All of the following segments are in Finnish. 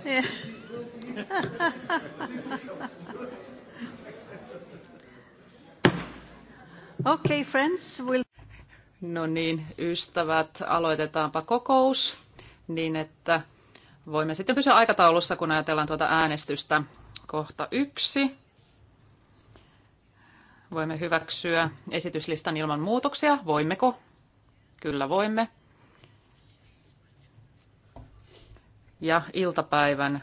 okay, friends, we'll... No niin, ystävät, aloitetaanpa kokous niin, että voimme sitten pysyä aikataulussa, kun ajatellaan tuota äänestystä. Kohta yksi. Voimme hyväksyä esityslistan ilman muutoksia. Voimmeko? Kyllä voimme. ja iltapäivän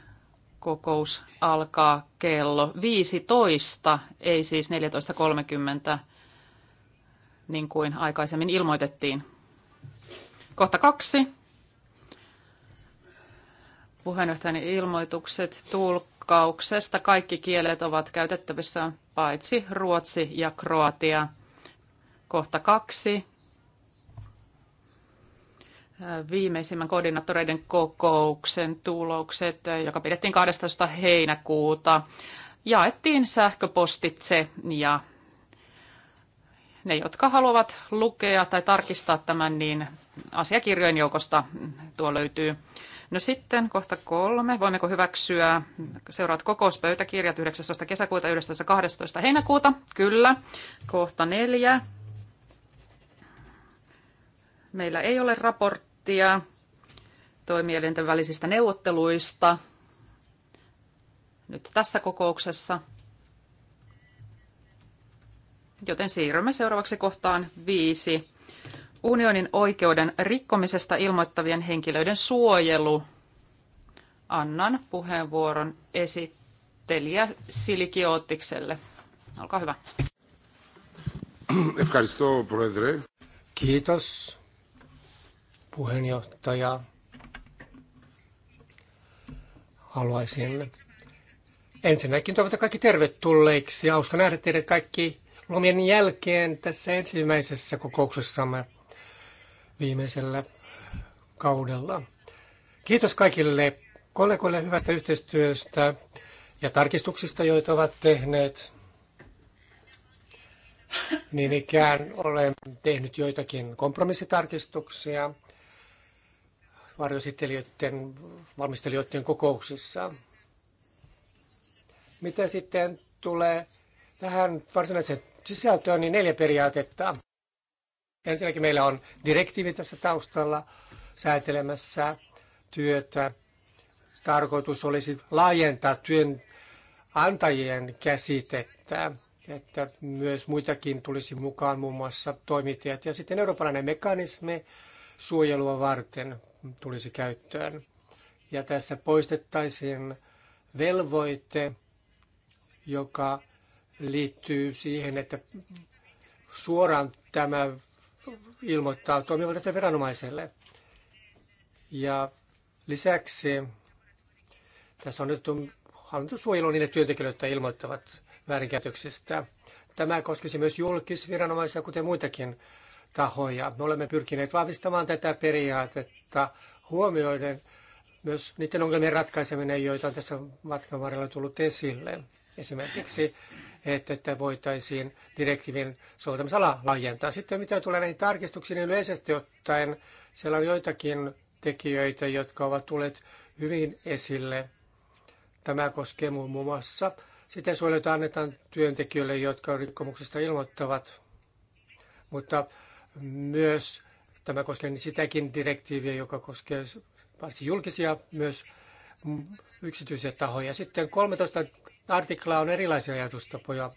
kokous alkaa kello 15, ei siis 14.30, niin kuin aikaisemmin ilmoitettiin. Kohta kaksi. Puheenjohtajani ilmoitukset tulkkauksesta. Kaikki kielet ovat käytettävissä paitsi ruotsi ja kroatia. Kohta kaksi viimeisimmän koordinaattoreiden kokouksen tulokset, joka pidettiin 12. heinäkuuta, jaettiin sähköpostitse ja ne, jotka haluavat lukea tai tarkistaa tämän, niin asiakirjojen joukosta tuo löytyy. No sitten kohta kolme. Voimmeko hyväksyä seuraat kokouspöytäkirjat 19. kesäkuuta, 11. 12. heinäkuuta? Kyllä. Kohta neljä. Meillä ei ole raportti raporttia toimielinten välisistä neuvotteluista nyt tässä kokouksessa. Joten siirrymme seuraavaksi kohtaan viisi. Unionin oikeuden rikkomisesta ilmoittavien henkilöiden suojelu. Annan puheenvuoron esittelijä Silikiootikselle. Olkaa hyvä. Kiitos puheenjohtaja. Haluaisin ensinnäkin toivottaa kaikki tervetulleiksi. Hauska nähdä teidät kaikki lomien jälkeen tässä ensimmäisessä kokouksessamme viimeisellä kaudella. Kiitos kaikille kollegoille hyvästä yhteistyöstä ja tarkistuksista, joita ovat tehneet. Niin ikään olen tehnyt joitakin kompromissitarkistuksia varjoesittelijöiden, valmistelijoiden kokouksissa. Mitä sitten tulee tähän varsinaiseen sisältöön, niin neljä periaatetta. Ensinnäkin meillä on direktiivi tässä taustalla säätelemässä työtä. Tarkoitus olisi laajentaa työnantajien käsitettä, että myös muitakin tulisi mukaan, muun muassa toimittajat. Ja sitten eurooppalainen mekanismi suojelua varten tulisi käyttöön. Ja tässä poistettaisiin velvoite, joka liittyy siihen, että suoraan tämä ilmoittaa toimivaltaiselle viranomaiselle. Ja lisäksi tässä on nyt hallintosuojelu niille työntekijöille, jotka ilmoittavat väärinkäytöksistä. Tämä koskisi myös julkisviranomaisia, kuten muitakin tahoja. Me olemme pyrkineet vahvistamaan tätä periaatetta huomioiden myös niiden ongelmien ratkaiseminen, joita on tässä matkan varrella tullut esille. Esimerkiksi, että, että voitaisiin direktiivin soveltamisala laajentaa. Sitten mitä tulee näihin tarkistuksiin, niin yleisesti ottaen siellä on joitakin tekijöitä, jotka ovat tulleet hyvin esille. Tämä koskee muun muassa sitä suojelua, annetaan työntekijöille, jotka rikkomuksesta ilmoittavat. Mutta myös, tämä koskee niin sitäkin direktiiviä, joka koskee varsin julkisia, myös yksityisiä tahoja. Sitten 13 artiklaa on erilaisia ajatustapoja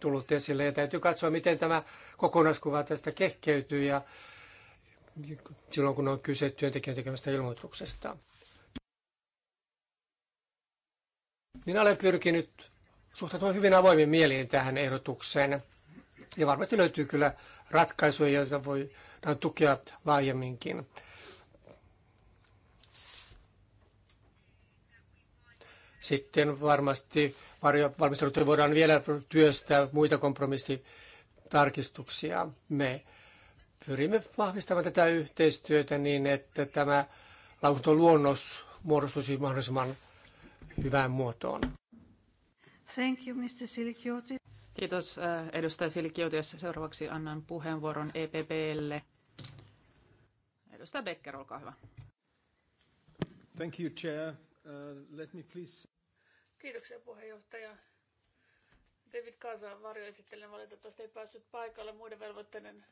tullut esille ja täytyy katsoa, miten tämä kokonaiskuva tästä kehkeytyy ja silloin, kun on kyse työntekijän tekemästä ilmoituksesta. Minä olen pyrkinyt suhtautumaan hyvin avoimin mieliin tähän ehdotukseen. Ja varmasti löytyy kyllä ratkaisuja, joita voi tukea laajemminkin. Sitten varmasti varmistelutyö voidaan vielä työstää muita kompromissitarkistuksia. Me pyrimme vahvistamaan tätä yhteistyötä niin, että tämä lausuntoluonnos muodostuisi mahdollisimman hyvään muotoon. Thank you, Mr. Silikioti. Kiitos äh, edustaja Silikiotias. Seuraavaksi annan puheenvuoron EPPlle. Edustaja Becker, olkaa hyvä. Thank you, Chair. Uh, let me please... Kiitoksia puheenjohtaja. David varjo esittelen valitettavasti ei päässyt paikalle muiden velvoitteiden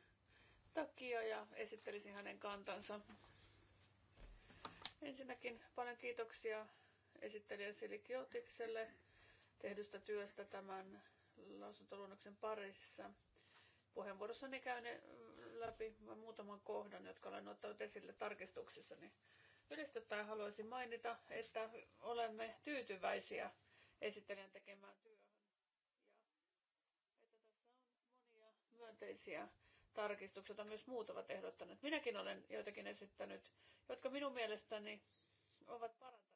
takia ja esittelisin hänen kantansa. Ensinnäkin paljon kiitoksia esittelijä Silikiotikselle tehdystä työstä tämän lausuntoluonnoksen parissa. Puheenvuorossani käyn läpi muutaman kohdan, jotka olen ottanut esille tarkistuksissa. Yleisesti haluaisin mainita, että olemme tyytyväisiä esittelijän tekemään työhön ja että tässä on monia myönteisiä tarkistuksia, joita myös muut ovat ehdottaneet. Minäkin olen joitakin esittänyt, jotka minun mielestäni ovat parantaneet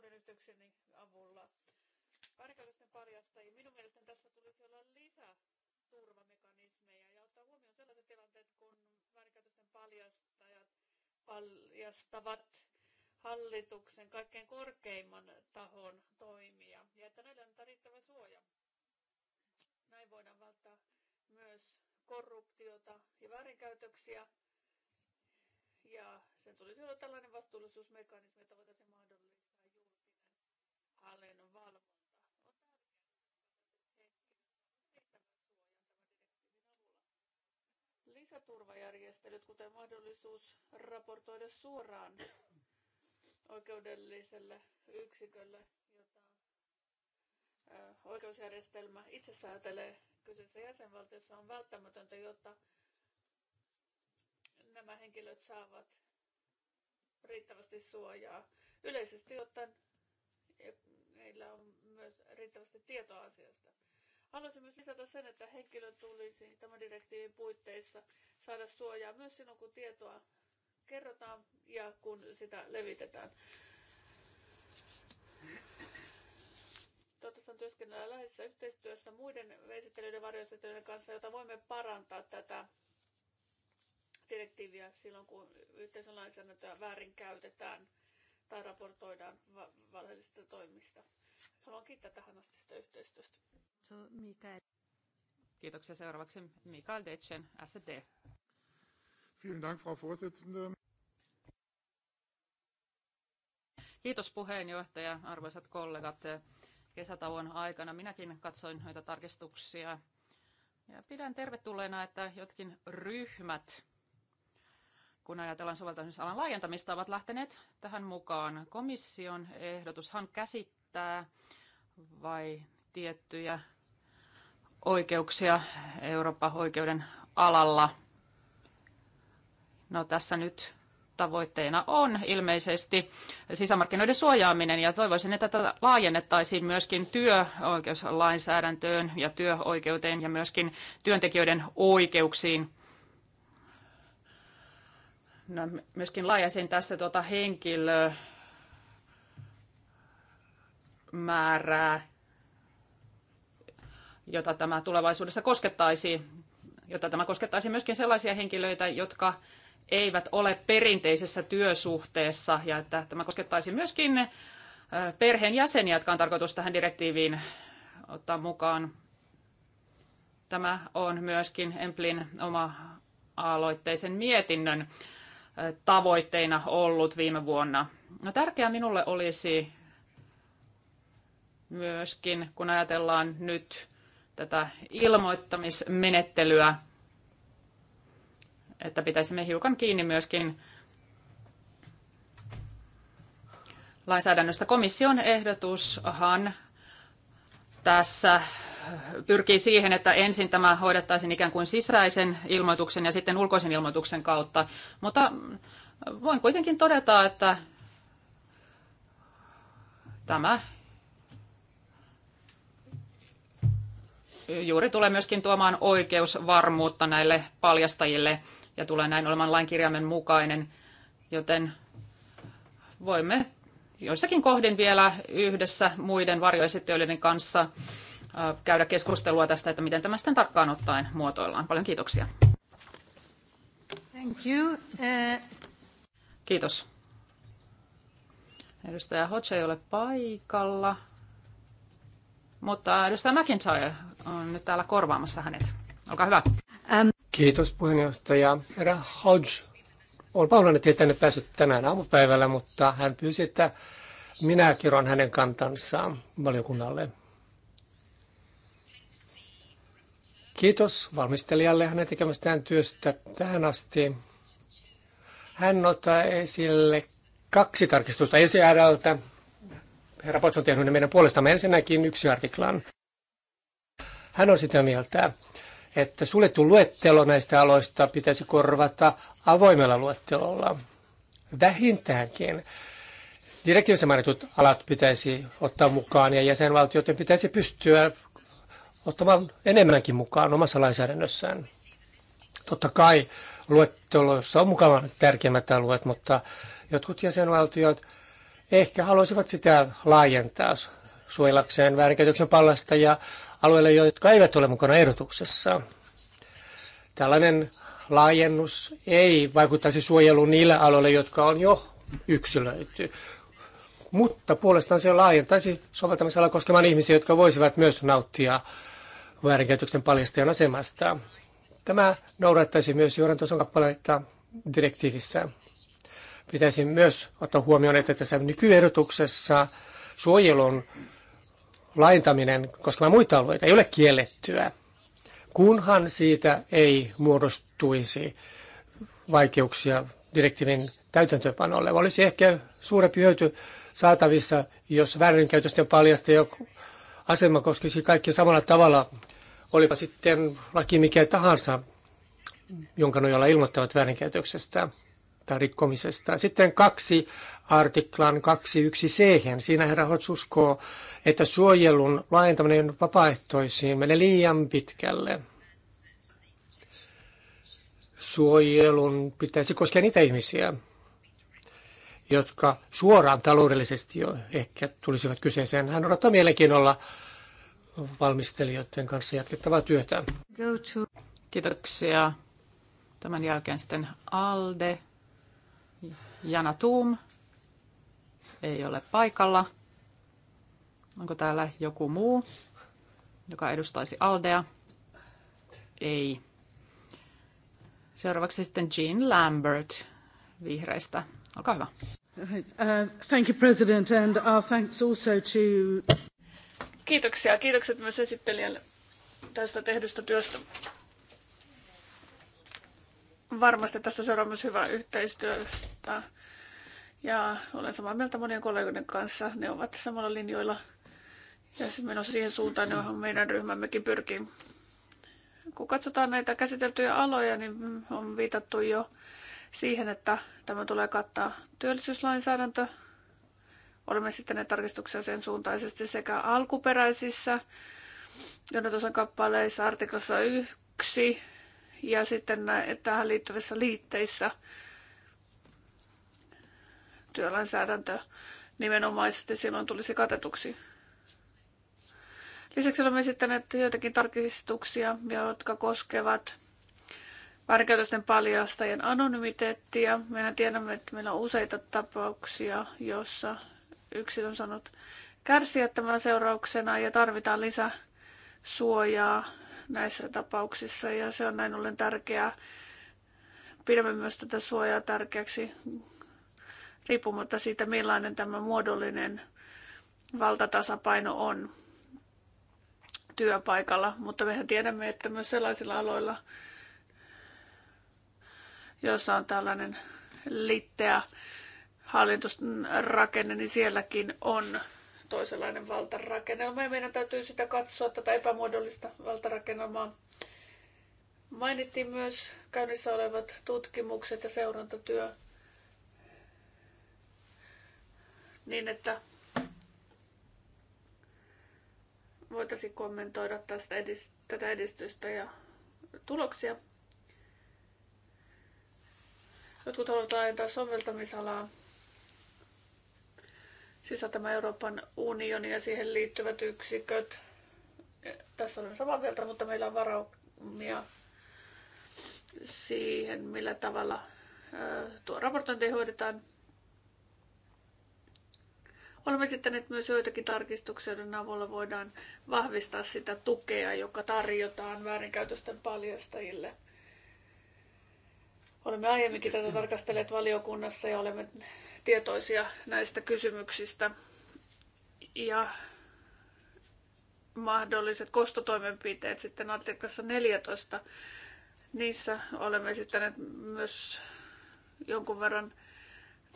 suoren yhteykseni avulla värikäytösten paljastajia. Minun mielestäni tässä tulisi olla lisää turvamekanismeja ja ottaa huomioon sellaiset tilanteet, kun väärinkäytösten paljastajat paljastavat hallituksen kaikkein korkeimman tahon toimia ja että näille annetaan riittävä suoja. Näin voidaan välttää myös korruptiota ja väärinkäytöksiä. Ja sen tulisi olla tällainen vastuullisuusmekanismi, että voitaisiin hallinnon valvonta lisäturvajärjestelyt, kuten mahdollisuus raportoida suoraan oikeudelliselle yksikölle, jota oikeusjärjestelmä itse säätelee kyseisessä jäsenvaltiossa, on välttämätöntä, jotta nämä henkilöt saavat riittävästi suojaa. Yleisesti ottaen meillä on myös riittävästi tietoa asiasta. Haluaisin myös lisätä sen, että henkilön tulisi tämän direktiivin puitteissa saada suojaa myös silloin, kun tietoa kerrotaan ja kun sitä levitetään. Toivottavasti työskennellä läheisessä yhteistyössä muiden esittelyiden varjoesittelyiden kanssa, jota voimme parantaa tätä direktiiviä silloin, kun yhteisön lainsäädäntöä väärin käytetään tai raportoidaan valheellisista toimista. Haluan kiittää tähän asti sitä yhteistyöstä. Kiitoksia seuraavaksi Mikael Detschen, SD. Vielen Dank, Frau Vorsitzende. Kiitos puheenjohtaja, arvoisat kollegat. Kesätauon aikana minäkin katsoin noita tarkistuksia ja pidän tervetulleena, että jotkin ryhmät kun ajatellaan soveltamisalan laajentamista, ovat lähteneet tähän mukaan. Komission ehdotushan käsittää vai tiettyjä oikeuksia Euroopan oikeuden alalla. No tässä nyt tavoitteena on ilmeisesti sisämarkkinoiden suojaaminen ja toivoisin, että tätä laajennettaisiin myöskin työoikeuslainsäädäntöön ja työoikeuteen ja myöskin työntekijöiden oikeuksiin no, myöskin laajasin tässä tuota henkilö määrää, jota tämä tulevaisuudessa koskettaisi, jota tämä koskettaisi myöskin sellaisia henkilöitä, jotka eivät ole perinteisessä työsuhteessa ja että tämä koskettaisi myöskin perheenjäseniä, jotka on tarkoitus tähän direktiiviin ottaa mukaan. Tämä on myöskin Emplin oma aloitteisen mietinnön tavoitteina ollut viime vuonna. No, tärkeää minulle olisi myöskin, kun ajatellaan nyt tätä ilmoittamismenettelyä, että pitäisimme hiukan kiinni myöskin lainsäädännöstä. Komission ehdotushan tässä pyrkii siihen, että ensin tämä hoidettaisiin ikään kuin sisäisen ilmoituksen ja sitten ulkoisen ilmoituksen kautta. Mutta voin kuitenkin todeta, että tämä juuri tulee myöskin tuomaan oikeusvarmuutta näille paljastajille ja tulee näin olemaan lainkirjaimen mukainen, joten voimme joissakin kohdin vielä yhdessä muiden varjoesittelyiden kanssa Äh, käydä keskustelua tästä, että miten tämä sitten tarkkaan ottaen muotoillaan. Paljon kiitoksia. Thank you. Uh... Kiitos. Edustaja Hodge ei ole paikalla, mutta edustaja McIntyre on nyt täällä korvaamassa hänet. Olkaa hyvä. Um... Kiitos puheenjohtaja. Herra Hodge on pahoillani, ettei tänne päässyt tänään aamupäivällä, mutta hän pyysi, että minä kerron hänen kantansa valiokunnalle. Kiitos valmistelijalle hänen tekemästään työstä tähän asti. Hän ottaa esille kaksi tarkistusta ECRltä. Herra Potson tehnyt ne meidän puolestamme ensinnäkin yksi artiklan. Hän on sitä mieltä, että suljettu luettelo näistä aloista pitäisi korvata avoimella luettelolla. Vähintäänkin direktiivissä mainitut alat pitäisi ottaa mukaan ja jäsenvaltioiden pitäisi pystyä ottamaan enemmänkin mukaan omassa lainsäädännössään. Totta kai luettelossa on mukavan tärkeimmät alueet, mutta jotkut jäsenvaltiot ehkä haluaisivat sitä laajentaa suojelakseen väärinkäytöksen pallasta ja alueille, jotka eivät ole mukana ehdotuksessa. Tällainen laajennus ei vaikuttaisi suojeluun niillä aloilla, jotka on jo yksilöity. Mutta puolestaan se laajentaisi soveltamisella koskemaan ihmisiä, jotka voisivat myös nauttia väärinkäytöksen paljastajan asemasta. Tämä noudattaisi myös johdantoson kappaleita direktiivissä. Pitäisi myös ottaa huomioon, että tässä nykyehdotuksessa suojelun laintaminen koskemaan muita alueita ei ole kiellettyä, kunhan siitä ei muodostuisi vaikeuksia direktiivin täytäntöönpanolle. Olisi ehkä suurempi hyöty saatavissa, jos väärinkäytösten paljastaja asema koskisi kaikkia samalla tavalla Olipa sitten laki mikä tahansa, jonka nojalla ilmoittavat väärinkäytöksestä tai rikkomisesta. Sitten kaksi artiklan 21 c Siinä herra uskoo, että suojelun laajentaminen vapaaehtoisiin menee liian pitkälle. Suojelun pitäisi koskea niitä ihmisiä, jotka suoraan taloudellisesti jo ehkä tulisivat kyseeseen. Hän odottaa mielenkiinnolla valmistelijoiden kanssa jatkettavaa työtä. Kiitoksia. Tämän jälkeen sitten Alde, Jana Tuum ei ole paikalla. Onko täällä joku muu, joka edustaisi Aldea? Ei. Seuraavaksi sitten Jean Lambert vihreistä. Olkaa hyvä. Uh, thank you, President, and our thanks also to Kiitoksia. Kiitokset myös esittelijälle tästä tehdystä työstä. Varmasti tästä seuraa myös hyvää yhteistyötä. Ja olen samaa mieltä monien kollegoiden kanssa. Ne ovat samalla linjoilla ja menossa siihen suuntaan, johon meidän ryhmämmekin pyrkii. Kun katsotaan näitä käsiteltyjä aloja, niin on viitattu jo siihen, että tämä tulee kattaa työllisyyslainsäädäntö, Olemme sitten ne tarkistuksia sen suuntaisesti sekä alkuperäisissä jonotusan kappaleissa artiklassa 1 ja sitten tähän liittyvissä liitteissä työlainsäädäntö nimenomaisesti silloin tulisi katetuksi. Lisäksi olemme esittäneet joitakin tarkistuksia, jotka koskevat väärinkäytösten paljastajien anonymiteettia. Mehän tiedämme, että meillä on useita tapauksia, joissa Yksi on sanonut, kärsiä tämän seurauksena ja tarvitaan lisää suojaa näissä tapauksissa ja se on näin ollen tärkeää. Pidämme myös tätä suojaa tärkeäksi riippumatta siitä, millainen tämä muodollinen valtatasapaino on työpaikalla, mutta mehän tiedämme, että myös sellaisilla aloilla, joissa on tällainen litteä rakenne, niin sielläkin on toisenlainen valtarakennelma ja meidän täytyy sitä katsoa, tätä epämuodollista valtarakennelmaa. Mainittiin myös käynnissä olevat tutkimukset ja seurantatyö niin, että voitaisiin kommentoida tästä edist- tätä edistystä ja tuloksia. Jotkut halutaan laajentaa soveltamisalaa sisältämä Euroopan unioni ja siihen liittyvät yksiköt. Tässä olen samaa mieltä, mutta meillä on varaumia siihen, millä tavalla tuo raportointi hoidetaan. Olemme esittäneet myös joitakin tarkistuksia, joiden avulla voidaan vahvistaa sitä tukea, joka tarjotaan väärinkäytösten paljastajille. Olemme aiemminkin tätä tarkastelleet valiokunnassa ja olemme tietoisia näistä kysymyksistä ja mahdolliset kostotoimenpiteet sitten artiklassa 14. Niissä olemme esittäneet myös jonkun verran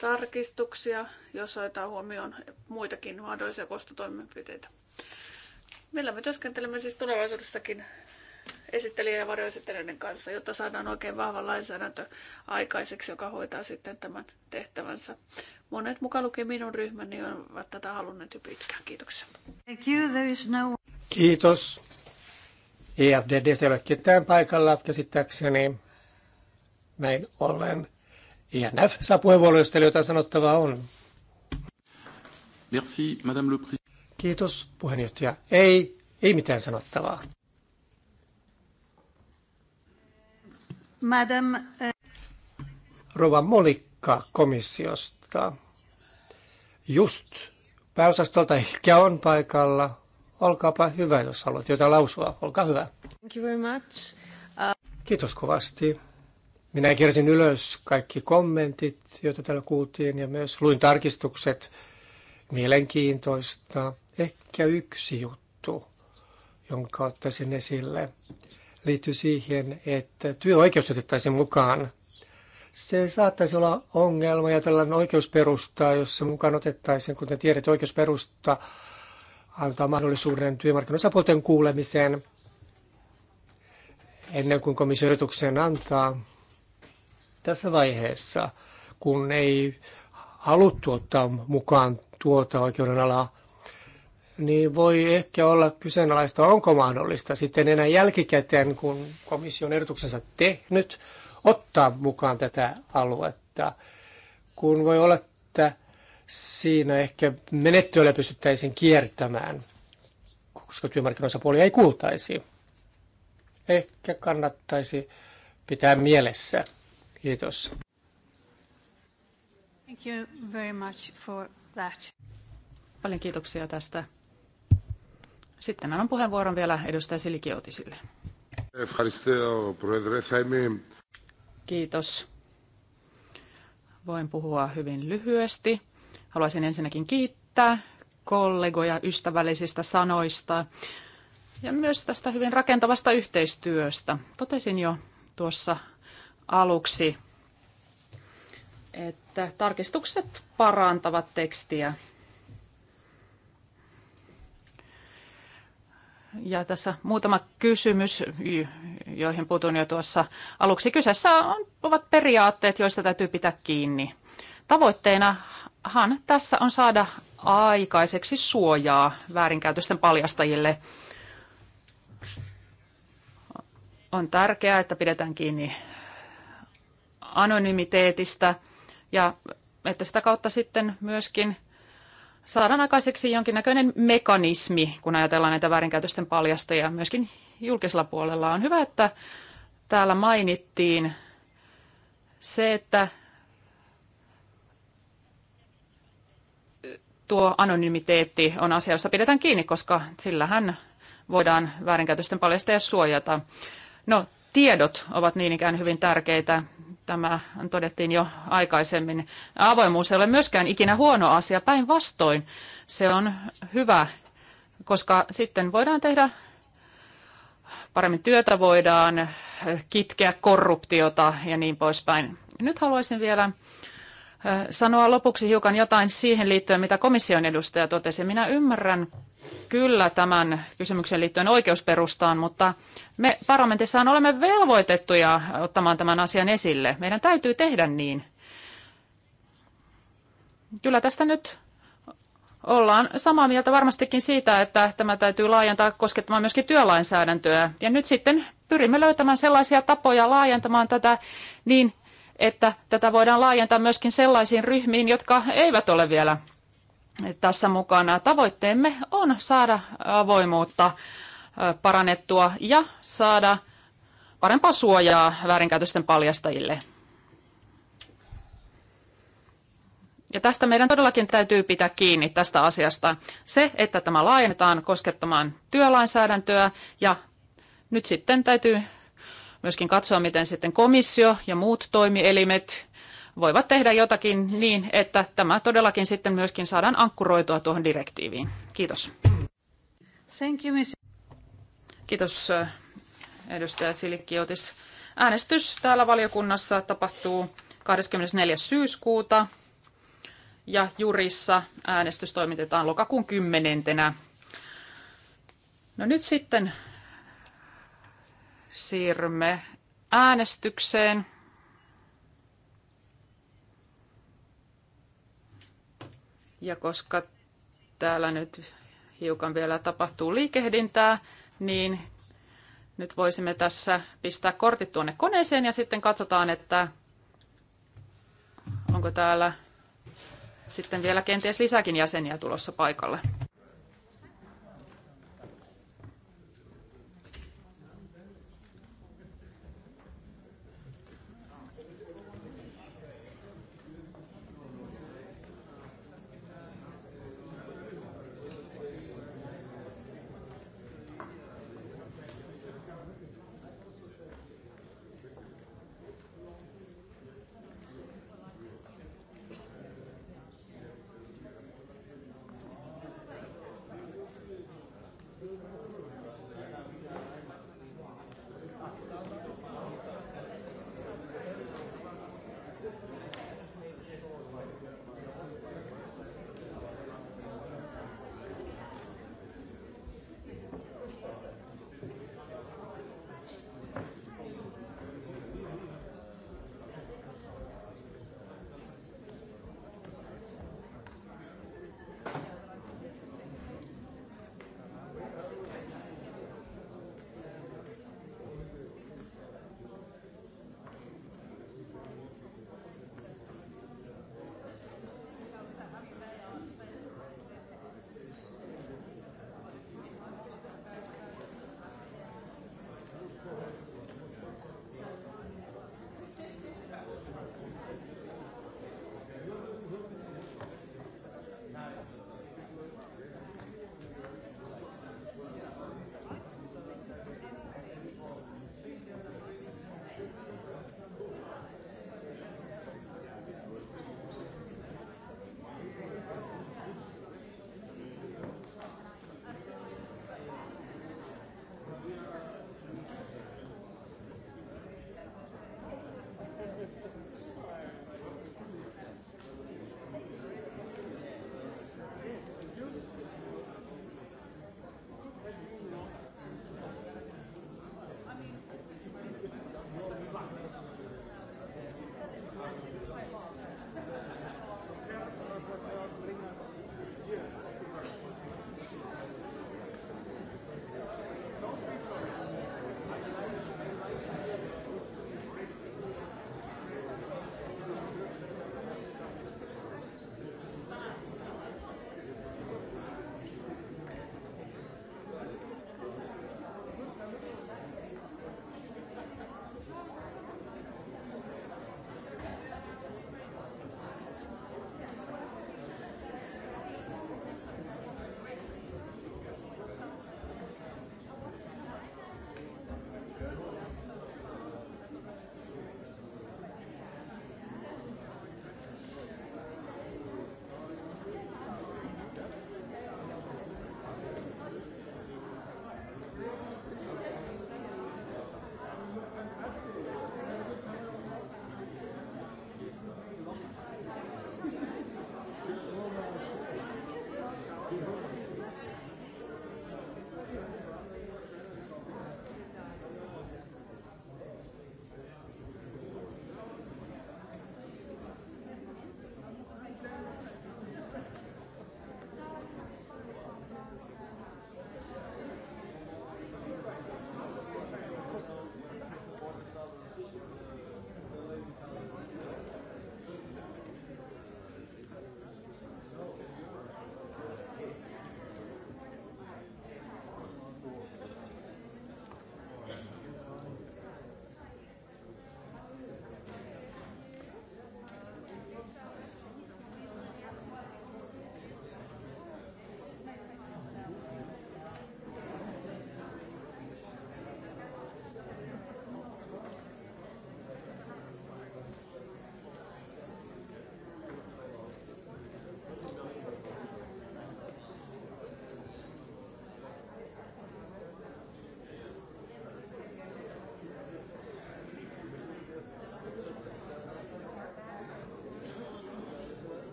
tarkistuksia, jos otetaan huomioon muitakin mahdollisia kostotoimenpiteitä. Millä me työskentelemme siis tulevaisuudessakin esittelijä ja varjoesittelijöiden kanssa, jotta saadaan oikein vahva lainsäädäntö aikaiseksi, joka hoitaa sitten tämän tehtävänsä. Monet mukaan lukien minun ryhmäni ovat tätä halunneet jo pitkään. Kiitoksia. Thank you. There is no... Kiitos. EFDD ei ole ketään paikalla käsittääkseni. Näin ollen INF e saa puheenvuoron, jos teillä jotain sanottavaa on. Merci, Madame le Kiitos puheenjohtaja. Ei, ei mitään sanottavaa. Madam... Eh, Rova Molikka komissiosta. Just pääosastolta ehkä on paikalla. Olkaapa hyvä, jos haluat jotain lausua. Olkaa hyvä. Thank you very much. Uh... Kiitos kovasti. Minä kirsin ylös kaikki kommentit, joita täällä kuultiin, ja myös luin tarkistukset. Mielenkiintoista. Ehkä yksi juttu, jonka ottaisin esille liittyy siihen, että työoikeus otettaisiin mukaan. Se saattaisi olla ongelma ja tällainen oikeusperusta, jossa mukaan otettaisiin, kuten tiedät, oikeusperusta antaa mahdollisuuden työmarkkinoisapuolten kuulemiseen ennen kuin komission yrityksen antaa tässä vaiheessa, kun ei haluttu ottaa mukaan tuota oikeudenalaa, niin voi ehkä olla kyseenalaista, onko mahdollista sitten enää jälkikäteen, kun komission ehdotuksensa tehnyt, ottaa mukaan tätä aluetta, kun voi olla, että siinä ehkä menettelyllä pystyttäisiin kiertämään, koska työmarkkinoisapuolia ei kuultaisi. Ehkä kannattaisi pitää mielessä. Kiitos. Thank you very much for that. Paljon kiitoksia tästä sitten annan puheenvuoron vielä edustaja Silikiotisille. Kiitos. Voin puhua hyvin lyhyesti. Haluaisin ensinnäkin kiittää kollegoja ystävällisistä sanoista ja myös tästä hyvin rakentavasta yhteistyöstä. Totesin jo tuossa aluksi, että tarkistukset parantavat tekstiä Ja tässä muutama kysymys, joihin puutun jo tuossa aluksi. Kyseessä on, ovat periaatteet, joista täytyy pitää kiinni. Tavoitteenahan tässä on saada aikaiseksi suojaa väärinkäytösten paljastajille. On tärkeää, että pidetään kiinni anonymiteetistä ja että sitä kautta sitten myöskin saadaan aikaiseksi jonkinnäköinen mekanismi, kun ajatellaan näitä väärinkäytösten paljastajia. Myöskin julkisella puolella on hyvä, että täällä mainittiin se, että tuo anonymiteetti on asia, josta pidetään kiinni, koska sillähän voidaan väärinkäytösten paljastajia suojata. No, tiedot ovat niin ikään hyvin tärkeitä tämä todettiin jo aikaisemmin. Avoimuus ei ole myöskään ikinä huono asia, päinvastoin se on hyvä, koska sitten voidaan tehdä paremmin työtä, voidaan kitkeä korruptiota ja niin poispäin. Nyt haluaisin vielä sanoa lopuksi hiukan jotain siihen liittyen, mitä komission edustaja totesi. Minä ymmärrän kyllä tämän kysymyksen liittyen oikeusperustaan, mutta me parlamentissaan olemme velvoitettuja ottamaan tämän asian esille. Meidän täytyy tehdä niin. Kyllä tästä nyt ollaan samaa mieltä varmastikin siitä, että tämä täytyy laajentaa koskettamaan myöskin työlainsäädäntöä. Ja nyt sitten pyrimme löytämään sellaisia tapoja laajentamaan tätä niin, että tätä voidaan laajentaa myöskin sellaisiin ryhmiin, jotka eivät ole vielä tässä mukana. Tavoitteemme on saada avoimuutta parannettua ja saada parempaa suojaa väärinkäytösten paljastajille. Ja tästä meidän todellakin täytyy pitää kiinni tästä asiasta. Se, että tämä laajennetaan koskettamaan työlainsäädäntöä ja nyt sitten täytyy myöskin katsoa, miten sitten komissio ja muut toimielimet voivat tehdä jotakin niin, että tämä todellakin sitten myöskin saadaan ankkuroitua tuohon direktiiviin. Kiitos. Thank you, miss. Kiitos äh, edustaja Silikkiotis. Äänestys täällä valiokunnassa tapahtuu 24. syyskuuta ja jurissa äänestys toimitetaan lokakuun 10. No nyt sitten siirrymme äänestykseen. Ja koska täällä nyt hiukan vielä tapahtuu liikehdintää, niin nyt voisimme tässä pistää kortit tuonne koneeseen ja sitten katsotaan, että onko täällä sitten vielä kenties lisäkin jäseniä tulossa paikalle.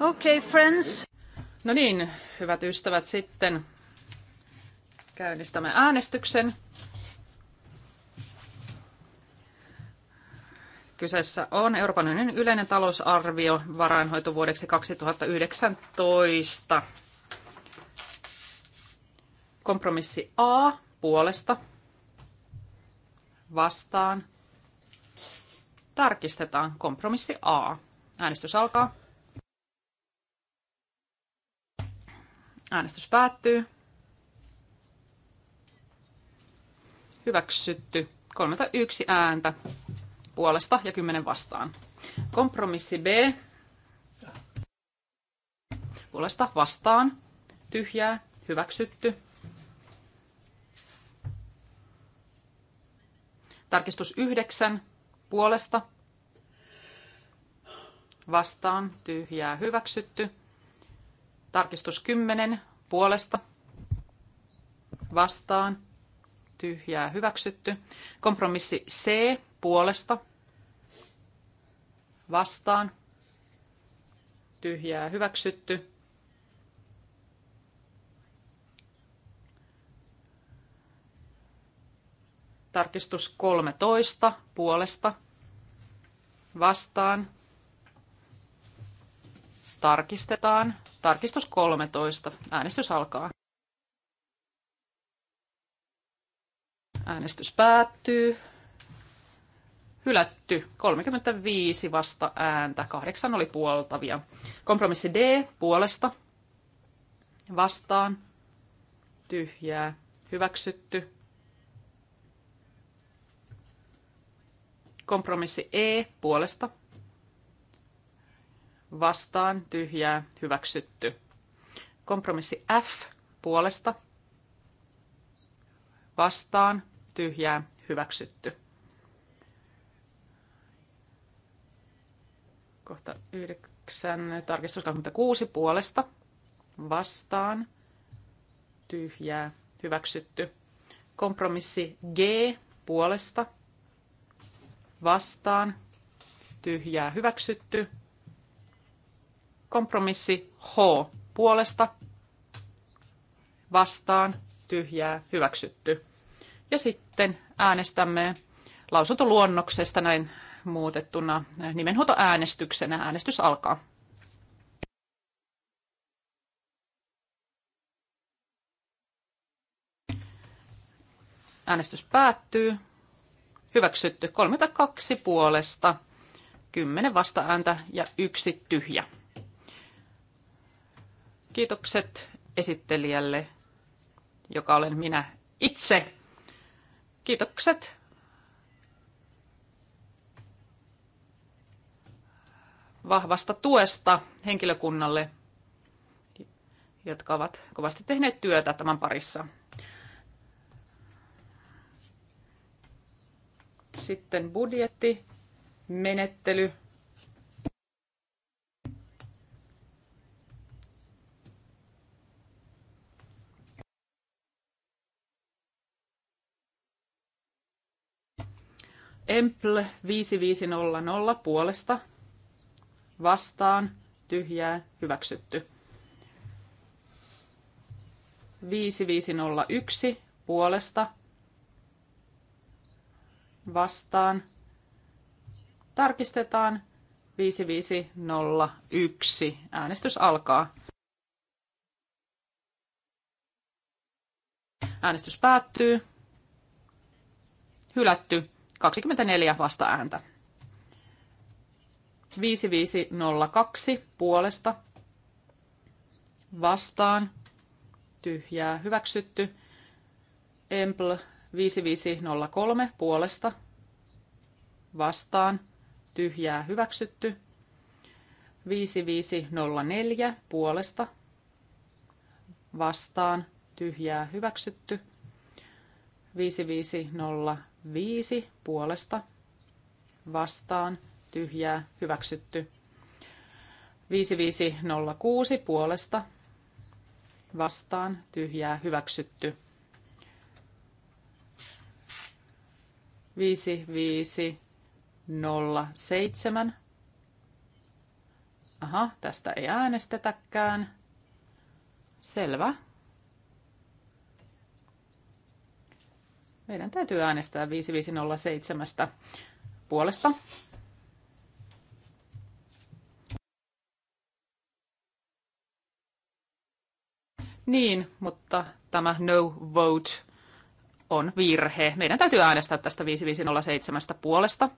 Okay, friends. No niin, hyvät ystävät, sitten käynnistämme äänestyksen. Kyseessä on Euroopan unionin yleinen talousarvio varainhoitovuodeksi 2019. Kompromissi A puolesta vastaan. Tarkistetaan kompromissi A. Äänestys alkaa. Äänestys päättyy. Hyväksytty. 31 ääntä puolesta ja 10 vastaan. Kompromissi B. Puolesta vastaan. Tyhjää. Hyväksytty. Tarkistus 9. Puolesta. Vastaan. Tyhjää. Hyväksytty. Tarkistus 10 puolesta vastaan tyhjää hyväksytty. Kompromissi C puolesta vastaan tyhjää hyväksytty. Tarkistus 13 puolesta vastaan tarkistetaan Tarkistus 13. Äänestys alkaa. Äänestys päättyy. Hylätty. 35 vasta ääntä. Kahdeksan oli puoltavia. Kompromissi D puolesta. Vastaan. Tyhjää. Hyväksytty. Kompromissi E puolesta vastaan tyhjää hyväksytty. Kompromissi F puolesta vastaan tyhjää hyväksytty. Kohta 9, tarkistus 26 puolesta vastaan tyhjää hyväksytty. Kompromissi G puolesta vastaan tyhjää hyväksytty. Kompromissi H puolesta vastaan tyhjää hyväksytty. Ja sitten äänestämme lausuntoluonnoksesta näin muutettuna nimenhuutoäänestyksenä. Äänestys alkaa. Äänestys päättyy. Hyväksytty 32 puolesta, 10 vasta-ääntä ja yksi tyhjä. Kiitokset esittelijälle, joka olen minä itse. Kiitokset. vahvasta tuesta henkilökunnalle, jotka ovat kovasti tehneet työtä tämän parissa. Sitten budjetti, menettely. Empl 5500 puolesta vastaan tyhjää hyväksytty. 5501 puolesta vastaan. Tarkistetaan 5501. Äänestys alkaa. Äänestys päättyy. Hylätty. 24 vasta ääntä. 5502 puolesta vastaan tyhjää hyväksytty. Empl 5503 puolesta vastaan tyhjää hyväksytty. 5504 puolesta vastaan tyhjää hyväksytty. 5505 viisi puolesta vastaan tyhjää hyväksytty. 5506 puolesta vastaan tyhjää hyväksytty. 5507. Aha, tästä ei äänestetäkään. Selvä. Meidän täytyy äänestää 5507 puolesta. Niin, mutta tämä no vote on virhe. Meidän täytyy äänestää tästä 5507 puolesta.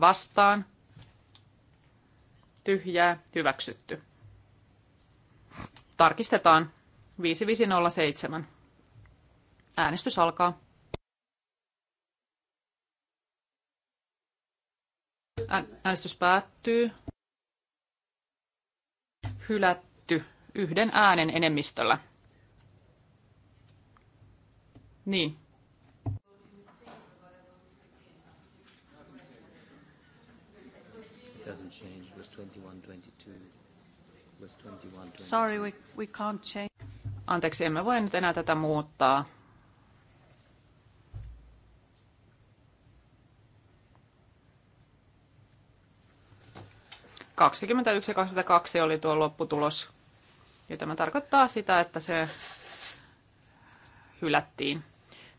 Vastaan. Tyhjää. Hyväksytty. Tarkistetaan. 5507. Äänestys alkaa. Äänestys päättyy. Hylätty yhden äänen enemmistöllä. Niin. Sorry, we, we can't change. Anteeksi, emme voi nyt enää tätä muuttaa. Kaksikymmentäyksi ja 22 oli tuo lopputulos. Ja tämä tarkoittaa sitä, että se hylättiin.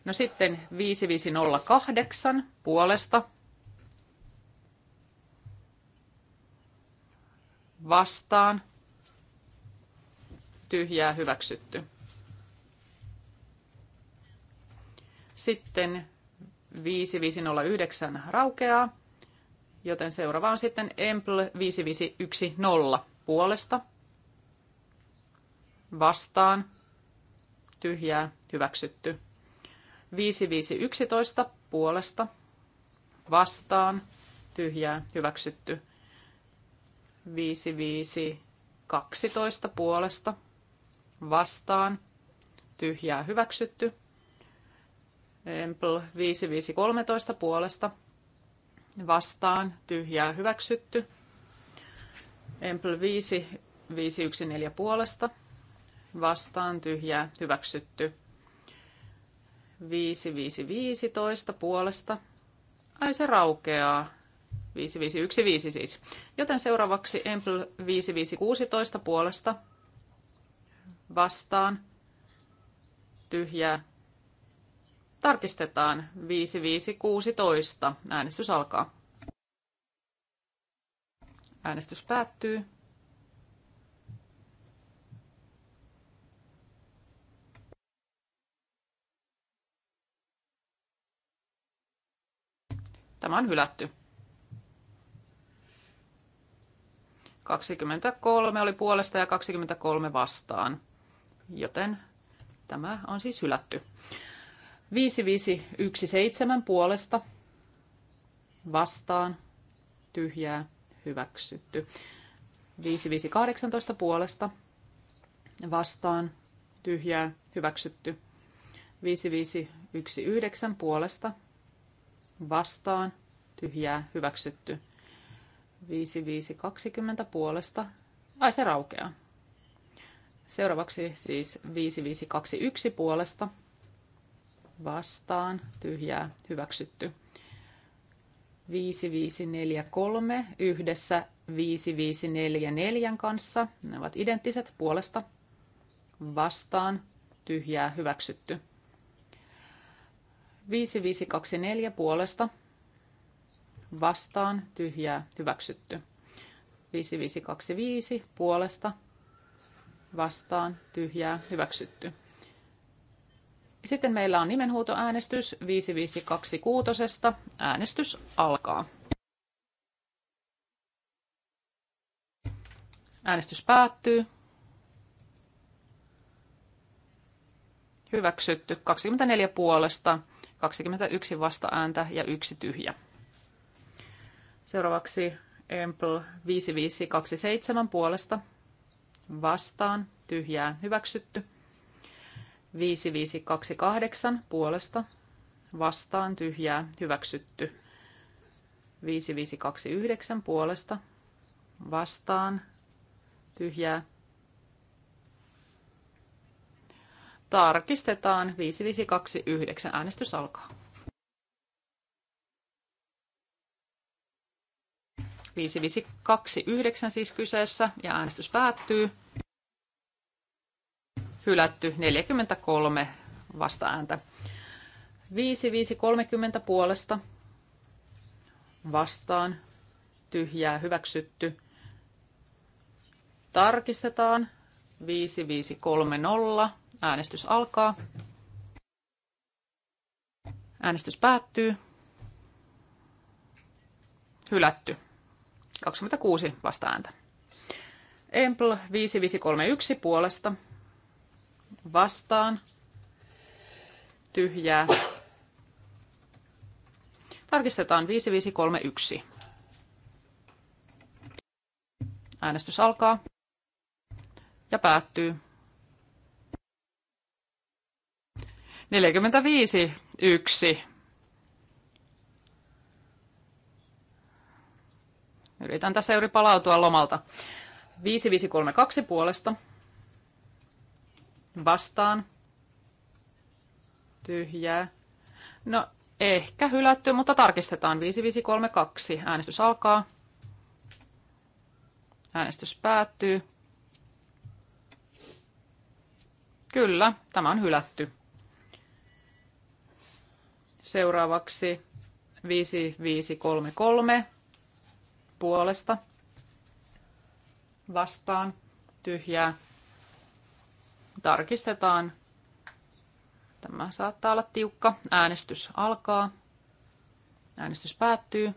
No sitten 5508 puolesta vastaan tyhjää hyväksytty. Sitten 5509 raukeaa, joten seuraava on sitten Empl 5510 puolesta vastaan tyhjää hyväksytty. 5511 puolesta vastaan tyhjää hyväksytty. 5512 puolesta vastaan, tyhjää hyväksytty. Empl 5513 puolesta vastaan, tyhjää hyväksytty. Empl 5514 puolesta vastaan, tyhjää hyväksytty. 5515 puolesta. Ai se raukeaa. 5515 siis. Joten seuraavaksi Empl 5516 puolesta vastaan tyhjää. Tarkistetaan 5516. Äänestys alkaa. Äänestys päättyy. Tämä on hylätty. 23 oli puolesta ja 23 vastaan joten tämä on siis hylätty. 5517 puolesta vastaan tyhjää hyväksytty. 5518 puolesta vastaan tyhjää hyväksytty. 5519 puolesta vastaan tyhjää hyväksytty. 5520 puolesta. Ai se raukeaa. Seuraavaksi siis 5521 puolesta vastaan tyhjää hyväksytty. 5543 yhdessä 5544 kanssa. Ne ovat identtiset puolesta vastaan tyhjää hyväksytty. 5524 puolesta vastaan tyhjää hyväksytty. 5525 puolesta vastaan, tyhjää, hyväksytty. Sitten meillä on nimenhuutoäänestys 5526. Äänestys alkaa. Äänestys päättyy. Hyväksytty 24 puolesta, 21 vasta-ääntä ja yksi tyhjä. Seuraavaksi Empl 5527 puolesta vastaan, tyhjää hyväksytty. 5528 puolesta, vastaan, tyhjää hyväksytty. 5529 puolesta, vastaan, tyhjää. Tarkistetaan 5529. Äänestys alkaa. 5529 siis kyseessä ja äänestys päättyy. Hylätty 43 vastaääntä. 5530 puolesta vastaan tyhjää hyväksytty. Tarkistetaan 5530. Äänestys alkaa. Äänestys päättyy. Hylätty. 26 vasta-ääntä. Empl 5531 puolesta vastaan tyhjää. Tarkistetaan 5531. Äänestys alkaa ja päättyy. 45 1 Yritän tässä juuri palautua lomalta. 5532 puolesta. Vastaan. Tyhjää. No, ehkä hylätty, mutta tarkistetaan. 5532. Äänestys alkaa. Äänestys päättyy. Kyllä, tämä on hylätty. Seuraavaksi 5533 puolesta vastaan tyhjää. Tarkistetaan. Tämä saattaa olla tiukka. Äänestys alkaa. Äänestys päättyy.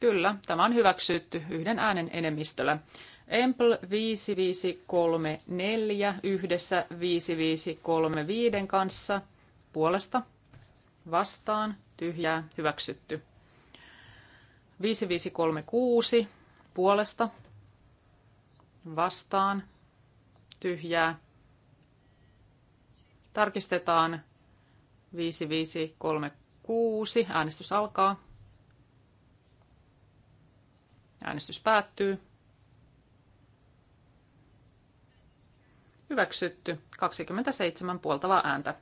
Kyllä, tämä on hyväksytty yhden äänen enemmistöllä. Empl 5534 yhdessä 5535 kanssa puolesta vastaan tyhjää, hyväksytty. 5536 puolesta, vastaan, tyhjää. Tarkistetaan 5536, äänestys alkaa. Äänestys päättyy. Hyväksytty 27 puoltavaa ääntä.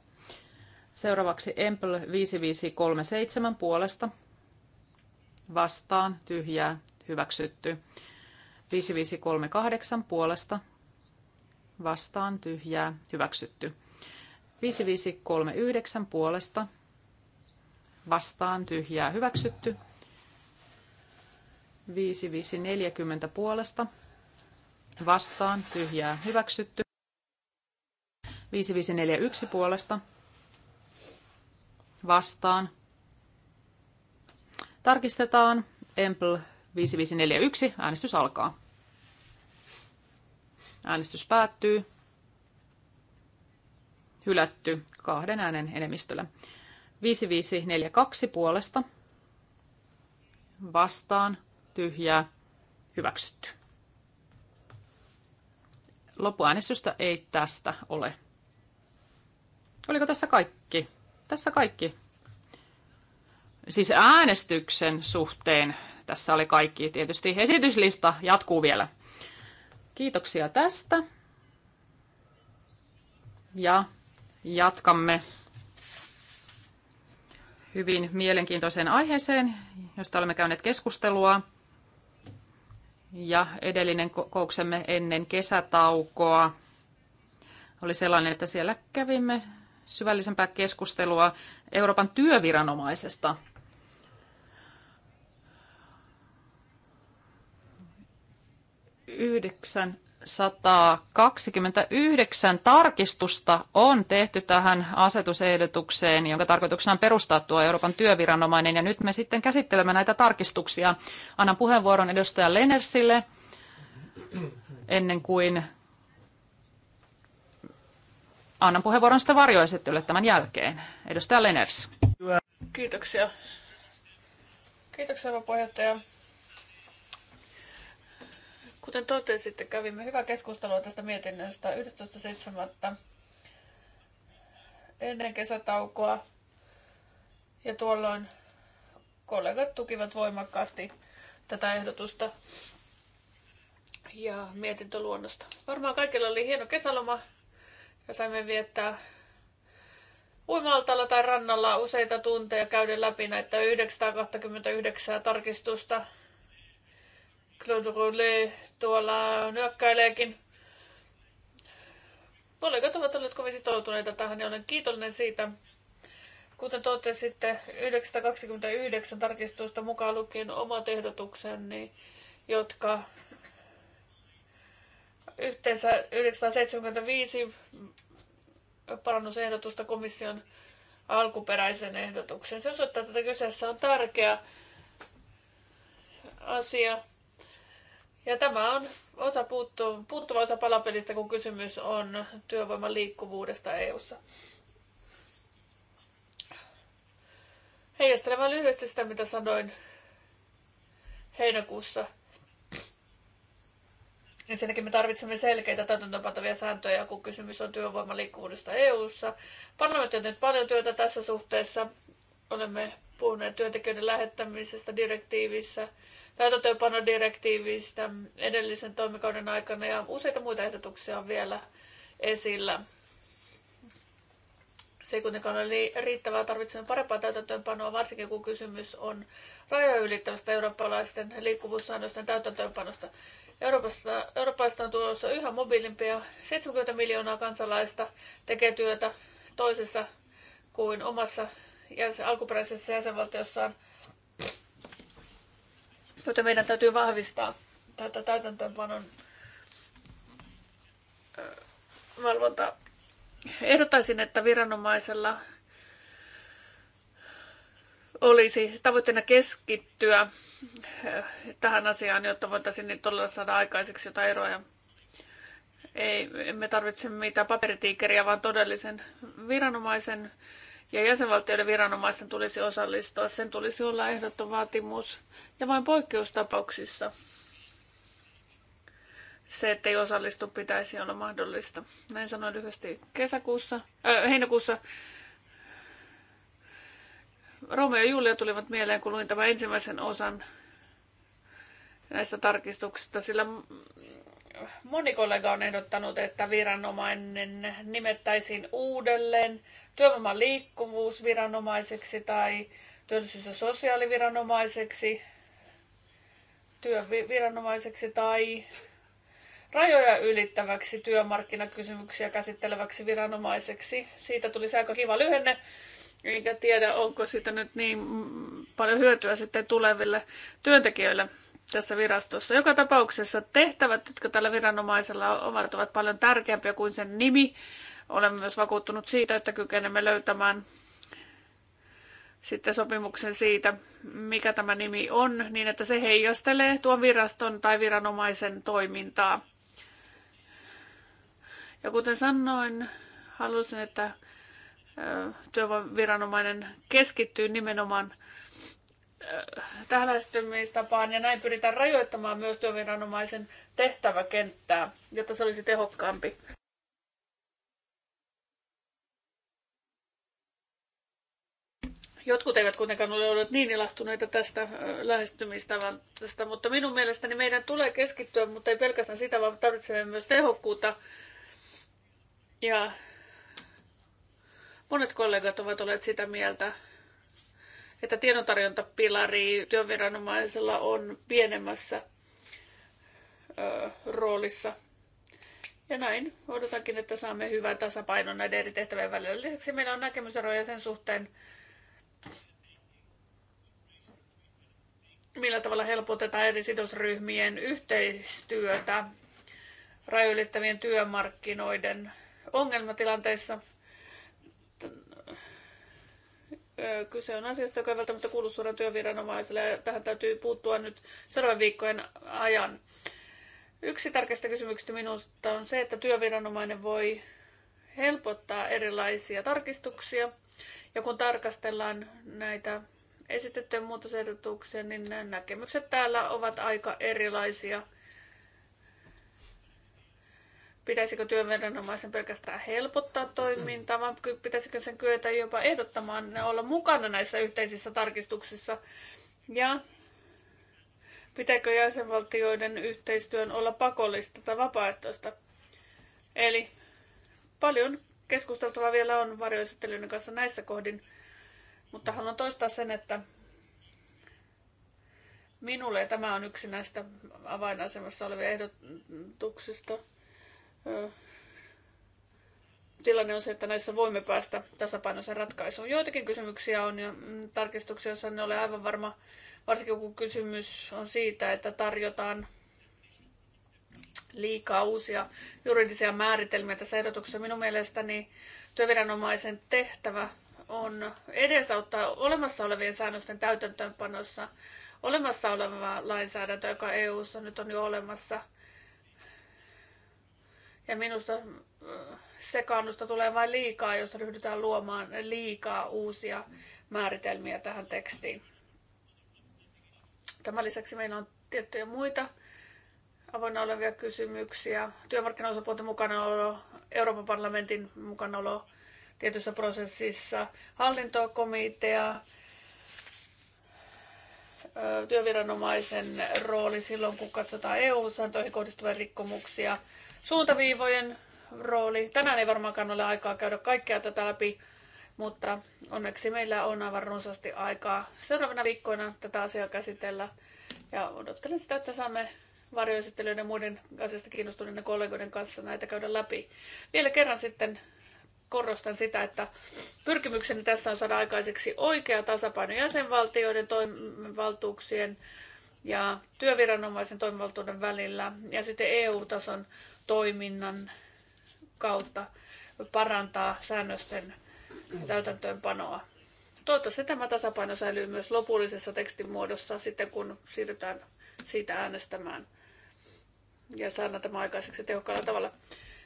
Seuraavaksi Empel 5537 puolesta. Vastaan tyhjää hyväksytty. 5538 puolesta. Vastaan tyhjää hyväksytty. 5539 puolesta. Vastaan tyhjää hyväksytty. 5540 puolesta. Vastaan tyhjää hyväksytty. 5541 puolesta vastaan. Tarkistetaan. Empl 5541. Äänestys alkaa. Äänestys päättyy. Hylätty kahden äänen enemmistöllä. 5542 puolesta. Vastaan. Tyhjää. Hyväksytty. Loppuäänestystä ei tästä ole. Oliko tässä kaikki? Tässä kaikki. Siis äänestyksen suhteen tässä oli kaikki. Tietysti esityslista jatkuu vielä. Kiitoksia tästä. Ja jatkamme hyvin mielenkiintoiseen aiheeseen, josta olemme käyneet keskustelua. Ja edellinen kokouksemme ennen kesätaukoa oli sellainen, että siellä kävimme syvällisempää keskustelua Euroopan työviranomaisesta. Yhdeksän 129 tarkistusta on tehty tähän asetusehdotukseen, jonka tarkoituksena on perustaa tuo Euroopan työviranomainen. Ja nyt me sitten käsittelemme näitä tarkistuksia. Annan puheenvuoron edustaja Lenersille ennen kuin annan puheenvuoron sitten varjoesittelylle tämän jälkeen. Edustaja Leners. Kiitoksia. Kiitoksia, hyvä puheenjohtaja. Kuten totesitte, kävimme hyvää keskustelua tästä mietinnöstä 11.7. ennen kesätaukoa. Ja tuolloin kollegat tukivat voimakkaasti tätä ehdotusta ja mietintöluonnosta. Varmaan kaikilla oli hieno kesäloma ja saimme viettää uimaltalla tai rannalla useita tunteja käydä läpi näitä 929 tarkistusta. Claude Roulet tuolla nyökkäileekin. Kollegat ovat olleet kovin sitoutuneita tähän ja olen kiitollinen siitä. Kuten totesitte, 929 tarkistusta mukaan lukien omat ehdotukseni, jotka yhteensä 975 parannusehdotusta komission alkuperäisen ehdotuksen. Se osoittaa, että kyseessä on tärkeä asia. Ja tämä on osa puuttu, puuttuva osa palapelistä, kun kysymys on työvoiman liikkuvuudesta EU:ssa. Heijastelemaan lyhyesti sitä, mitä sanoin heinäkuussa Ensinnäkin me tarvitsemme selkeitä täytäntöönpantavia sääntöjä, kun kysymys on työvoiman liikkuvuudesta EU-ssa. Parlamentti on tehnyt paljon työtä tässä suhteessa. Olemme puhuneet työntekijöiden lähettämisestä direktiivissä, täytäntöönpanodirektiivistä edellisen toimikauden aikana ja useita muita ehdotuksia on vielä esillä. Se ei kuitenkaan ole riittävää. Tarvitsemme parempaa täytäntöönpanoa, varsinkin kun kysymys on rajoja ylittävästä eurooppalaisten liikkuvuussäännösten täytäntöönpanosta. Euroopasta, Euroopasta on tulossa yhä mobiilimpia. 70 miljoonaa kansalaista tekee työtä toisessa kuin omassa alkuperäisessä jäsenvaltiossaan. Joten meidän täytyy vahvistaa tätä täytäntöönpanon valvontaa. Ehdottaisin, että viranomaisella olisi tavoitteena keskittyä eh, tähän asiaan, jotta voitaisiin niin todella saada aikaiseksi jotain eroja. Ei, emme tarvitse mitään paperitiikeriä, vaan todellisen viranomaisen ja jäsenvaltioiden viranomaisten tulisi osallistua. Sen tulisi olla ehdoton vaatimus ja vain poikkeustapauksissa se, että ei osallistu, pitäisi olla mahdollista. Näin sanoin lyhyesti kesäkuussa, äh, heinäkuussa Romeo ja Julia tulivat mieleen, kun luin tämän ensimmäisen osan näistä tarkistuksista, sillä moni kollega on ehdottanut, että viranomainen nimettäisiin uudelleen työvoiman liikkuvuusviranomaiseksi tai työllisyys- ja sosiaaliviranomaiseksi, työviranomaiseksi tai rajoja ylittäväksi työmarkkinakysymyksiä käsitteleväksi viranomaiseksi. Siitä tuli aika kiva lyhenne eikä tiedä, onko siitä nyt niin paljon hyötyä sitten tuleville työntekijöille tässä virastossa. Joka tapauksessa tehtävät, jotka tällä viranomaisella ovat, ovat paljon tärkeämpiä kuin sen nimi. Olen myös vakuuttunut siitä, että kykenemme löytämään sitten sopimuksen siitä, mikä tämä nimi on, niin että se heijastelee tuon viraston tai viranomaisen toimintaa. Ja kuten sanoin, halusin, että työvoimaviranomainen keskittyy nimenomaan äh, tähän lähestymistapaan ja näin pyritään rajoittamaan myös työviranomaisen tehtäväkenttää, jotta se olisi tehokkaampi. Jotkut eivät kuitenkaan ole olleet niin ilahtuneita tästä äh, lähestymistavasta, mutta minun mielestäni meidän tulee keskittyä, mutta ei pelkästään sitä, vaan tarvitsemme myös tehokkuutta ja Monet kollegat ovat olleet sitä mieltä, että tiedontarjontapilari työviranomaisella on pienemmässä ö, roolissa. Ja näin odotankin, että saamme hyvän tasapainon näiden eri tehtävien välillä. Lisäksi meillä on näkemyseroja sen suhteen, millä tavalla helpotetaan eri sidosryhmien yhteistyötä rajoittavien työmarkkinoiden ongelmatilanteissa – kyse on asiasta, joka ei välttämättä kuulu suoraan työviranomaiselle ja tähän täytyy puuttua nyt seuraavan viikkojen ajan. Yksi tärkeistä kysymyksistä minusta on se, että työviranomainen voi helpottaa erilaisia tarkistuksia. Ja kun tarkastellaan näitä esitettyjä muutosehdotuksia, niin näkemykset täällä ovat aika erilaisia. Pitäisikö työviranomaisen pelkästään helpottaa toimintaa, vaan pitäisikö sen kyetä jopa ehdottamaan ne olla mukana näissä yhteisissä tarkistuksissa? Ja pitääkö jäsenvaltioiden yhteistyön olla pakollista tai vapaaehtoista? Eli paljon keskusteltavaa vielä on varjoesittelyiden kanssa näissä kohdin, mutta haluan toistaa sen, että minulle tämä on yksi näistä avainasemassa olevia ehdotuksista – tilanne on se, että näissä voimme päästä tasapainoisen ratkaisuun. Joitakin kysymyksiä on ja mm, tarkistuksia, joissa en ole aivan varma, varsinkin kun kysymys on siitä, että tarjotaan liikaa uusia juridisia määritelmiä tässä ehdotuksessa. Minun mielestäni työviranomaisen tehtävä on edesauttaa olemassa olevien säännösten täytäntöönpanossa olemassa olevaa lainsäädäntöä, joka EU:ssa nyt on jo olemassa – ja minusta äh, sekaannusta tulee vain liikaa, jos ryhdytään luomaan liikaa uusia määritelmiä tähän tekstiin. Tämän lisäksi meillä on tiettyjä muita avoinna olevia kysymyksiä. Työmarkkinaosapuolten mukanaolo, Euroopan parlamentin mukanaolo tietyssä prosessissa, hallintokomitea, työviranomaisen rooli silloin, kun katsotaan EU-sääntöihin kohdistuvia rikkomuksia, suuntaviivojen rooli. Tänään ei varmaankaan ole aikaa käydä kaikkea tätä läpi, mutta onneksi meillä on aivan runsaasti aikaa seuraavana viikkoina tätä asiaa käsitellä. Ja odottelen sitä, että saamme varjoesittelyiden ja muiden asiasta kiinnostuneiden kollegoiden kanssa näitä käydä läpi. Vielä kerran sitten korostan sitä, että pyrkimykseni tässä on saada aikaiseksi oikea tasapaino jäsenvaltioiden toimivaltuuksien ja työviranomaisen toimivaltuuden välillä ja sitten EU-tason toiminnan kautta parantaa säännösten täytäntöönpanoa. Toivottavasti tämä tasapaino säilyy myös lopullisessa tekstin muodossa sitten, kun siirrytään siitä äänestämään ja saadaan tämä aikaiseksi tehokkaalla tavalla.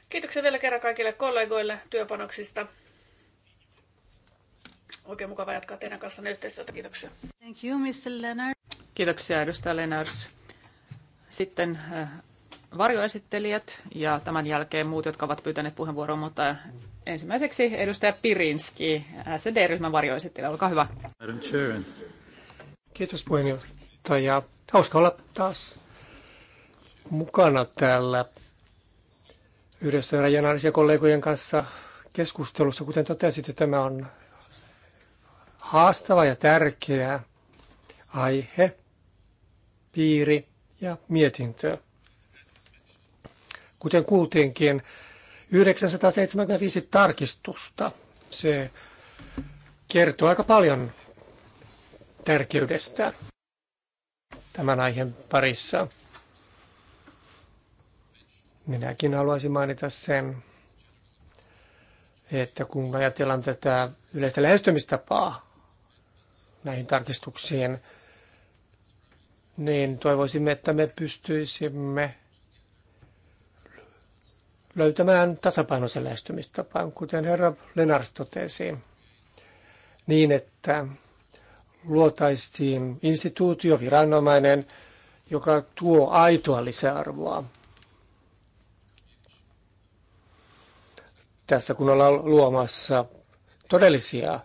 Kiitoksia vielä kerran kaikille kollegoille työpanoksista. Oikein mukava jatkaa teidän kanssanne yhteistyötä. Kiitoksia. Thank you, Mr. Leonard. Kiitoksia, edustaja Lenars. Sitten äh, varjoesittelijät ja tämän jälkeen muut, jotka ovat pyytäneet puheenvuoroa, mutta ensimmäiseksi edustaja Pirinski, SD-ryhmän varjoesittelijä. Olkaa hyvä. Kiitos puheenjohtaja. Hauska olla taas mukana täällä yhdessä rajanaisia kollegojen kanssa keskustelussa. Kuten totesit, tämä on haastava ja tärkeä aihe, piiri ja mietintö. Kuten kuultiinkin, 975 tarkistusta. Se kertoo aika paljon tärkeydestä tämän aiheen parissa. Minäkin haluaisin mainita sen, että kun ajatellaan tätä yleistä lähestymistapaa näihin tarkistuksiin, niin toivoisimme, että me pystyisimme löytämään tasapainoisen lähestymistapaan, kuten herra Lenars totesi, niin että luotaisiin instituutio, viranomainen, joka tuo aitoa lisäarvoa tässä, kun ollaan luomassa todellisia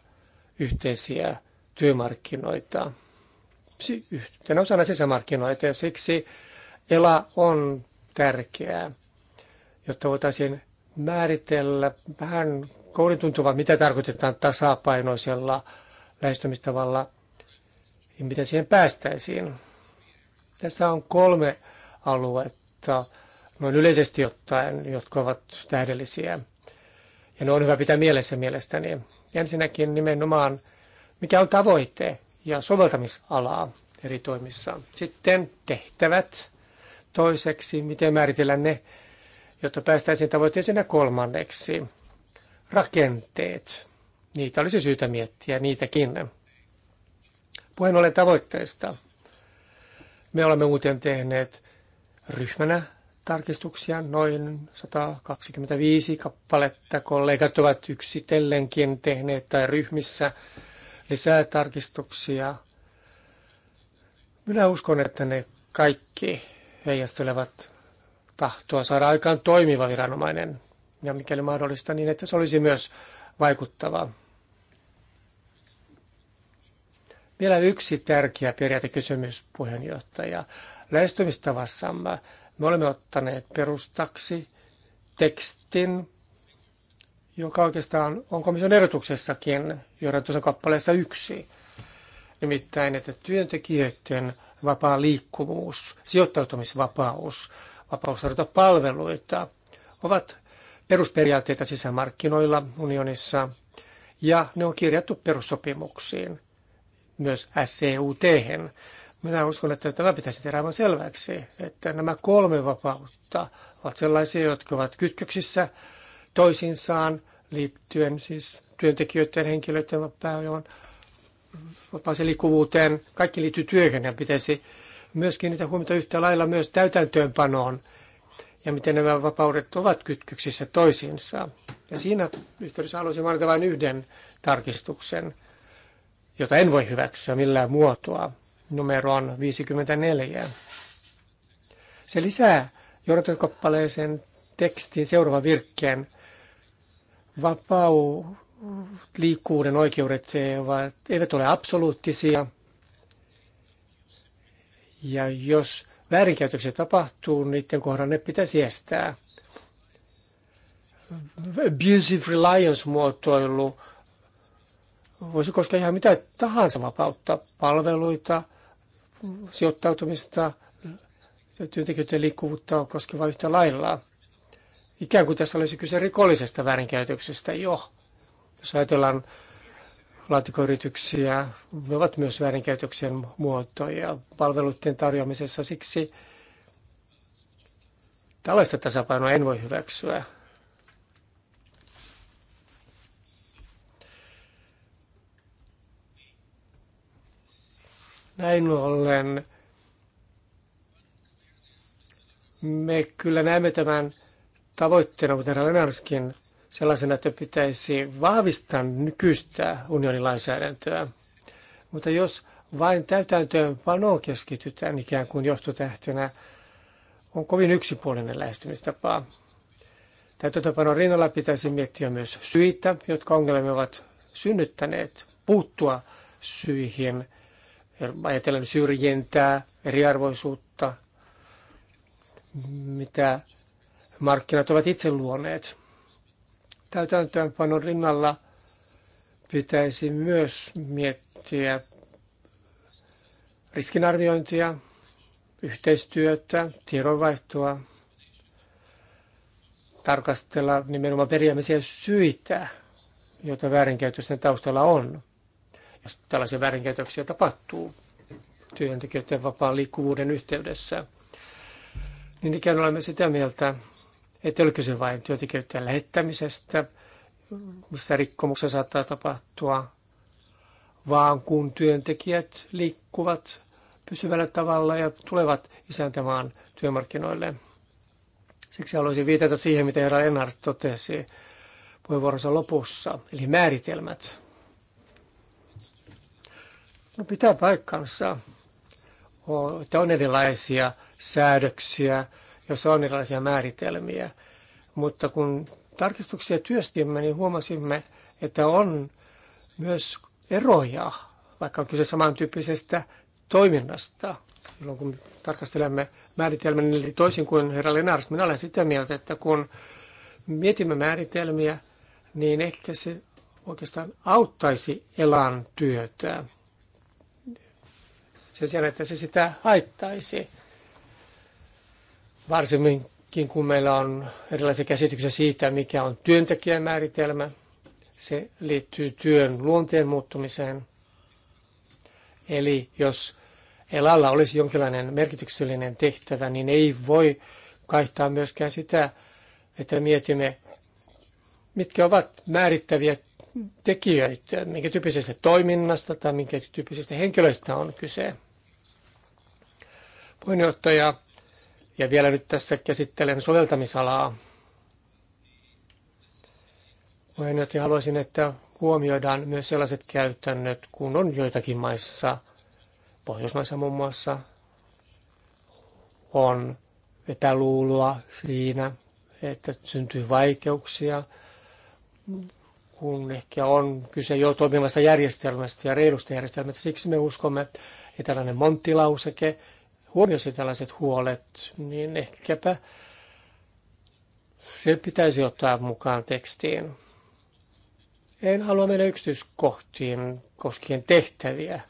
yhteisiä työmarkkinoita, yhtenä osana sisämarkkinoita, ja siksi ELA on tärkeää, jotta voitaisiin määritellä vähän kourin mitä tarkoitetaan tasapainoisella lähestymistavalla ja miten siihen päästäisiin. Tässä on kolme aluetta noin yleisesti ottaen, jotka ovat tähdellisiä. Ja ne on hyvä pitää mielessä mielestäni. Ensinnäkin nimenomaan, mikä on tavoite ja soveltamisalaa eri toimissa. Sitten tehtävät. Toiseksi, miten määritellään ne, jotta päästäisiin tavoitteeseen. kolmanneksi, rakenteet. Niitä olisi syytä miettiä, niitäkin. Puheen ollen tavoitteista. Me olemme muuten tehneet ryhmänä tarkistuksia, noin 125 kappaletta. Kollegat ovat yksitellenkin tehneet tai ryhmissä lisää tarkistuksia. Minä uskon, että ne kaikki heijastelevat tahtoa saada aikaan toimiva viranomainen ja mikäli mahdollista, niin että se olisi myös vaikuttava. Vielä yksi tärkeä periaatekysymys, puheenjohtaja. Lähestymistavassamme me olemme ottaneet perustaksi tekstin, joka oikeastaan on komission erotuksessakin johdantosen kappaleessa yksi. Nimittäin, että työntekijöiden vapaa liikkuvuus, sijoittautumisvapaus, vapaus tarjota palveluita ovat perusperiaatteita sisämarkkinoilla unionissa ja ne on kirjattu perussopimuksiin, myös SEUT, hen. Minä uskon, että tämä pitäisi tehdä aivan selväksi, että nämä kolme vapautta ovat sellaisia, jotka ovat kytköksissä toisinsaan liittyen siis työntekijöiden, henkilöiden pääoman vapaaseen liikkuvuuteen. Kaikki liittyy työhön ja pitäisi myös kiinnittää huomiota yhtä lailla myös täytäntöönpanoon ja miten nämä vapaudet ovat kytköksissä toisiinsa. Ja siinä yhteydessä haluaisin mainita vain yhden tarkistuksen, jota en voi hyväksyä millään muotoa numeroon 54. Se lisää johdatukappaleeseen tekstin seuraavan virkkeen. Vapau liikkuuden oikeudet eivät ole absoluuttisia. Ja jos väärinkäytöksiä tapahtuu, niiden kohdan ne pitäisi estää. Abusive reliance-muotoilu voisi koskea ihan mitä tahansa vapautta, palveluita – sijoittautumista ja työntekijöiden liikkuvuutta koskeva yhtä lailla. Ikään kuin tässä olisi kyse rikollisesta väärinkäytöksestä jo. Jos ajatellaan laatikoyrityksiä, ne ovat myös väärinkäytöksen muotoja palveluiden tarjoamisessa. Siksi tällaista tasapainoa en voi hyväksyä. Näin ollen me kyllä näemme tämän tavoitteena, kuten Lenarskin, sellaisena, että pitäisi vahvistaa nykyistä unionin lainsäädäntöä. Mutta jos vain panoon keskitytään ikään kuin johtotähtenä, on kovin yksipuolinen lähestymistapa. Täytäntöönpanon rinnalla pitäisi miettiä myös syitä, jotka ongelmia ovat synnyttäneet, puuttua syihin – ajatellen syrjintää, eriarvoisuutta, mitä markkinat ovat itse luoneet. Täytäntöönpanon rinnalla pitäisi myös miettiä riskinarviointia, yhteistyötä, tiedonvaihtoa, tarkastella nimenomaan periaamisia syitä, joita väärinkäytösten taustalla on jos tällaisia väärinkäytöksiä tapahtuu työntekijöiden vapaan liikkuvuuden yhteydessä. Niin ikään olemme sitä mieltä, että ei ole kyse vain työntekijöiden lähettämisestä, missä rikkomuksia saattaa tapahtua, vaan kun työntekijät liikkuvat pysyvällä tavalla ja tulevat isäntämaan työmarkkinoille. Siksi haluaisin viitata siihen, mitä herra Ennart totesi puheenvuoronsa lopussa, eli määritelmät. No pitää paikkansa. On, että on erilaisia säädöksiä, jos on erilaisia määritelmiä. Mutta kun tarkistuksia työstimme, niin huomasimme, että on myös eroja, vaikka on kyse samantyyppisestä toiminnasta. Silloin kun tarkastelemme määritelmän, eli toisin kuin herra Lenars, minä olen sitä mieltä, että kun mietimme määritelmiä, niin ehkä se oikeastaan auttaisi elan työtä sen sijaan, että se sitä haittaisi. Varsinkin kun meillä on erilaisia käsityksiä siitä, mikä on työntekijän määritelmä, se liittyy työn luonteen muuttumiseen. Eli jos elalla olisi jonkinlainen merkityksellinen tehtävä, niin ei voi kaihtaa myöskään sitä, että mietimme, mitkä ovat määrittäviä tekijöitä, minkä tyyppisestä toiminnasta tai minkä tyyppisestä henkilöstä on kyse puheenjohtaja. Ja vielä nyt tässä käsittelen soveltamisalaa. Puheenjohtaja, haluaisin, että huomioidaan myös sellaiset käytännöt, kun on joitakin maissa, Pohjoismaissa muun muassa, on epäluuloa siinä, että syntyy vaikeuksia, kun ehkä on kyse jo toimivasta järjestelmästä ja reilusta järjestelmästä. Siksi me uskomme, että tällainen monttilauseke – huomioisi tällaiset huolet, niin ehkäpä se pitäisi ottaa mukaan tekstiin. En halua mennä yksityiskohtiin koskien tehtäviä.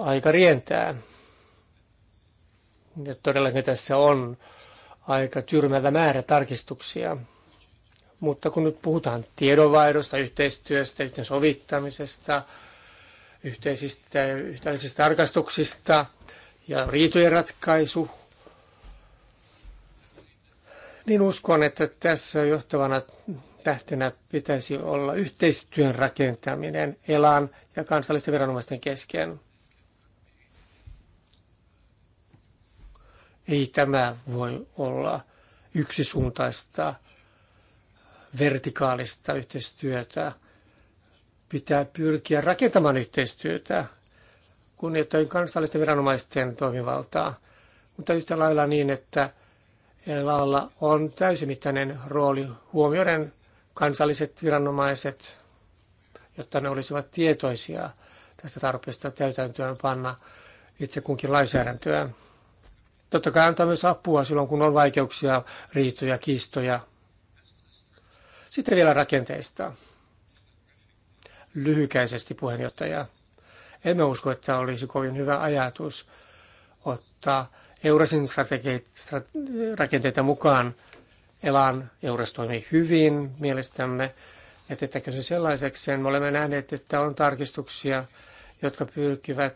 Aika rientää. Ja todellakin tässä on aika tyrmävä määrä tarkistuksia. Mutta kun nyt puhutaan tiedonvaihdosta, yhteistyöstä, yhteensovittamisesta, yhteisistä yhtäläisistä tarkastuksista, ja riitojen ratkaisu. Niin uskon, että tässä johtavana tähtenä pitäisi olla yhteistyön rakentaminen ELAN ja kansallisten viranomaisten kesken. Ei tämä voi olla yksisuuntaista vertikaalista yhteistyötä. Pitää pyrkiä rakentamaan yhteistyötä kunnioittaa kansallisten viranomaisten toimivaltaa, mutta yhtä lailla niin, että laalla on täysimittainen rooli huomioiden kansalliset viranomaiset, jotta ne olisivat tietoisia tästä tarpeesta täytäntöön panna itse kunkin lainsäädäntöä. Totta kai antaa myös apua silloin, kun on vaikeuksia, riitoja, kiistoja. Sitten vielä rakenteista. Lyhykäisesti puheenjohtaja. Emme usko, että olisi kovin hyvä ajatus ottaa Eurasin rakenteita mukaan. Elan Euras toimii hyvin mielestämme. Jätettäkö se sellaiseksi? Me olemme nähneet, että on tarkistuksia, jotka pyrkivät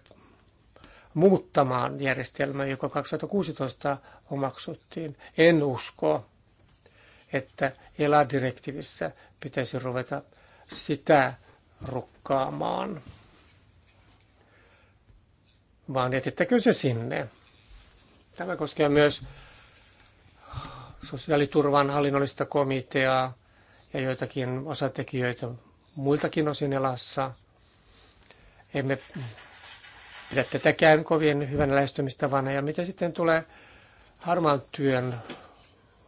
muuttamaan järjestelmää, joka 2016 omaksuttiin. En usko, että eladirektiivissä pitäisi ruveta sitä rukkaamaan vaan jätettäkö se sinne. Tämä koskee myös sosiaaliturvan hallinnollista komiteaa ja joitakin osatekijöitä muiltakin osin elassa. Emme pidä tätäkään kovin hyvän lähestymistavana. Ja mitä sitten tulee harmaan työn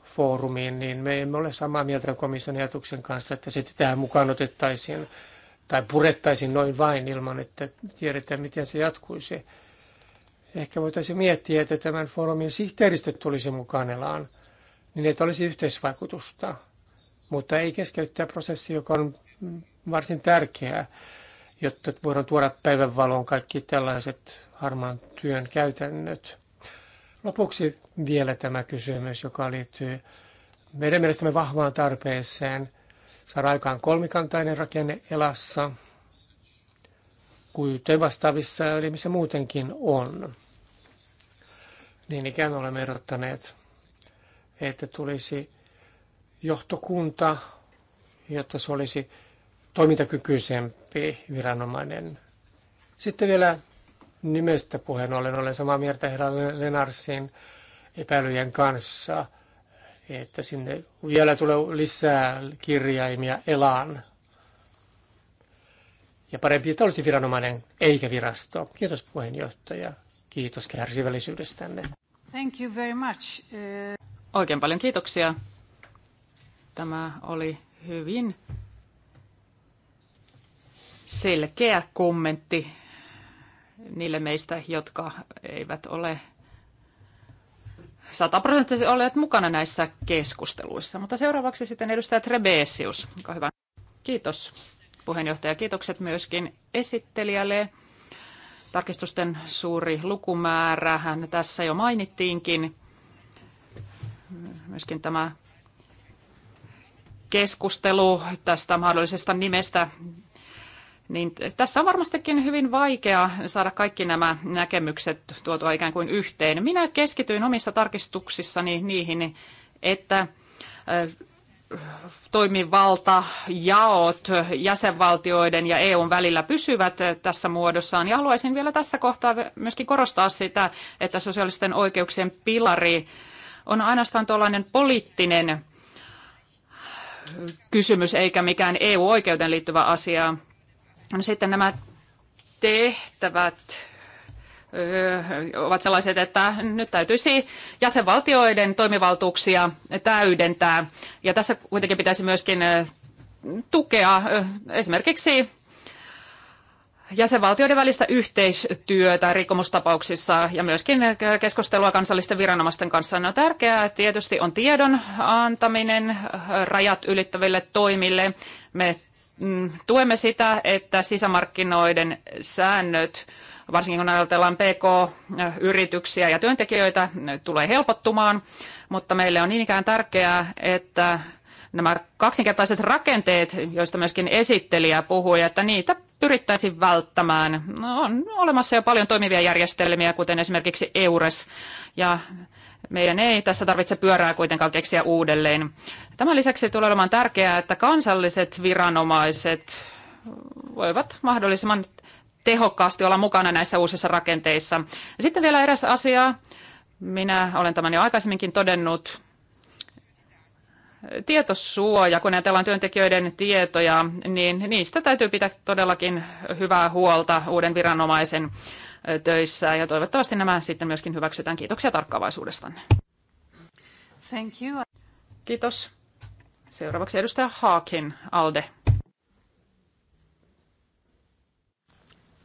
foorumiin, niin me emme ole samaa mieltä komission ajatuksen kanssa, että sitten tähän mukaan otettaisiin tai purettaisiin noin vain ilman, että tiedetään, miten se jatkuisi. Ehkä voitaisiin miettiä, että tämän foorumin sihteeristöt tulisi mukanelaan, niin että olisi yhteisvaikutusta, mutta ei keskeyttää prosessi, joka on varsin tärkeää, jotta voidaan tuoda päivänvaloon kaikki tällaiset harmaan työn käytännöt. Lopuksi vielä tämä kysymys, joka liittyy meidän mielestämme vahvaan tarpeeseen saada aikaan kolmikantainen rakenne elassa, kuten vastaavissa elimissä muutenkin on. Niin ikään olemme erottaneet, että tulisi johtokunta, jotta se olisi toimintakykyisempi viranomainen. Sitten vielä nimestä puheen ollen olen samaa mieltä herra Lenarsin epäilyjen kanssa, että sinne vielä tulee lisää kirjaimia elaan. Ja parempi, että olisi viranomainen eikä virasto. Kiitos puheenjohtaja. Kiitos kärsivällisyydestänne. Thank you very much. Eh. Oikein paljon kiitoksia. Tämä oli hyvin selkeä kommentti niille meistä, jotka eivät ole sataprosenttisesti olleet mukana näissä keskusteluissa. Mutta seuraavaksi sitten edustaja Trebesius. hyvä. Kiitos puheenjohtaja. Kiitokset myöskin esittelijälle Tarkistusten suuri lukumäärähän tässä jo mainittiinkin. Myöskin tämä keskustelu tästä mahdollisesta nimestä, niin tässä on varmastikin hyvin vaikea saada kaikki nämä näkemykset tuotua ikään kuin yhteen. Minä keskityin omissa tarkistuksissani niihin, että toimivaltajaot jäsenvaltioiden ja EUn välillä pysyvät tässä muodossaan. Ja haluaisin vielä tässä kohtaa myöskin korostaa sitä, että sosiaalisten oikeuksien pilari on ainoastaan tuollainen poliittinen kysymys eikä mikään EU-oikeuteen liittyvä asia. No sitten nämä tehtävät ovat sellaiset, että nyt täytyisi jäsenvaltioiden toimivaltuuksia täydentää. Ja tässä kuitenkin pitäisi myöskin tukea esimerkiksi jäsenvaltioiden välistä yhteistyötä rikkomustapauksissa ja myöskin keskustelua kansallisten viranomaisten kanssa. No, tärkeää tietysti on tiedon antaminen rajat ylittäville toimille. Me mm, tuemme sitä, että sisämarkkinoiden säännöt varsinkin kun ajatellaan PK-yrityksiä ja työntekijöitä, tulee helpottumaan, mutta meille on niin ikään tärkeää, että nämä kaksinkertaiset rakenteet, joista myöskin esittelijä puhui, että niitä pyrittäisiin välttämään. No, on olemassa jo paljon toimivia järjestelmiä, kuten esimerkiksi EURES, ja meidän ei tässä tarvitse pyörää kuitenkaan keksiä uudelleen. Tämän lisäksi tulee olemaan tärkeää, että kansalliset viranomaiset voivat mahdollisimman tehokkaasti olla mukana näissä uusissa rakenteissa. Sitten vielä eräs asia. Minä olen tämän jo aikaisemminkin todennut. Tietosuoja, kun ajatellaan työntekijöiden tietoja, niin niistä täytyy pitää todellakin hyvää huolta uuden viranomaisen töissä. Ja toivottavasti nämä sitten myöskin hyväksytään. Kiitoksia tarkkaavaisuudestanne. Thank you. Kiitos. Seuraavaksi edustaja Haakin, Alde.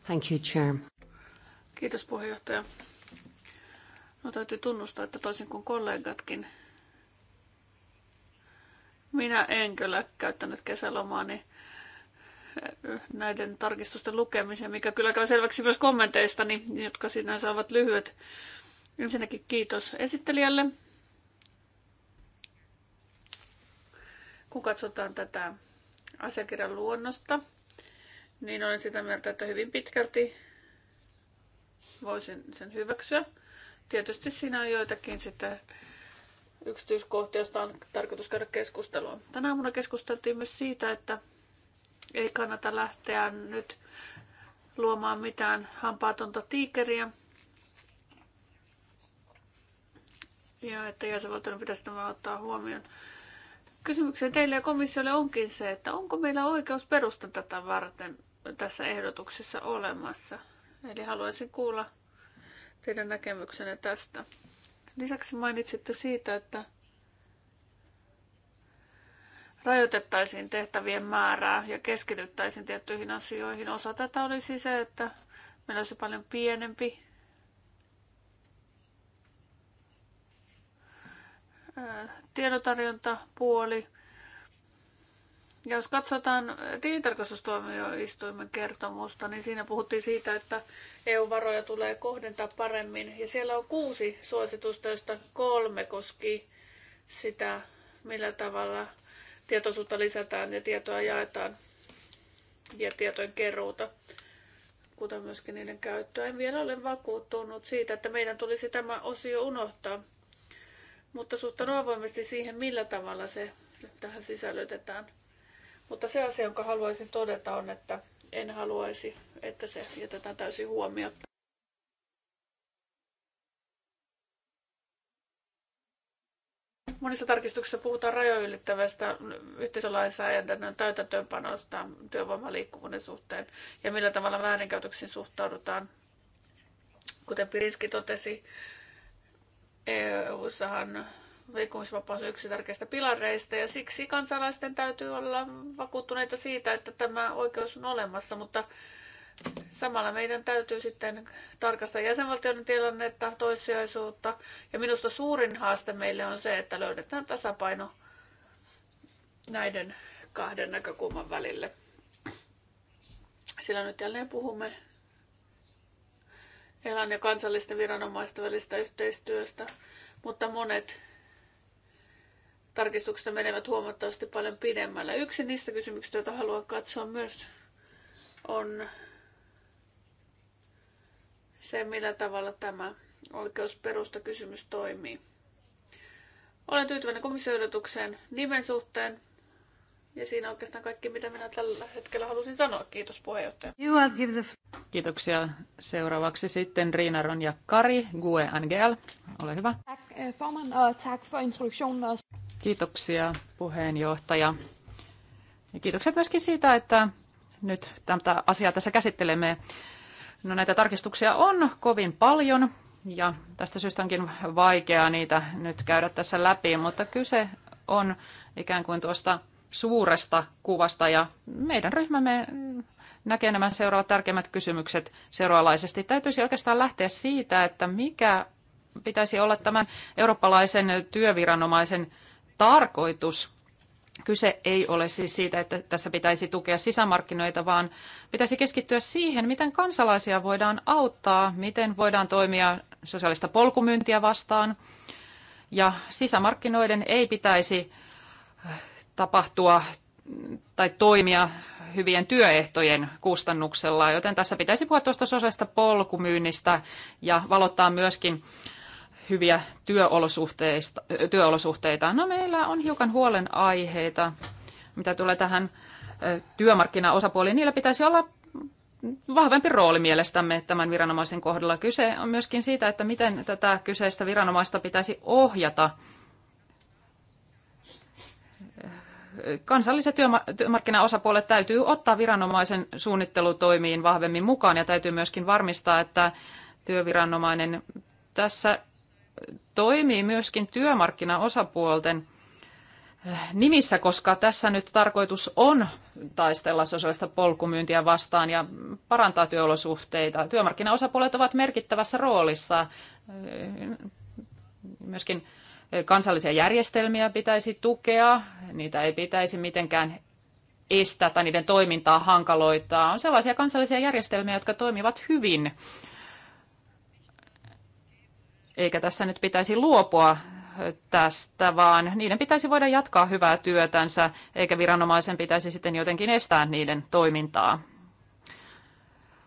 Thank you, Chair. Kiitos puheenjohtaja. No täytyy tunnustaa, että toisin kuin kollegatkin, minä en kyllä käyttänyt kesälomaani eh, näiden tarkistusten lukemiseen, mikä kyllä käy selväksi myös kommenteista, jotka sinänsä ovat lyhyet. Ensinnäkin kiitos esittelijälle. Kun katsotaan tätä asiakirjan luonnosta, niin olen sitä mieltä, että hyvin pitkälti voisin sen hyväksyä. Tietysti siinä on joitakin sitä yksityiskohtia, joista on tarkoitus käydä keskustelua. Tänä aamuna keskusteltiin myös siitä, että ei kannata lähteä nyt luomaan mitään hampaatonta tiikeriä. Ja että jäsenvaltioiden pitäisi tämä ottaa huomioon. Kysymykseen teille ja komissiolle onkin se, että onko meillä oikeus perusta tätä varten tässä ehdotuksessa olemassa. Eli haluaisin kuulla teidän näkemyksenne tästä. Lisäksi mainitsitte siitä, että rajoitettaisiin tehtävien määrää ja keskityttäisiin tiettyihin asioihin. Osa tätä olisi se, että meillä olisi paljon pienempi tiedotarjontapuoli, jos katsotaan tilintarkastustuomioistuimen kertomusta, niin siinä puhuttiin siitä, että EU-varoja tulee kohdentaa paremmin. Ja siellä on kuusi suositusta, joista kolme koski sitä, millä tavalla tietoisuutta lisätään ja tietoa jaetaan ja tietojen keruuta, kuten myöskin niiden käyttöä. En vielä ole vakuuttunut siitä, että meidän tulisi tämä osio unohtaa, mutta suhtaudun avoimesti siihen, millä tavalla se tähän sisällytetään – mutta se asia, jonka haluaisin todeta on, että en haluaisi, että se jätetään täysin huomiotta. Monissa tarkistuksissa puhutaan ylittävästä yhteisölainsäädännön täytäntöönpanosta liikkuvuuden suhteen ja millä tavalla väärinkäytöksiin suhtaudutaan. Kuten Pirinski totesi, eu ssahan liikkumisvapaus on yksi tärkeistä pilareista ja siksi kansalaisten täytyy olla vakuuttuneita siitä, että tämä oikeus on olemassa, mutta samalla meidän täytyy sitten tarkastaa jäsenvaltioiden tilannetta, toissijaisuutta ja minusta suurin haaste meille on se, että löydetään tasapaino näiden kahden näkökulman välille. Sillä nyt jälleen puhumme Elan ja kansallisten viranomaisten välistä yhteistyöstä, mutta monet tarkistuksista menevät huomattavasti paljon pidemmälle. Yksi niistä kysymyksistä, joita haluan katsoa myös, on se, millä tavalla tämä oikeusperusta kysymys toimii. Olen tyytyväinen komissioidotukseen nimen suhteen ja siinä oikeastaan kaikki, mitä minä tällä hetkellä halusin sanoa. Kiitos puheenjohtaja. Kiitoksia. Seuraavaksi sitten Riina Ronja, Kari Gue Angel. Ole hyvä. Eh, Kiitoksia puheenjohtaja. Ja kiitokset myöskin siitä, että nyt tätä asiaa tässä käsittelemme. No näitä tarkistuksia on kovin paljon ja tästä syystä onkin vaikeaa niitä nyt käydä tässä läpi, mutta kyse on ikään kuin tuosta suuresta kuvasta ja meidän ryhmämme näkee nämä seuraavat tärkeimmät kysymykset seuraalaisesti. Täytyisi oikeastaan lähteä siitä, että mikä pitäisi olla tämän eurooppalaisen työviranomaisen tarkoitus. Kyse ei ole siis siitä, että tässä pitäisi tukea sisämarkkinoita, vaan pitäisi keskittyä siihen, miten kansalaisia voidaan auttaa, miten voidaan toimia sosiaalista polkumyyntiä vastaan. Ja sisämarkkinoiden ei pitäisi äh, tapahtua tai toimia hyvien työehtojen kustannuksella, joten tässä pitäisi puhua tuosta sosiaalista polkumyynnistä ja valottaa myöskin hyviä työolosuhteista, työolosuhteita. No meillä on hiukan huolenaiheita, mitä tulee tähän työmarkkinaosapuoliin. Niillä pitäisi olla vahvempi rooli mielestämme tämän viranomaisen kohdalla. Kyse on myöskin siitä, että miten tätä kyseistä viranomaista pitäisi ohjata. Kansalliset työmarkkinaosapuolet täytyy ottaa viranomaisen suunnittelutoimiin vahvemmin mukaan ja täytyy myöskin varmistaa, että työviranomainen tässä toimii myöskin työmarkkinaosapuolten eh, nimissä, koska tässä nyt tarkoitus on taistella sosiaalista polkumyyntiä vastaan ja parantaa työolosuhteita. Työmarkkinaosapuolet ovat merkittävässä roolissa. Eh, myöskin kansallisia järjestelmiä pitäisi tukea, niitä ei pitäisi mitenkään estää tai niiden toimintaa hankaloittaa. On sellaisia kansallisia järjestelmiä, jotka toimivat hyvin eikä tässä nyt pitäisi luopua tästä, vaan niiden pitäisi voida jatkaa hyvää työtänsä, eikä viranomaisen pitäisi sitten jotenkin estää niiden toimintaa.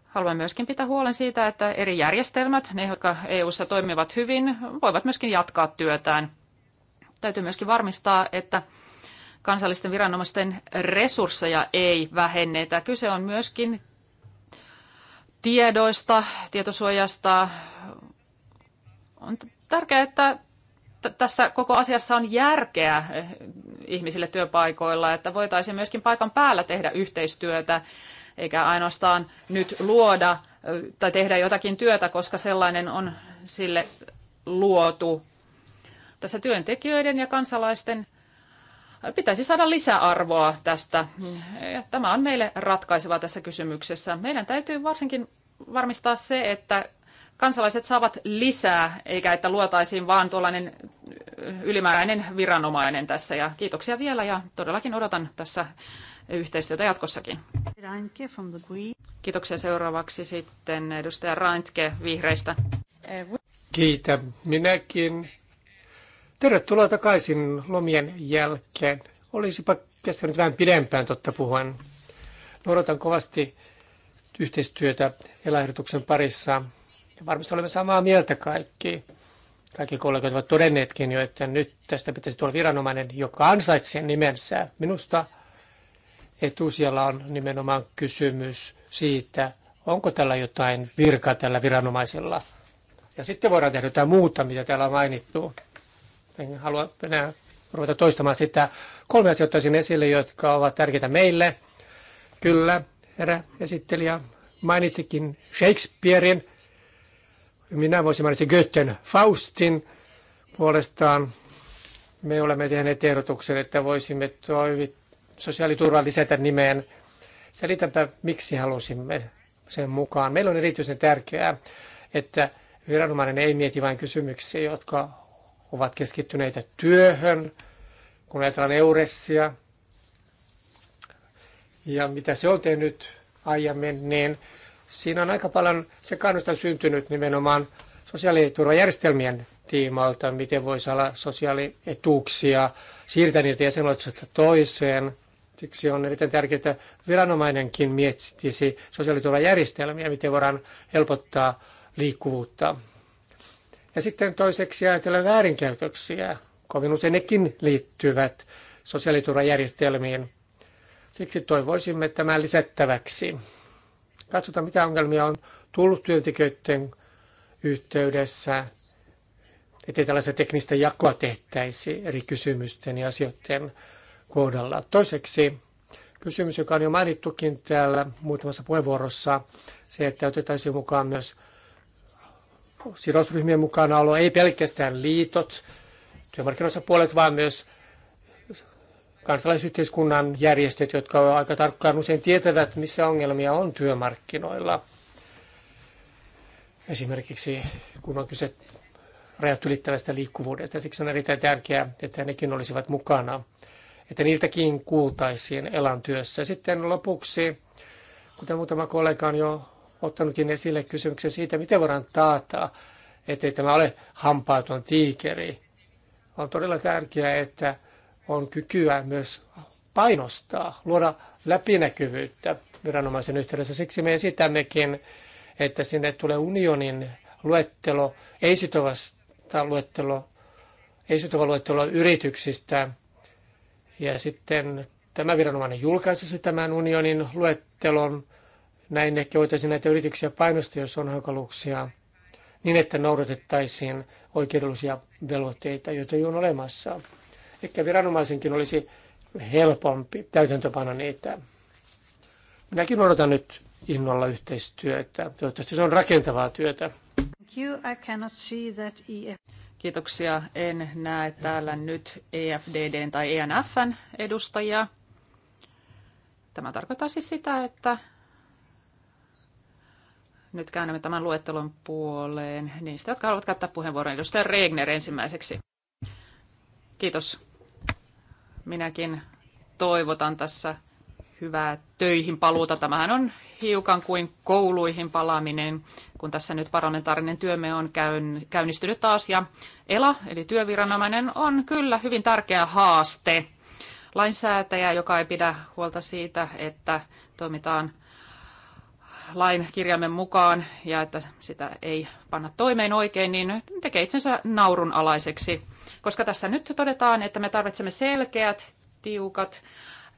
Haluan myöskin pitää huolen siitä, että eri järjestelmät, ne jotka EU:ssa toimivat hyvin, voivat myöskin jatkaa työtään. Täytyy myöskin varmistaa, että kansallisten viranomaisten resursseja ei vähennetä. Kyse on myöskin tiedoista, tietosuojasta, on tärkeää, että tässä koko asiassa on järkeä eh, ihmisille työpaikoilla, että voitaisiin myöskin paikan päällä tehdä yhteistyötä, eikä ainoastaan nyt luoda eh, tai tehdä jotakin työtä, koska sellainen on sille luotu. Tässä työntekijöiden ja kansalaisten eh, pitäisi saada lisäarvoa tästä. Ja tämä on meille ratkaiseva tässä kysymyksessä. Meidän täytyy varsinkin varmistaa se, että kansalaiset saavat lisää, eikä että luotaisiin vaan tuollainen ylimääräinen viranomainen tässä. Ja kiitoksia vielä ja todellakin odotan tässä yhteistyötä jatkossakin. Kiitoksia seuraavaksi sitten edustaja Rantke vihreistä. Kiitä minäkin. Tervetuloa takaisin lomien jälkeen. Olisipa kestänyt vähän pidempään totta puhuen. Odotan kovasti yhteistyötä elahdotuksen parissa ja varmasti olemme samaa mieltä kaikki. Kaikki kollegat ovat todenneetkin jo, että nyt tästä pitäisi tulla viranomainen, joka ansaitsee nimensä. Minusta etusijalla on nimenomaan kysymys siitä, onko tällä jotain virka tällä viranomaisella. Ja sitten voidaan tehdä jotain muuta, mitä täällä on mainittu. En halua enää ruveta toistamaan sitä. Kolme asiaa ottaisin esille, jotka ovat tärkeitä meille. Kyllä, herra esittelijä mainitsikin Shakespearein. Minä voisin mainita Götten Faustin puolestaan. Me olemme tehneet ehdotuksen, että voisimme tuo sosiaaliturvaa lisätä nimeen. Selitänpä, miksi halusimme sen mukaan. Meillä on erityisen tärkeää, että viranomainen ei mieti vain kysymyksiä, jotka ovat keskittyneitä työhön, kun ajatellaan Euressia ja mitä se on tehnyt aiemmin, niin Siinä on aika paljon kannusta syntynyt nimenomaan sosiaaliturvajärjestelmien tiimalta, miten voisi olla sosiaalietuuksia, siirtää niitä jäsenlaitoksesta toiseen. Siksi on erittäin tärkeää, että viranomainenkin miettisi sosiaaliturvajärjestelmiä, miten voidaan helpottaa liikkuvuutta. Ja sitten toiseksi ajatellaan väärinkäytöksiä. Kovin usein nekin liittyvät sosiaaliturvajärjestelmiin. Siksi toivoisimme tämän lisättäväksi katsotaan mitä ongelmia on tullut työntekijöiden yhteydessä, ettei tällaista teknistä jakoa tehtäisi eri kysymysten ja asioiden kohdalla. Toiseksi kysymys, joka on jo mainittukin täällä muutamassa puheenvuorossa, se, että otettaisiin mukaan myös sidosryhmien olo, ei pelkästään liitot, työmarkkinoissa puolet, vaan myös kansalaisyhteiskunnan järjestöt, jotka aika tarkkaan usein tietävät, missä ongelmia on työmarkkinoilla. Esimerkiksi kun on kyse rajat ylittävästä liikkuvuudesta. Siksi on erittäin tärkeää, että nekin olisivat mukana, että niiltäkin kuultaisiin elan työssä. Sitten lopuksi, kuten muutama kollega on jo ottanutkin esille kysymyksen siitä, miten voidaan taata, ettei tämä ole hampaaton tiikeri. On todella tärkeää, että on kykyä myös painostaa, luoda läpinäkyvyyttä viranomaisen yhteydessä. Siksi me esitämmekin, että sinne tulee unionin luettelo, ei sitovasta luettelo, ei sitova luettelo yrityksistä. Ja sitten tämä viranomainen julkaisisi tämän unionin luettelon. Näin ehkä voitaisiin näitä yrityksiä painostaa, jos on hankaluuksia, niin että noudatettaisiin oikeudellisia velvoitteita, joita ei ole olemassa. Ehkä viranomaisenkin olisi helpompi täytäntöpana niitä. Minäkin odotan nyt innolla yhteistyötä. Toivottavasti se on rakentavaa työtä. E Kiitoksia. En näe täällä nyt EFDDn tai ENFn edustajia. Tämä tarkoittaa siis sitä, että nyt käännämme tämän luettelon puoleen. Niistä, jotka haluavat käyttää puheenvuoron, edustaja Regner ensimmäiseksi. Kiitos. Minäkin toivotan tässä hyvää töihin paluuta. Tämähän on hiukan kuin kouluihin palaaminen, kun tässä nyt parlamentaarinen työme on käyn, käynnistynyt taas. Ja ELA, eli työviranomainen, on kyllä hyvin tärkeä haaste. Lainsäätäjä, joka ei pidä huolta siitä, että toimitaan lain kirjamme mukaan ja että sitä ei panna toimeen oikein, niin tekee itsensä naurunalaiseksi koska tässä nyt todetaan, että me tarvitsemme selkeät, tiukat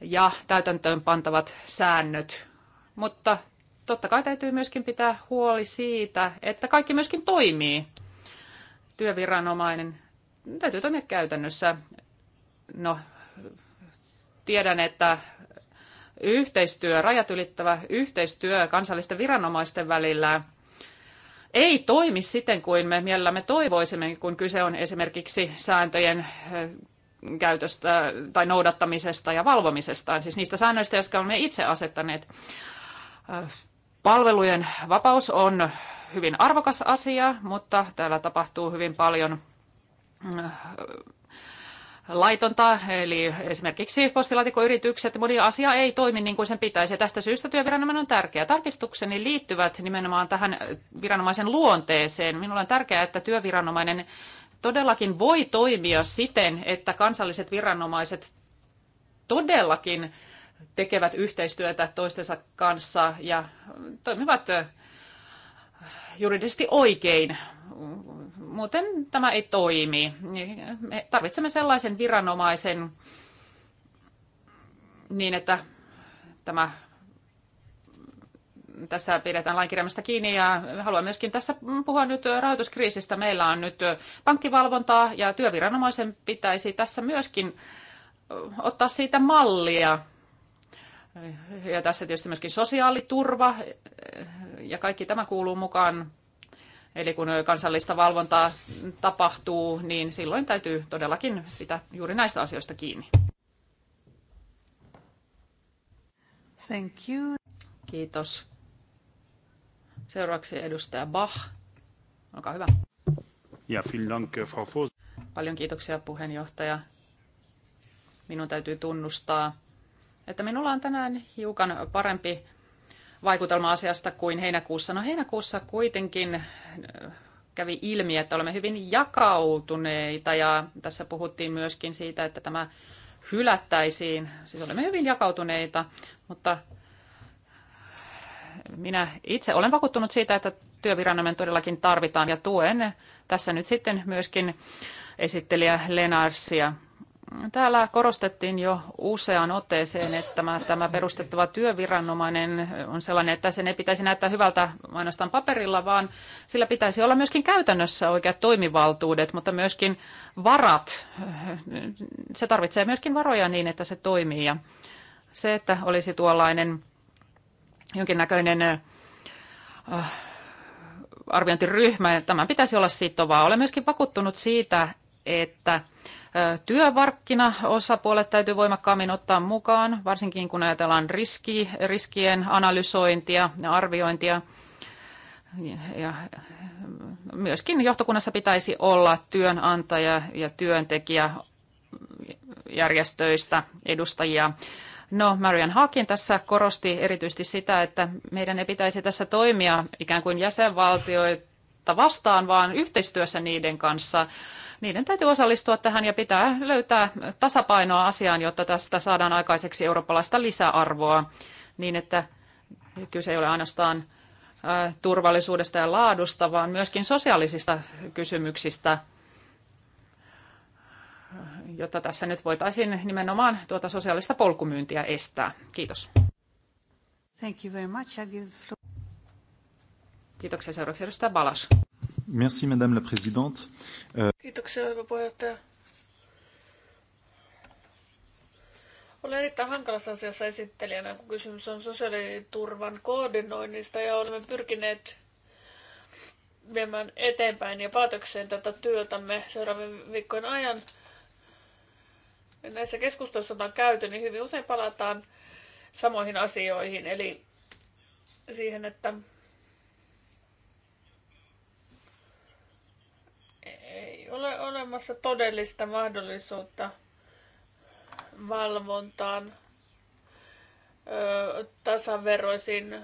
ja täytäntöön pantavat säännöt. Mutta totta kai täytyy myöskin pitää huoli siitä, että kaikki myöskin toimii. Työviranomainen täytyy toimia käytännössä. No, tiedän, että yhteistyö, rajat ylittävä yhteistyö kansallisten viranomaisten välillä – ei toimi siten kuin me mielellämme toivoisimme, kun kyse on esimerkiksi sääntöjen käytöstä tai noudattamisesta ja valvomisesta, siis niistä säännöistä, jotka olemme itse asettaneet. Palvelujen vapaus on hyvin arvokas asia, mutta täällä tapahtuu hyvin paljon laitonta, eli esimerkiksi postilaatikoyritykset, moni asia ei toimi niin kuin sen pitäisi. Ja tästä syystä työviranomainen on tärkeä. Tarkistukseni liittyvät nimenomaan tähän viranomaisen luonteeseen. Minulla on tärkeää, että työviranomainen todellakin voi toimia siten, että kansalliset viranomaiset todellakin tekevät yhteistyötä toistensa kanssa ja toimivat juridisesti oikein Muuten tämä ei toimi. Me tarvitsemme sellaisen viranomaisen niin, että tämä tässä pidetään lainkirjaimesta kiinni ja haluan myöskin tässä puhua nyt rahoituskriisistä. Meillä on nyt pankkivalvontaa ja työviranomaisen pitäisi tässä myöskin ottaa siitä mallia. Ja tässä tietysti myöskin sosiaaliturva ja kaikki tämä kuuluu mukaan Eli kun kansallista valvontaa tapahtuu, niin silloin täytyy todellakin pitää juuri näistä asioista kiinni. Thank you. Kiitos. Seuraavaksi edustaja Bach. Olkaa hyvä. Ja Dank, eh, Frau Paljon kiitoksia puheenjohtaja. Minun täytyy tunnustaa, että minulla on tänään hiukan parempi vaikutelma asiasta kuin heinäkuussa. No heinäkuussa kuitenkin äh, kävi ilmi, että olemme hyvin jakautuneita ja tässä puhuttiin myöskin siitä, että tämä hylättäisiin. Siis olemme hyvin jakautuneita, mutta minä itse olen vakuuttunut siitä, että työviranomainen todellakin tarvitaan ja tuen tässä nyt sitten myöskin esittelijä Lenarsia. Täällä korostettiin jo useaan otteeseen, että tämä, tämä perustettava työviranomainen on sellainen, että sen ei pitäisi näyttää hyvältä ainoastaan paperilla, vaan sillä pitäisi olla myöskin käytännössä oikeat toimivaltuudet, mutta myöskin varat. Se tarvitsee myöskin varoja niin, että se toimii. Ja se, että olisi tuollainen jonkinnäköinen äh, arviointiryhmä, tämän pitäisi olla sitovaa. Olen myöskin vakuuttunut siitä, että työmarkkinaosapuolet täytyy voimakkaammin ottaa mukaan, varsinkin kun ajatellaan riski, riskien analysointia ja arviointia. Ja myöskin johtokunnassa pitäisi olla työnantaja ja työntekijä järjestöistä edustajia. No, Marian Haakin tässä korosti erityisesti sitä, että meidän ei pitäisi tässä toimia ikään kuin jäsenvaltioita vastaan, vaan yhteistyössä niiden kanssa niiden täytyy osallistua tähän ja pitää löytää tasapainoa asiaan, jotta tästä saadaan aikaiseksi eurooppalaista lisäarvoa niin, että kyse ei ole ainoastaan turvallisuudesta ja laadusta, vaan myöskin sosiaalisista kysymyksistä, jotta tässä nyt voitaisiin nimenomaan tuota sosiaalista polkumyyntiä estää. Kiitos. Thank you very much. I give... Kiitoksia seuraavaksi edustaja Balas. Merci, Madame la Présidente. Euh, Kiitoksia, hyvä puheenjohtaja. Olen erittäin hankalassa asiassa esittelijänä, kun kysymys on sosiaaliturvan koordinoinnista ja olemme pyrkineet viemään eteenpäin ja päätökseen tätä työtämme seuraavien viikkojen ajan. Näissä keskustelussa on käyty, niin hyvin usein palataan samoihin asioihin, eli siihen, että ole olemassa todellista mahdollisuutta valvontaan, tasaveroisiin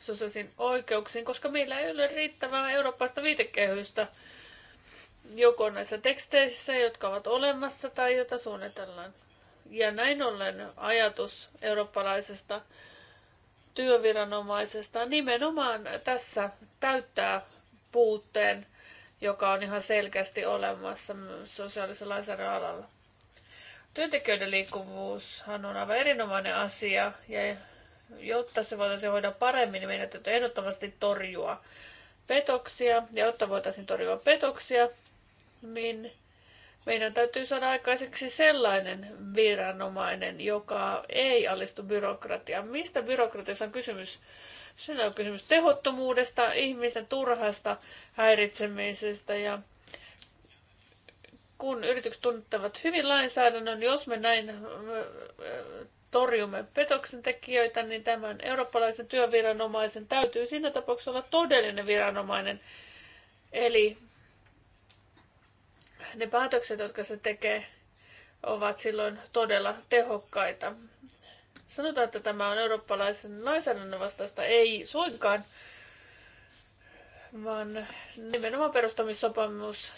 sosiaalisiin oikeuksiin, koska meillä ei ole riittävää eurooppaista viitekehystä joko näissä teksteissä, jotka ovat olemassa tai joita suunnitellaan. Ja näin ollen ajatus eurooppalaisesta työviranomaisesta nimenomaan tässä täyttää puutteen joka on ihan selkeästi olemassa sosiaalisen lainsäädännön alalla. Työntekijöiden liikkuvuushan on aivan erinomainen asia ja jotta se voitaisiin hoida paremmin, niin meidän täytyy ehdottomasti torjua petoksia. Ja jotta voitaisiin torjua petoksia, niin meidän täytyy saada aikaiseksi sellainen viranomainen, joka ei alistu byrokratiaan. Mistä byrokratiassa on kysymys? siinä on kysymys tehottomuudesta, ihmisten turhasta häiritsemisestä ja kun yritykset tunnettavat hyvin lainsäädännön, jos me näin torjumme petoksen tekijöitä, niin tämän eurooppalaisen työviranomaisen täytyy siinä tapauksessa olla todellinen viranomainen. Eli ne päätökset, jotka se tekee, ovat silloin todella tehokkaita. Sanotaan, että tämä on eurooppalaisen lainsäädännön vastaista, ei suinkaan, vaan nimenomaan perustamissopimus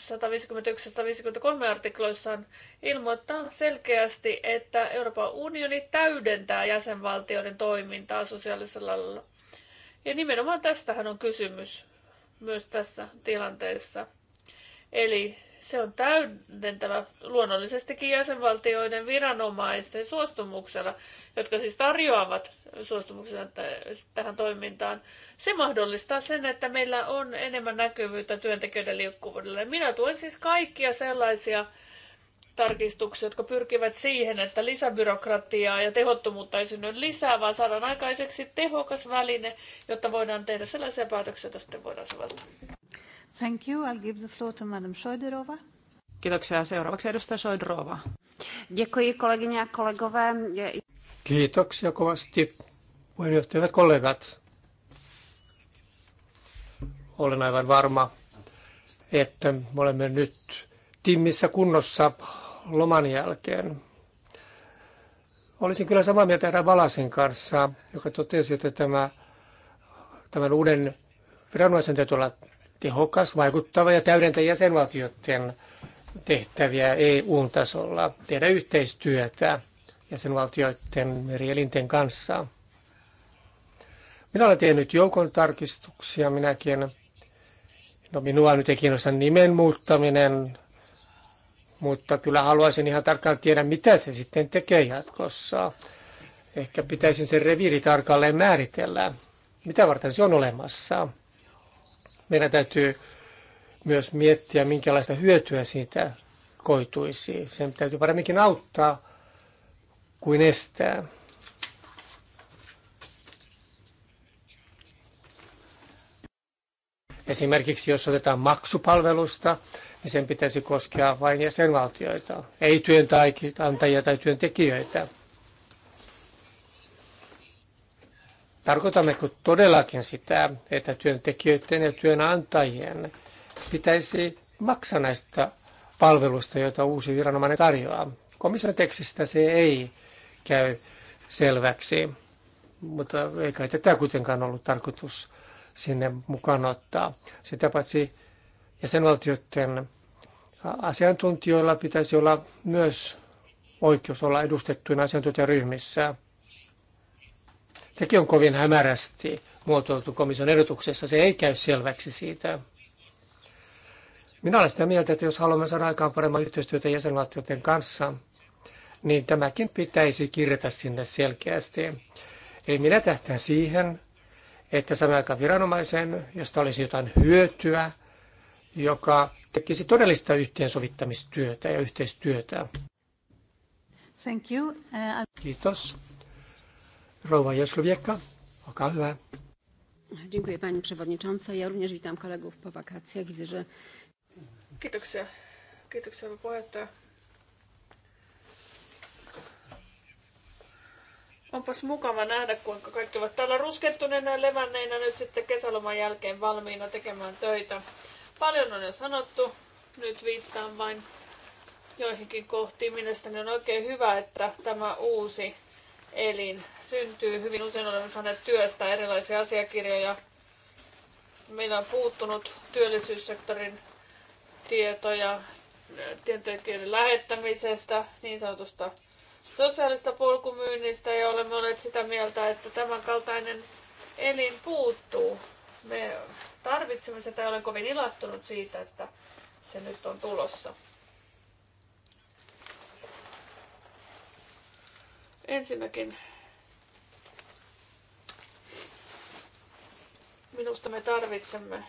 151-153 artikloissaan ilmoittaa selkeästi, että Euroopan unioni täydentää jäsenvaltioiden toimintaa sosiaalisella alalla. Ja nimenomaan tästähän on kysymys myös tässä tilanteessa. Eli se on täydentävä luonnollisestikin jäsenvaltioiden viranomaisten suostumuksella, jotka siis tarjoavat suostumuksensa tähän toimintaan. Se mahdollistaa sen, että meillä on enemmän näkyvyyttä työntekijöiden liikkuvuudelle. Minä tuen siis kaikkia sellaisia tarkistuksia, jotka pyrkivät siihen, että lisäbyrokratiaa ja tehottomuutta ei synny lisää, vaan saadaan aikaiseksi tehokas väline, jotta voidaan tehdä sellaisia päätöksiä, joita sitten voidaan soveltaa. Thank you. I'll give the floor to Madam Šojderova. Kiitoksia. Seuraavaksi edustaja Šojdrova. Děkuji kolegyně Kiitoksia kovasti puheenjohtajat kollegat. Olen aivan varma, että me olemme nyt timmissä kunnossa loman jälkeen. Olisin kyllä samaa mieltä erään Valasin kanssa, joka totesi, että tämä, tämän uuden viranomaisen täytyy olla tehokas, vaikuttava ja täydentää jäsenvaltioiden tehtäviä EU-tasolla, tehdä yhteistyötä jäsenvaltioiden merielinten kanssa. Minä olen tehnyt joukon tarkistuksia minäkin. No minua nyt ei kiinnosta nimen muuttaminen, mutta kyllä haluaisin ihan tarkkaan tiedä, mitä se sitten tekee jatkossa. Ehkä pitäisin sen reviiri tarkalleen määritellä, mitä varten se on olemassa. Meidän täytyy myös miettiä, minkälaista hyötyä siitä koituisi. Sen täytyy paremminkin auttaa kuin estää. Esimerkiksi jos otetaan maksupalvelusta, niin sen pitäisi koskea vain jäsenvaltioita, ei työnantajia tai työntekijöitä. Tarkoitammeko todellakin sitä, että työntekijöiden ja työnantajien pitäisi maksaa näistä palveluista, joita uusi viranomainen tarjoaa? Komission tekstistä se ei käy selväksi, mutta ei kai tätä kuitenkaan ollut tarkoitus sinne mukaan ottaa. Sitä paitsi jäsenvaltioiden asiantuntijoilla pitäisi olla myös oikeus olla edustettuina asiantuntijaryhmissä. Sekin on kovin hämärästi muotoiltu komission ehdotuksessa. Se ei käy selväksi siitä. Minä olen sitä mieltä, että jos haluamme saada aikaan paremman yhteistyötä jäsenvaltioiden kanssa, niin tämäkin pitäisi kirjata sinne selkeästi. Eli minä tähtään siihen, että saamme aikaan viranomaisen, josta olisi jotain hyötyä, joka tekisi todellista yhteensovittamistyötä ja yhteistyötä. Thank you. Uh, Kiitos. Rowa Jaszlowieka. olkaa hyvä. Dziękuję Pani Przewodnicząca. Ja również witam kolegów po wakacjach. Widzę, że... Kiitoksia. Kiitoksia puheenjohtaja. Onpas mukava nähdä, kuinka kaikki ovat täällä ruskettuneena ja levänneinä nyt sitten kesäloman jälkeen valmiina tekemään töitä. Paljon on jo sanottu, nyt viittaan vain joihinkin kohtiin. Mielestäni on oikein hyvä, että tämä uusi elin syntyy. Hyvin usein olemme saaneet työstä erilaisia asiakirjoja. Meillä on puuttunut työllisyyssektorin tietoja työntekijöiden lähettämisestä, niin sanotusta sosiaalista polkumyynnistä ja olemme olleet sitä mieltä, että tämän kaltainen elin puuttuu. Me tarvitsemme sitä ja olen kovin ilattunut siitä, että se nyt on tulossa. Ensinnäkin Minusta me tarvitsemme.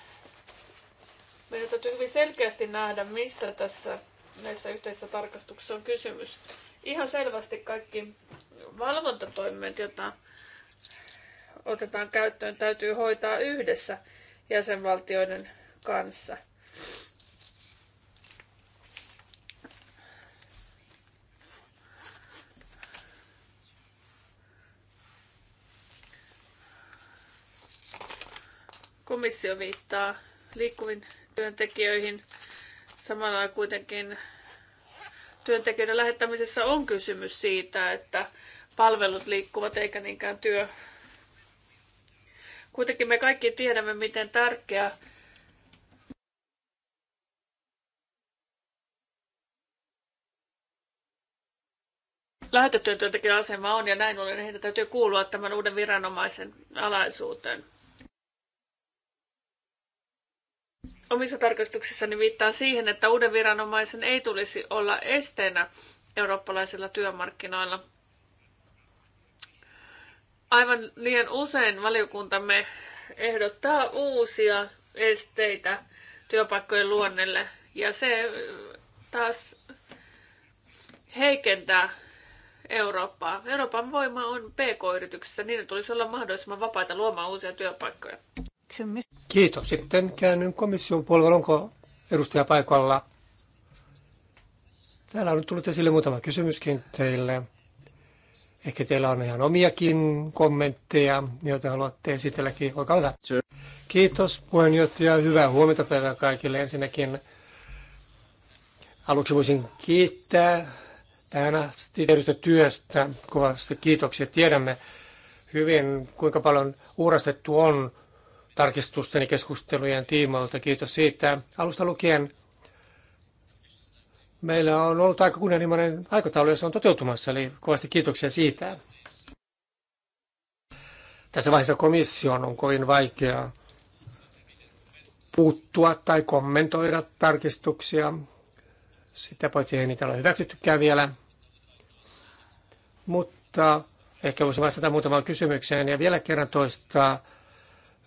Meidän täytyy hyvin selkeästi nähdä, mistä tässä näissä yhteisissä tarkastuksissa on kysymys. Ihan selvästi kaikki valvontatoimet, joita otetaan käyttöön, täytyy hoitaa yhdessä jäsenvaltioiden kanssa. Komissio viittaa liikkuviin työntekijöihin. Samalla kuitenkin työntekijöiden lähettämisessä on kysymys siitä, että palvelut liikkuvat eikä niinkään työ. Kuitenkin me kaikki tiedämme, miten tärkeä lähetettyjen työntekijän asema on ja näin ollen heidän täytyy kuulua tämän uuden viranomaisen alaisuuteen. omissa tarkastuksissani viittaa siihen, että uuden viranomaisen ei tulisi olla esteenä eurooppalaisilla työmarkkinoilla. Aivan liian usein valiokuntamme ehdottaa uusia esteitä työpaikkojen luonnelle ja se taas heikentää Eurooppaa. Euroopan voima on PK-yrityksissä. niin tulisi olla mahdollisimman vapaita luomaan uusia työpaikkoja. Kiitos. Sitten käännyn komission puolella. Onko edustaja paikalla? Täällä on nyt tullut esille muutama kysymyskin teille. Ehkä teillä on ihan omiakin kommentteja, joita haluatte esitelläkin. Olkaa hyvä. Kiitos puheenjohtaja. Hyvää huomenta päivää kaikille. Ensinnäkin aluksi voisin kiittää tähän asti tehdystä työstä. Kovasti kiitoksia. Tiedämme hyvin, kuinka paljon uurastettu on tarkistusten ja keskustelujen tiimoilta. Kiitos siitä. Alusta lukien meillä on ollut aika kunnianhimoinen aikataulu, se on toteutumassa, eli kovasti kiitoksia siitä. Tässä vaiheessa komission on kovin vaikea puuttua tai kommentoida tarkistuksia. Sitä paitsi ei niitä ole hyväksyttykään vielä. Mutta ehkä voisin vastata muutamaan kysymykseen ja vielä kerran toistaa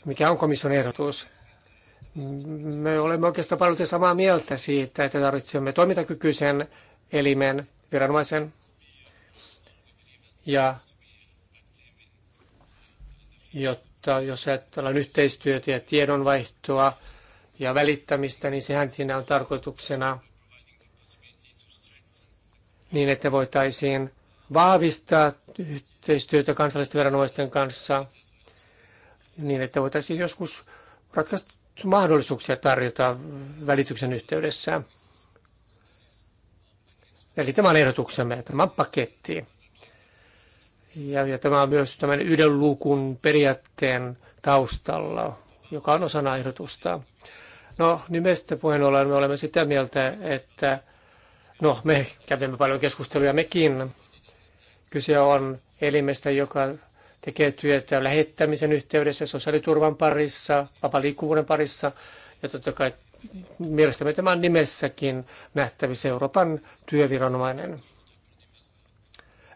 mikä on komission ehdotus. Me olemme oikeastaan paljon samaa mieltä siitä, että tarvitsemme toimintakykyisen elimen, viranomaisen ja jotta jos ajatellaan yhteistyötä ja tiedonvaihtoa ja välittämistä, niin sehän siinä on tarkoituksena niin, että voitaisiin vahvistaa yhteistyötä kansallisten viranomaisten kanssa niin, että voitaisiin joskus ratkaista mahdollisuuksia tarjota välityksen yhteydessä. Eli tämä on ehdotuksemme, tämä on paketti. Ja, ja tämä on myös tämän yhden luukun periaatteen taustalla, joka on osana ehdotusta. No, nimestä niin puheen ollen me olemme sitä mieltä, että no, me kävimme paljon keskusteluja mekin. Kyse on elimestä, joka tekee työtä lähettämisen yhteydessä, sosiaaliturvan parissa, vapaliikkuvuuden parissa. Ja totta kai mielestämme tämä on nimessäkin nähtävissä Euroopan työviranomainen.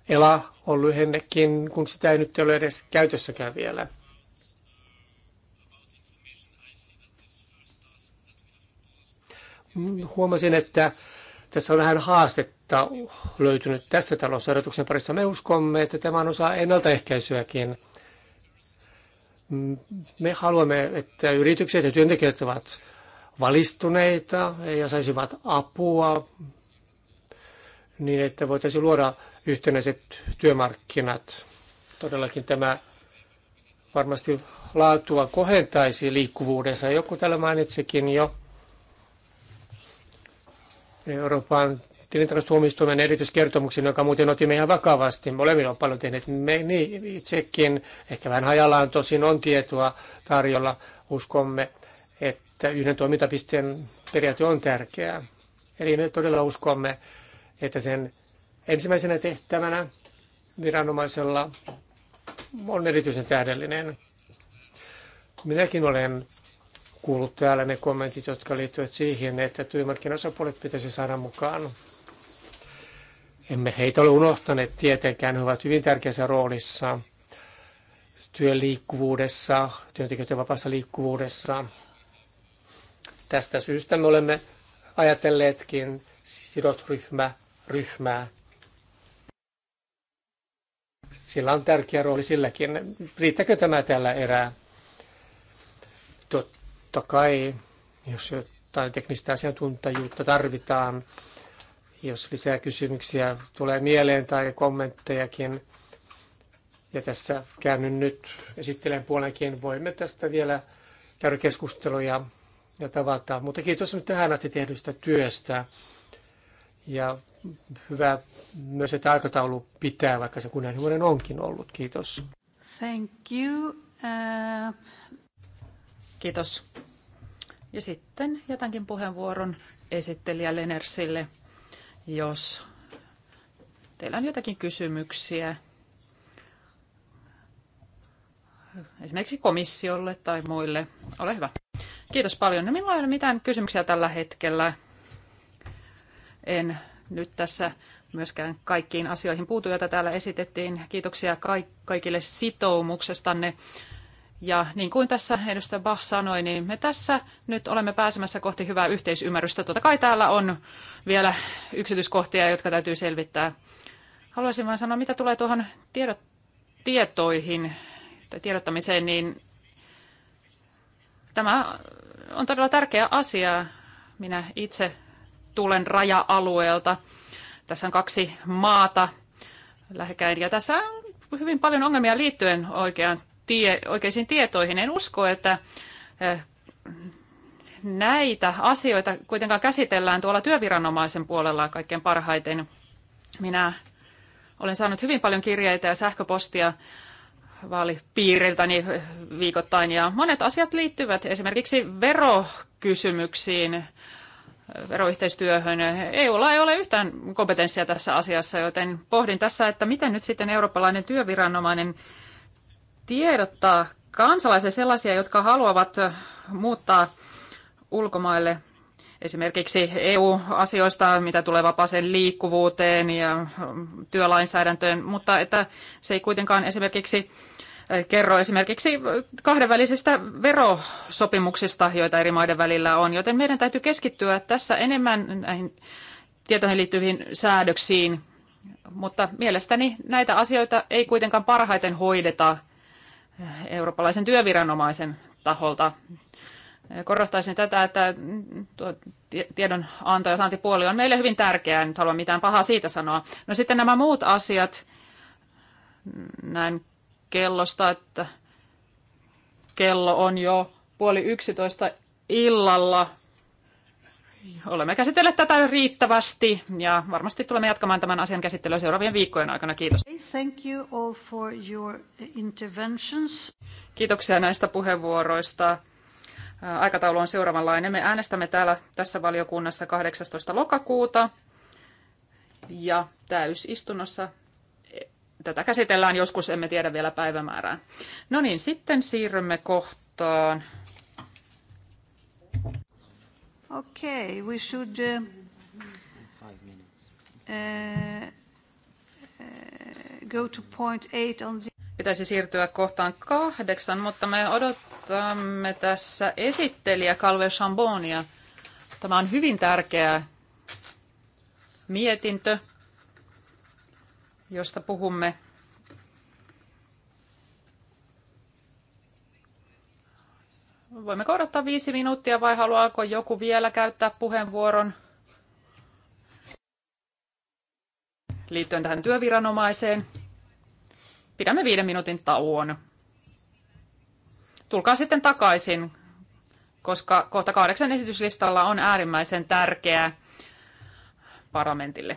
ELA on lyhennekin, kun sitä ei nyt ole edes käytössäkään vielä. Huomasin, että tässä on vähän haastetta löytynyt tässä talousarjoituksen parissa. Me uskomme, että tämä on osa ennaltaehkäisyäkin. Me haluamme, että yritykset ja työntekijät ovat valistuneita ja saisivat apua niin, että voitaisiin luoda yhtenäiset työmarkkinat. Todellakin tämä varmasti laatua kohentaisi liikkuvuudessa. Joku täällä mainitsikin jo Euroopan tilintarkastustuomioistuimen erityiskertomuksen, joka muuten otimme ihan vakavasti. Molemmin on paljon tehneet me, niin itsekin, ehkä vähän hajallaan tosin on tietoa tarjolla. Uskomme, että yhden toimintapisteen periaate on tärkeää. Eli me todella uskomme, että sen ensimmäisenä tehtävänä viranomaisella on erityisen tähdellinen. Minäkin olen kuullut täällä ne kommentit, jotka liittyvät siihen, että työmarkkinaosapuolet pitäisi saada mukaan. Emme heitä ole unohtaneet tietenkään, he ovat hyvin tärkeässä roolissa työn liikkuvuudessa, työntekijöiden vapaassa liikkuvuudessa. Tästä syystä me olemme ajatelleetkin sidosryhmä ryhmää. Sillä on tärkeä rooli silläkin. Riittäkö tämä tällä erää? Tot, Totta kai, jos jotain teknistä asiantuntijuutta tarvitaan, jos lisää kysymyksiä tulee mieleen tai kommenttejakin, ja tässä käännyn nyt esittelen puolenkin, voimme tästä vielä käydä keskusteluja ja tavata. Mutta kiitos nyt tähän asti tehdystä työstä. Ja hyvä myös, että aikataulu pitää, vaikka se kunnianhimoinen onkin ollut. Kiitos. Thank you. Uh, Kiitos. Ja sitten jätänkin puheenvuoron esittelijä Lenersille, jos teillä on jotakin kysymyksiä esimerkiksi komissiolle tai muille. Ole hyvä. Kiitos paljon. No, minulla ei ole mitään kysymyksiä tällä hetkellä. En nyt tässä myöskään kaikkiin asioihin puutu, joita täällä esitettiin. Kiitoksia kaikille sitoumuksestanne ja niin kuin tässä edustaja Bach sanoi, niin me tässä nyt olemme pääsemässä kohti hyvää yhteisymmärrystä. Totta kai täällä on vielä yksityiskohtia, jotka täytyy selvittää. Haluaisin vain sanoa, mitä tulee tuohon tiedot, tietoihin tai tiedottamiseen, niin tämä on todella tärkeä asia. Minä itse tulen raja-alueelta. Tässä on kaksi maata lähekkäin ja tässä on hyvin paljon ongelmia liittyen oikeaan tie, oikeisiin tietoihin. En usko, että näitä asioita kuitenkaan käsitellään tuolla työviranomaisen puolella kaikkein parhaiten. Minä olen saanut hyvin paljon kirjeitä ja sähköpostia vaalipiiriltäni viikoittain ja monet asiat liittyvät esimerkiksi verokysymyksiin, veroyhteistyöhön. EUlla ei ole yhtään kompetenssia tässä asiassa, joten pohdin tässä, että miten nyt sitten eurooppalainen työviranomainen tiedottaa kansalaisia sellaisia, jotka haluavat muuttaa ulkomaille esimerkiksi EU-asioista, mitä tulee vapaaseen liikkuvuuteen ja mm, työlainsäädäntöön, mutta että se ei kuitenkaan esimerkiksi kerro esimerkiksi kahdenvälisistä verosopimuksista, joita eri maiden välillä on, joten meidän täytyy keskittyä tässä enemmän näihin tietoihin liittyviin säädöksiin, mutta mielestäni näitä asioita ei kuitenkaan parhaiten hoideta eurooppalaisen työviranomaisen taholta. Korostaisin tätä, että tuo tiedonanto ja saantipuoli on meille hyvin tärkeää, en halua mitään pahaa siitä sanoa. No sitten nämä muut asiat, näin kellosta, että kello on jo puoli yksitoista illalla olemme käsitelleet tätä riittävästi ja varmasti tulemme jatkamaan tämän asian käsittelyä seuraavien viikkojen aikana. Kiitos. Thank you all for your interventions. Kiitoksia näistä puheenvuoroista. Aikataulu on seuraavanlainen. Me äänestämme täällä tässä valiokunnassa 18. lokakuuta ja täysistunnossa e, tätä käsitellään joskus, emme tiedä vielä päivämäärää. No niin, sitten siirrymme kohtaan Okay, we should. Uh, five minutes. Uh, uh, go to point eight on the... Pitäisi siirtyä kohtaan kahdeksan, mutta me odotamme tässä esittelijä Calve Chambonia. Tämä on hyvin tärkeä mietintö, josta puhumme voimme odottaa viisi minuuttia vai haluaako joku vielä käyttää puheenvuoron liittyen tähän työviranomaiseen? Pidämme viiden minuutin tauon. Tulkaa sitten takaisin, koska kohta kahdeksan esityslistalla on äärimmäisen tärkeää parlamentille.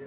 Yeah.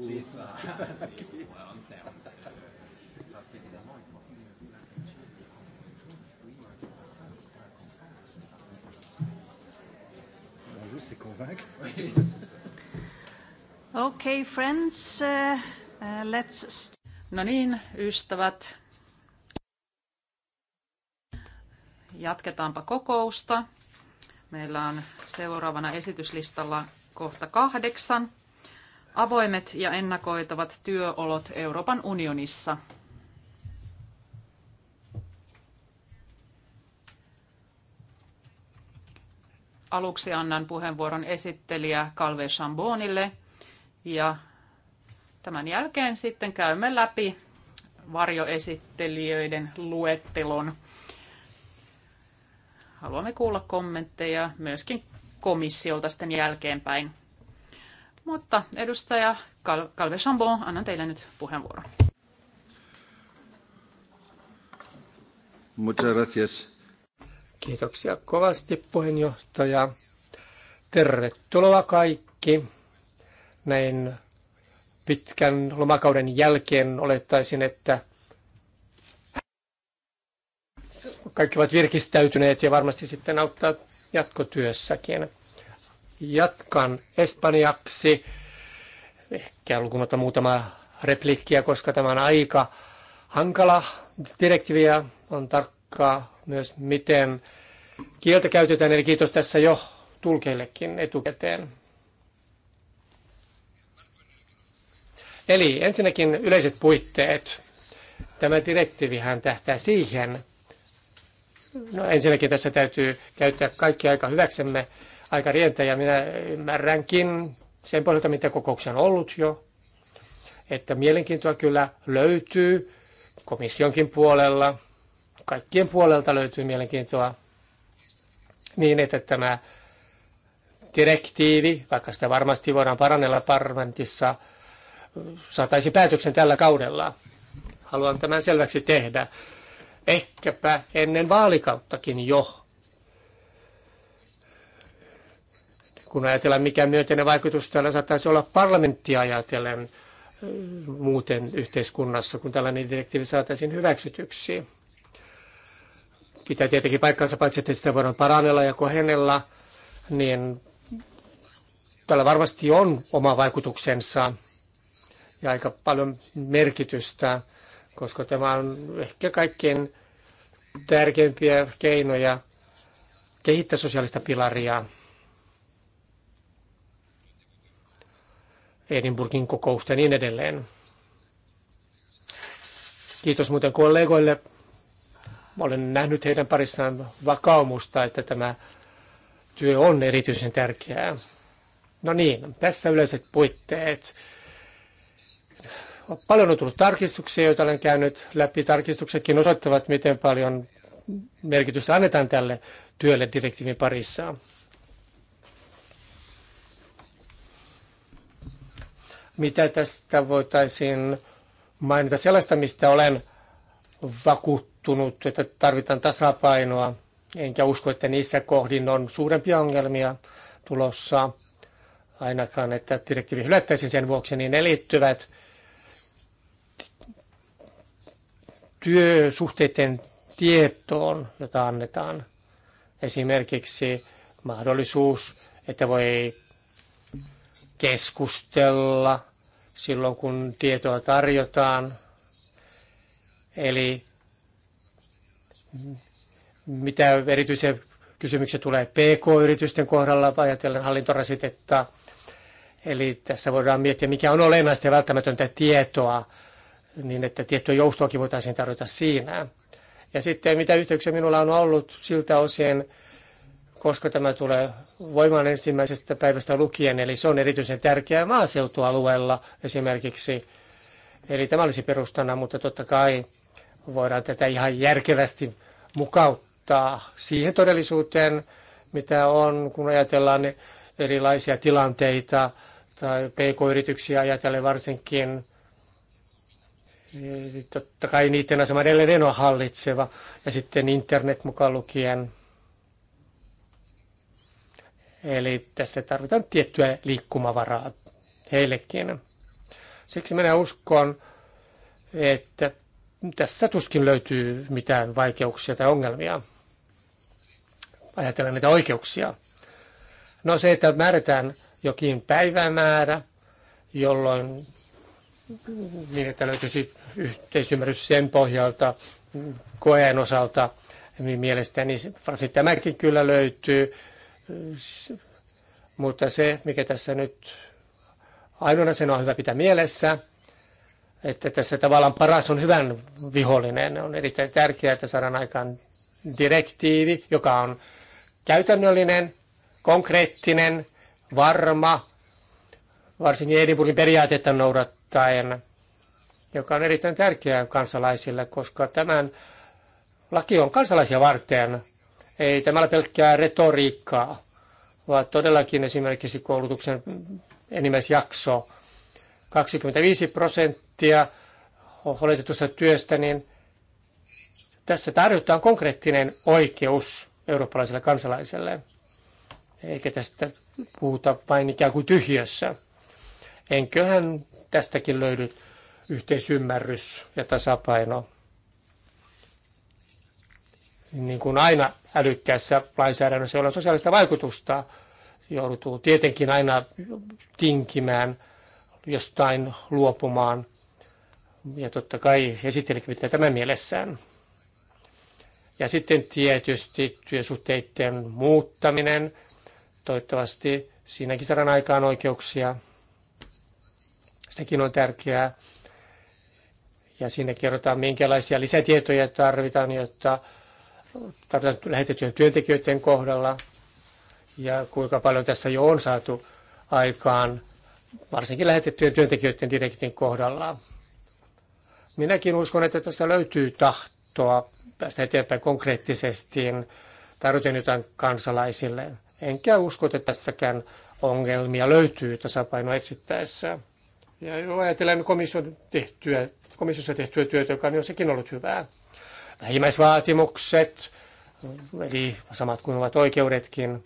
Siis, Parce qu'évidemment, il porte la culture des L'enjeu, c'est convaincre. Oui, c'est ça. friends, uh, uh No niin, ystävät. Jatketaanpa kokousta. Meillä on seuraavana esityslistalla kohta kahdeksan avoimet ja ennakoitavat työolot Euroopan unionissa. Aluksi annan puheenvuoron esittelijä Kalve Chambonille ja tämän jälkeen sitten käymme läpi varjoesittelijöiden luettelon. Haluamme kuulla kommentteja myöskin komissiolta sitten jälkeenpäin. Mutta edustaja Cal- Calve Chambon, annan teille nyt puheenvuoron. Muchas gracias. Kiitoksia kovasti puheenjohtaja. Tervetuloa kaikki. Näin pitkän lomakauden jälkeen olettaisin, että kaikki ovat virkistäytyneet ja varmasti sitten auttaa jatkotyössäkin. Jatkan espanjaksi, ehkä lukumatta muutama replikkiä, koska tämä on aika hankala direktiiviä. On tarkkaa myös, miten kieltä käytetään, eli kiitos tässä jo tulkeillekin etukäteen. Eli ensinnäkin yleiset puitteet. Tämä direktiivihän tähtää siihen, no ensinnäkin tässä täytyy käyttää kaikki aika hyväksemme, aika rientä ja minä ymmärränkin sen pohjalta, mitä kokouksia on ollut jo, että mielenkiintoa kyllä löytyy komissionkin puolella, kaikkien puolelta löytyy mielenkiintoa niin, että tämä direktiivi, vaikka sitä varmasti voidaan parannella parlamentissa, saataisi päätöksen tällä kaudella. Haluan tämän selväksi tehdä. Ehkäpä ennen vaalikauttakin jo kun ajatellaan mikä myönteinen vaikutus tällä saattaisi olla parlamenttia ajatellen muuten yhteiskunnassa, kun tällainen direktiivi saataisiin hyväksytyksi. Pitää tietenkin paikkansa, paitsi että sitä voidaan parannella ja kohennella, niin tällä varmasti on oma vaikutuksensa ja aika paljon merkitystä, koska tämä on ehkä kaikkein tärkeimpiä keinoja kehittää sosiaalista pilaria – Edinburghin kokousta ja niin edelleen. Kiitos muuten kollegoille. Olen nähnyt heidän parissaan vakaumusta, että tämä työ on erityisen tärkeää. No niin, tässä yleiset puitteet. Paljon on tullut tarkistuksia, joita olen käynyt läpi. Tarkistuksetkin osoittavat, miten paljon merkitystä annetaan tälle työlle direktiivin parissa. mitä tästä voitaisiin mainita sellaista, mistä olen vakuuttunut, että tarvitaan tasapainoa, enkä usko, että niissä kohdin on suurempia ongelmia tulossa, ainakaan että direktiivi hylättäisiin sen vuoksi, niin ne liittyvät työsuhteiden tietoon, jota annetaan. Esimerkiksi mahdollisuus, että voi keskustella silloin, kun tietoa tarjotaan. Eli mitä erityisiä kysymyksiä tulee PK-yritysten kohdalla ajatellen hallintorasitetta. Eli tässä voidaan miettiä, mikä on olennaista ja välttämätöntä tietoa, niin että tiettyä joustoakin voitaisiin tarjota siinä. Ja sitten mitä yhteyksiä minulla on ollut siltä osin, koska tämä tulee voimaan ensimmäisestä päivästä lukien, eli se on erityisen tärkeää maaseutualueella esimerkiksi. Eli tämä olisi perustana, mutta totta kai voidaan tätä ihan järkevästi mukauttaa siihen todellisuuteen, mitä on, kun ajatellaan erilaisia tilanteita tai pk-yrityksiä ajatellen varsinkin. Totta kai niiden asema edelleen on hallitseva ja sitten internet mukaan lukien Eli tässä tarvitaan tiettyä liikkumavaraa heillekin. Siksi minä uskon, että tässä tuskin löytyy mitään vaikeuksia tai ongelmia. Ajatellaan niitä oikeuksia. No se, että määrätään jokin päivämäärä, jolloin niin, että löytyisi yhteisymmärrys sen pohjalta koeen osalta, niin mielestäni varsin tämäkin kyllä löytyy. Mutta se, mikä tässä nyt ainoana sen on hyvä pitää mielessä, että tässä tavallaan paras on hyvän vihollinen. On erittäin tärkeää, että saadaan aikaan direktiivi, joka on käytännöllinen, konkreettinen, varma, varsinkin Edinburghin periaatetta noudattaen, joka on erittäin tärkeää kansalaisille, koska tämän laki on kansalaisia varten. Ei tämä ole pelkkää retoriikkaa, vaan todellakin esimerkiksi koulutuksen enimmäisjakso 25 prosenttia oletetusta työstä, niin tässä tarjotaan konkreettinen oikeus eurooppalaiselle kansalaiselle, eikä tästä puhuta vain ikään kuin tyhjössä. Enköhän tästäkin löydy yhteisymmärrys ja tasapaino niin kuin aina älykkäässä lainsäädännössä, jolla on sosiaalista vaikutusta, joutuu tietenkin aina tinkimään jostain luopumaan. Ja totta kai esittelikin pitää tämän mielessään. Ja sitten tietysti työsuhteiden muuttaminen. Toivottavasti siinäkin saadaan aikaan oikeuksia. Sekin on tärkeää. Ja siinä kerrotaan, minkälaisia lisätietoja tarvitaan, jotta tarkoitettu lähetettyjen työntekijöiden kohdalla ja kuinka paljon tässä jo on saatu aikaan, varsinkin lähetettyjen työntekijöiden direktin kohdalla. Minäkin uskon, että tässä löytyy tahtoa päästä eteenpäin konkreettisesti tarjoten jotain kansalaisille. Enkä usko, että tässäkään ongelmia löytyy tasapaino etsittäessä. Ja jo ajatellaan komission tehtyä, komissiossa tehtyä työtä, joka on jossakin ollut hyvää vähimmäisvaatimukset, eli samat kuin ovat oikeudetkin.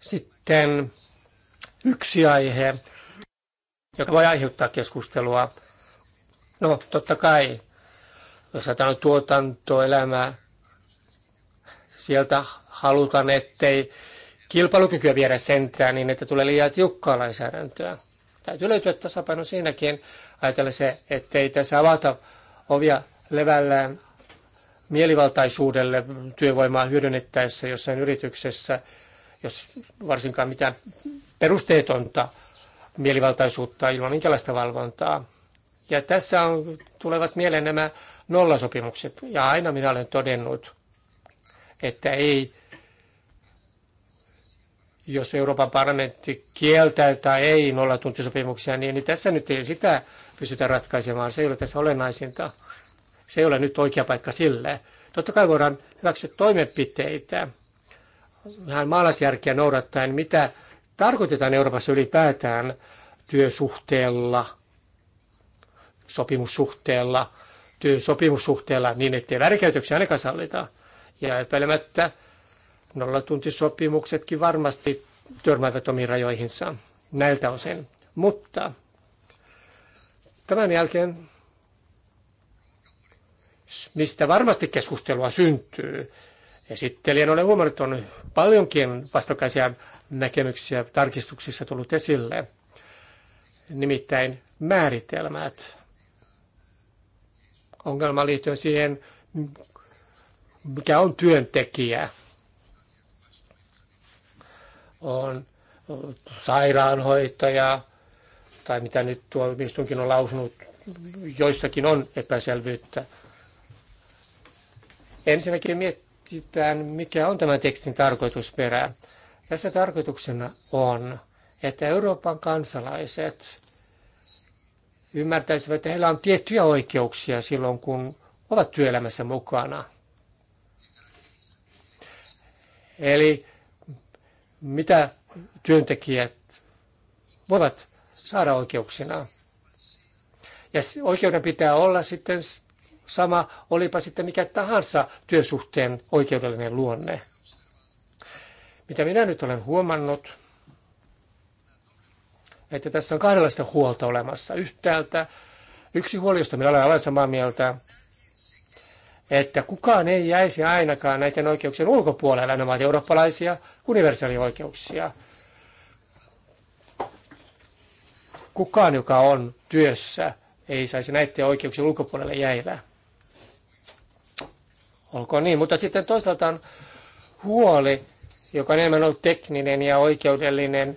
Sitten yksi aihe, joka voi aiheuttaa keskustelua. No, totta kai, jos ajatellaan tuotantoelämää, sieltä halutaan, ettei kilpailukykyä viedä sentään niin, että tulee liian tiukkaa lainsäädäntöä. Täytyy löytyä tasapaino siinäkin. Ajatella se, ettei tässä avata ovia levällään mielivaltaisuudelle työvoimaa hyödynnettäessä jossain yrityksessä, jos varsinkaan mitään perusteetonta mielivaltaisuutta ilman minkälaista valvontaa. Ja tässä on, tulevat mieleen nämä nollasopimukset. Ja aina minä olen todennut, että ei jos Euroopan parlamentti kieltää tai ei nollatuntisopimuksia, niin, niin tässä nyt ei sitä pysytä ratkaisemaan. Se ei ole tässä olennaisinta. Se ei ole nyt oikea paikka sille. Totta kai voidaan hyväksyä toimenpiteitä vähän maalaisjärkiä noudattaen, mitä tarkoitetaan Euroopassa ylipäätään työsuhteella, sopimussuhteella, työsopimussuhteella niin, ettei väärinkäytöksiä ainakaan sallita. Ja epäilemättä Nollatuntisopimuksetkin varmasti törmäävät omiin rajoihinsa näiltä osin. Mutta tämän jälkeen, mistä varmasti keskustelua syntyy, esittelijän olen huomannut, on paljonkin vastakkaisia näkemyksiä tarkistuksissa tullut esille, nimittäin määritelmät. Ongelma liittyy siihen, mikä on työntekijä on äh, sairaanhoitaja, tai mitä nyt tuo Mistunkin on lausunut, joissakin on epäselvyyttä. Ensinnäkin mietitään, mikä on tämän tekstin tarkoitusperä. Tässä tarkoituksena on, että Euroopan kansalaiset ymmärtäisivät, että heillä on tiettyjä oikeuksia silloin, kun ovat työelämässä mukana. Eli mitä työntekijät voivat saada oikeuksina. Ja oikeuden pitää olla sitten sama, olipa sitten mikä tahansa työsuhteen oikeudellinen luonne. Mitä minä nyt olen huomannut, että tässä on kahdenlaista huolta olemassa. Yhtäältä yksi huoli, josta minä olen aivan samaa mieltä, että kukaan ei jäisi ainakaan näiden oikeuksien ulkopuolelle. Nämä ovat eurooppalaisia universaalioikeuksia. Kukaan, joka on työssä, ei saisi näiden oikeuksien ulkopuolelle jäivää. Olkoon niin, mutta sitten toisaalta on huoli, joka on enemmän ollut tekninen ja oikeudellinen,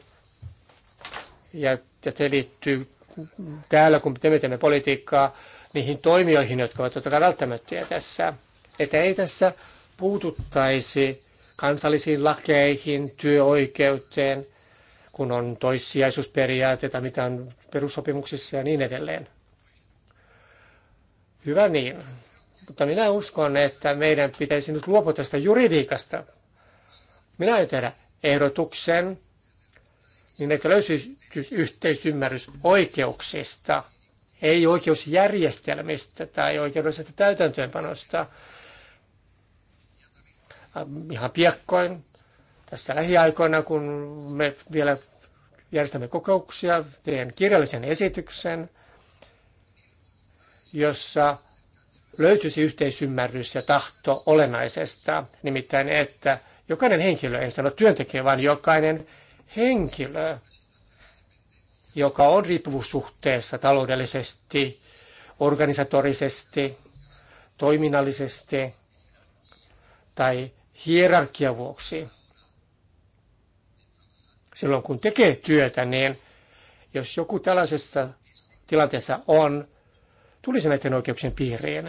ja, ja se liittyy täällä, kun me teemme politiikkaa, niihin toimijoihin, jotka ovat totta kai välttämättöjä tässä. Että ei tässä puututtaisi kansallisiin lakeihin, työoikeuteen, kun on toissijaisuusperiaatteita, mitä on perussopimuksissa ja niin edelleen. Hyvä niin. Mutta minä uskon, että meidän pitäisi nyt luopua tästä juridiikasta. Minä aion tehdä ehdotuksen, niin että löysi yhteisymmärrys oikeuksista – ei oikeusjärjestelmistä tai oikeudellisesta täytäntöönpanosta. Ihan piakkoin tässä lähiaikoina, kun me vielä järjestämme kokouksia, teen kirjallisen esityksen, jossa löytyisi yhteisymmärrys ja tahto olennaisesta, nimittäin että jokainen henkilö, en sano työntekijä, vaan jokainen henkilö joka on riippuvuussuhteessa taloudellisesti, organisatorisesti, toiminnallisesti tai hierarkia vuoksi. Silloin kun tekee työtä, niin jos joku tällaisessa tilanteessa on, tulisi näiden oikeuksien piiriin.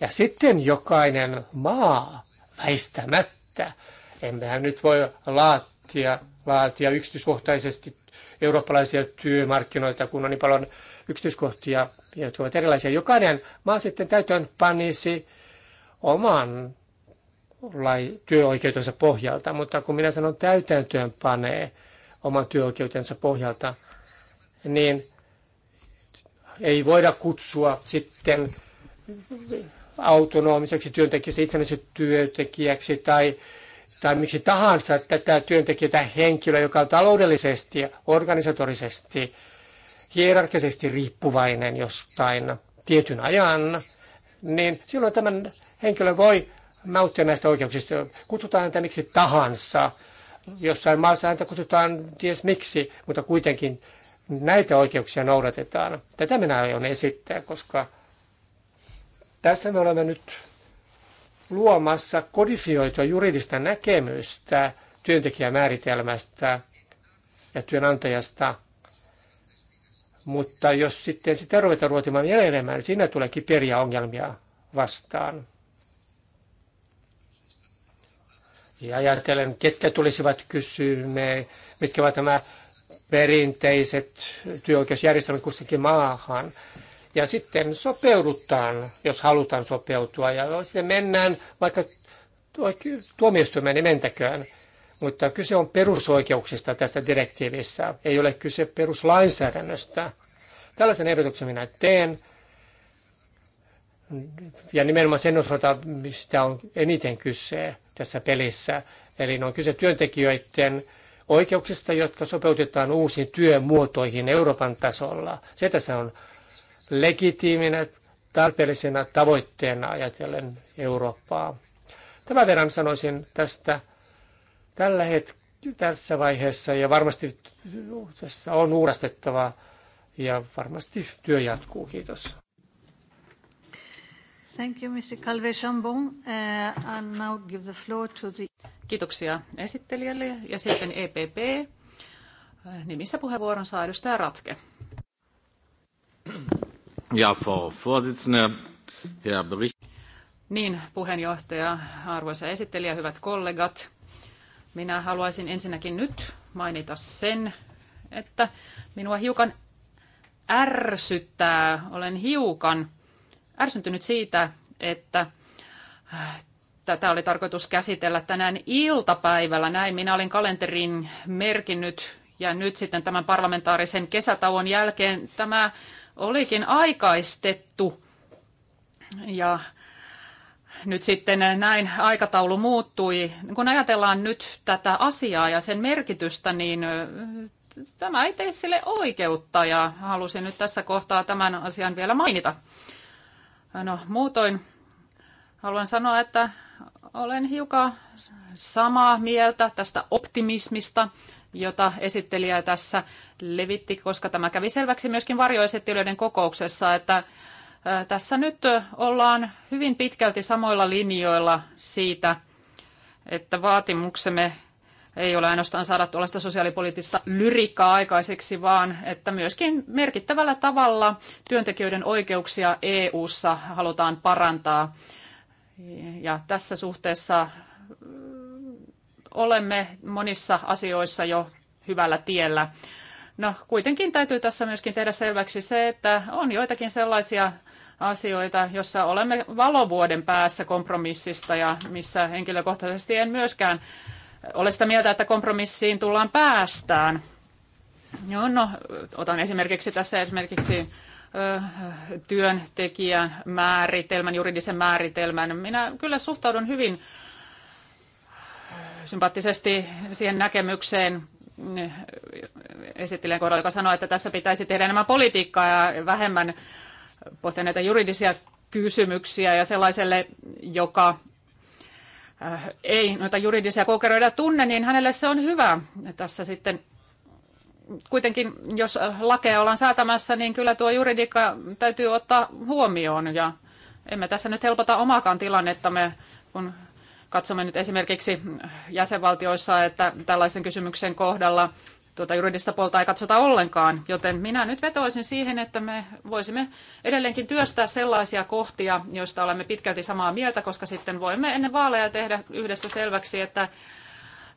Ja sitten jokainen maa väistämättä, emmehän nyt voi laatia, laatia yksityiskohtaisesti eurooppalaisia työmarkkinoita, kun on niin paljon yksityiskohtia, jotka ovat erilaisia. Jokainen maa sitten täytön panisi oman lai, työoikeutensa pohjalta, mutta kun minä sanon täytäntöön panee oman työoikeutensa pohjalta, niin ei voida kutsua sitten autonomiseksi työntekijäksi, itsenäiseksi työntekijäksi tai tai miksi tahansa tätä työntekijätä henkilöä, joka on taloudellisesti, organisatorisesti, hierarkisesti riippuvainen jostain tietyn ajan, niin silloin tämän henkilö voi nauttia näistä oikeuksista. Kutsutaan häntä miksi tahansa. Jossain maassa häntä kutsutaan ties miksi, mutta kuitenkin näitä oikeuksia noudatetaan. Tätä minä aion esittää, koska tässä me olemme nyt luomassa kodifioitua juridista näkemystä työntekijämääritelmästä ja työnantajasta. Mutta jos sitten sitä ruvetaan ruotimaan vielä enemmän, niin siinä tulee kiperiä ongelmia vastaan. Ja ajatellen, ketkä tulisivat kysymään, mitkä ovat nämä perinteiset työoikeusjärjestelmät kussakin maahan. Ja sitten sopeudutaan, jos halutaan sopeutua. Ja sitten mennään vaikka tuomioistuimeen, niin mentäköön. Mutta kyse on perusoikeuksista tästä direktiivissä. Ei ole kyse peruslainsäädännöstä. Tällaisen ehdotuksen minä teen. Ja nimenomaan sen osalta, mistä on eniten kyse tässä pelissä. Eli on kyse työntekijöiden oikeuksista, jotka sopeutetaan uusiin työmuotoihin Euroopan tasolla. Se tässä on legitiiminä, tarpeellisena tavoitteena ajatellen Eurooppaa. Tämän verran sanoisin tästä tällä hetkellä tässä vaiheessa ja varmasti tässä on uurastettavaa ja varmasti työ jatkuu. Kiitos. Thank you, Mr. Calvé Chambon. Uh, I'll now give the floor to the... Kiitoksia esittelijälle ja sitten EPP. Nimissä puheenvuoron saa edustaja Ratke. Ja, Frau Vorsitzende, Herr Bericht. Niin, puheenjohtaja, arvoisa esittelijä, hyvät kollegat. Minä haluaisin ensinnäkin nyt mainita sen, että minua hiukan ärsyttää, olen hiukan ärsyntynyt siitä, että äh, tätä oli tarkoitus käsitellä tänään iltapäivällä. Näin minä olin kalenterin merkinnyt ja nyt sitten tämän parlamentaarisen kesätauon jälkeen tämä olikin aikaistettu. Ja nyt sitten näin aikataulu muuttui. Kun ajatellaan nyt tätä asiaa ja sen merkitystä, niin tämä ei tee sille oikeutta ja halusin nyt tässä kohtaa tämän asian vielä mainita. No muutoin haluan sanoa, että olen hiukan samaa mieltä tästä optimismista, jota esittelijä tässä levitti, koska tämä kävi selväksi myöskin varjoesittelijöiden kokouksessa, että tässä nyt ollaan hyvin pitkälti samoilla linjoilla siitä, että vaatimuksemme ei ole ainoastaan saada tuollaista sosiaalipoliittista lyrikkaa aikaiseksi, vaan että myöskin merkittävällä tavalla työntekijöiden oikeuksia EU-ssa halutaan parantaa. Ja tässä suhteessa olemme monissa asioissa jo hyvällä tiellä. No kuitenkin täytyy tässä myöskin tehdä selväksi se, että on joitakin sellaisia asioita, jossa olemme valovuoden päässä kompromissista ja missä henkilökohtaisesti en myöskään ole sitä mieltä, että kompromissiin tullaan päästään. No, no, otan esimerkiksi tässä esimerkiksi työntekijän määritelmän, juridisen määritelmän. Minä kyllä suhtaudun hyvin sympaattisesti siihen näkemykseen eh, esittelijän kohdalla, joka sanoi, että tässä pitäisi tehdä enemmän politiikkaa ja vähemmän pohtia näitä juridisia kysymyksiä ja sellaiselle, joka eh, ei noita juridisia kokeroida tunne, niin hänelle se on hyvä. Tässä sitten kuitenkin, jos lakeja ollaan säätämässä, niin kyllä tuo juridiikka täytyy ottaa huomioon ja emme tässä nyt helpota omaakaan tilannettamme, kun katsomme nyt esimerkiksi jäsenvaltioissa, että tällaisen kysymyksen kohdalla tuota juridista puolta ei katsota ollenkaan, joten minä nyt vetoisin siihen, että me voisimme edelleenkin työstää sellaisia kohtia, joista olemme pitkälti samaa mieltä, koska sitten voimme ennen vaaleja tehdä yhdessä selväksi, että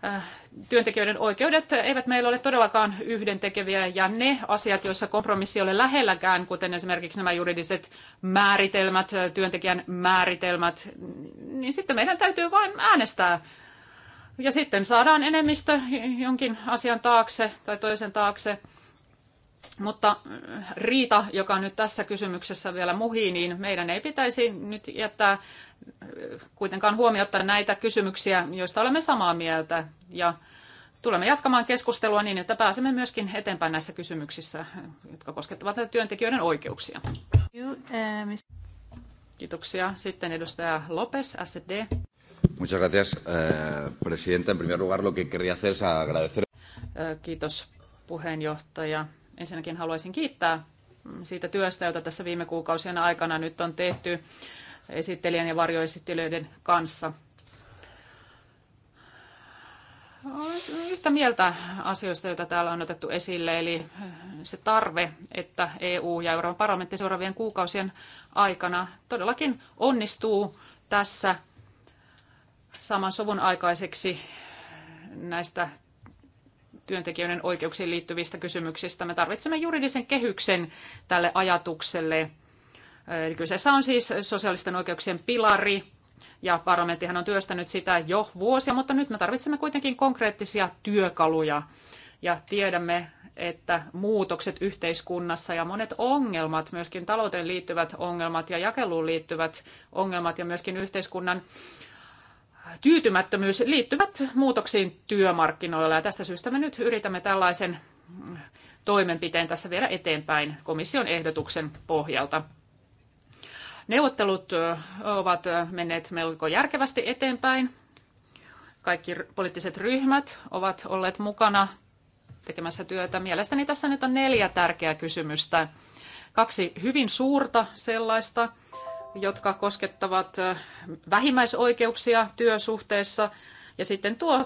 Äh, työntekijöiden oikeudet eivät meillä ole todellakaan yhdentekeviä ja ne asiat, joissa kompromissi ei ole lähelläkään, kuten esimerkiksi nämä juridiset määritelmät, äh, työntekijän määritelmät, niin sitten meidän täytyy vain äänestää. Ja sitten saadaan enemmistö jonkin asian taakse tai toisen taakse. Mutta äh, riita, joka nyt tässä kysymyksessä vielä muhii, niin meidän ei pitäisi nyt jättää äh, kuitenkaan huomiota näitä kysymyksiä, joista olemme samaa mieltä. Ja tulemme jatkamaan keskustelua niin, että pääsemme myöskin eteenpäin näissä kysymyksissä, äh, jotka koskettavat työntekijöiden oikeuksia. Kiitoksia. Sitten edustaja Lopes, SD. Muchas gracias, eh, presidenta. En primer lugar, lo que quería hacer es agradecer. Kiitos, puheenjohtaja. Ensinnäkin haluaisin kiittää siitä työstä, jota tässä viime kuukausien aikana nyt on tehty esittelijän ja varjoesittelijöiden kanssa. Olen yhtä mieltä asioista, joita täällä on otettu esille, eli se tarve, että EU ja Euroopan parlamentti seuraavien kuukausien aikana todellakin onnistuu tässä saman sovun aikaiseksi näistä työntekijöiden oikeuksiin liittyvistä kysymyksistä. Me tarvitsemme juridisen kehyksen tälle ajatukselle. Eli kyseessä on siis sosiaalisten oikeuksien pilari, ja parlamenttihan on työstänyt sitä jo vuosia, mutta nyt me tarvitsemme kuitenkin konkreettisia työkaluja. Ja tiedämme, että muutokset yhteiskunnassa ja monet ongelmat, myöskin talouteen liittyvät ongelmat ja jakeluun liittyvät ongelmat ja myöskin yhteiskunnan tyytymättömyys liittyvät muutoksiin työmarkkinoilla. Ja tästä syystä me nyt yritämme tällaisen toimenpiteen tässä vielä eteenpäin komission ehdotuksen pohjalta. Neuvottelut ovat menneet melko järkevästi eteenpäin. Kaikki poliittiset ryhmät ovat olleet mukana tekemässä työtä. Mielestäni tässä nyt on neljä tärkeää kysymystä. Kaksi hyvin suurta sellaista – jotka koskettavat vähimmäisoikeuksia työsuhteessa. Ja sitten tuo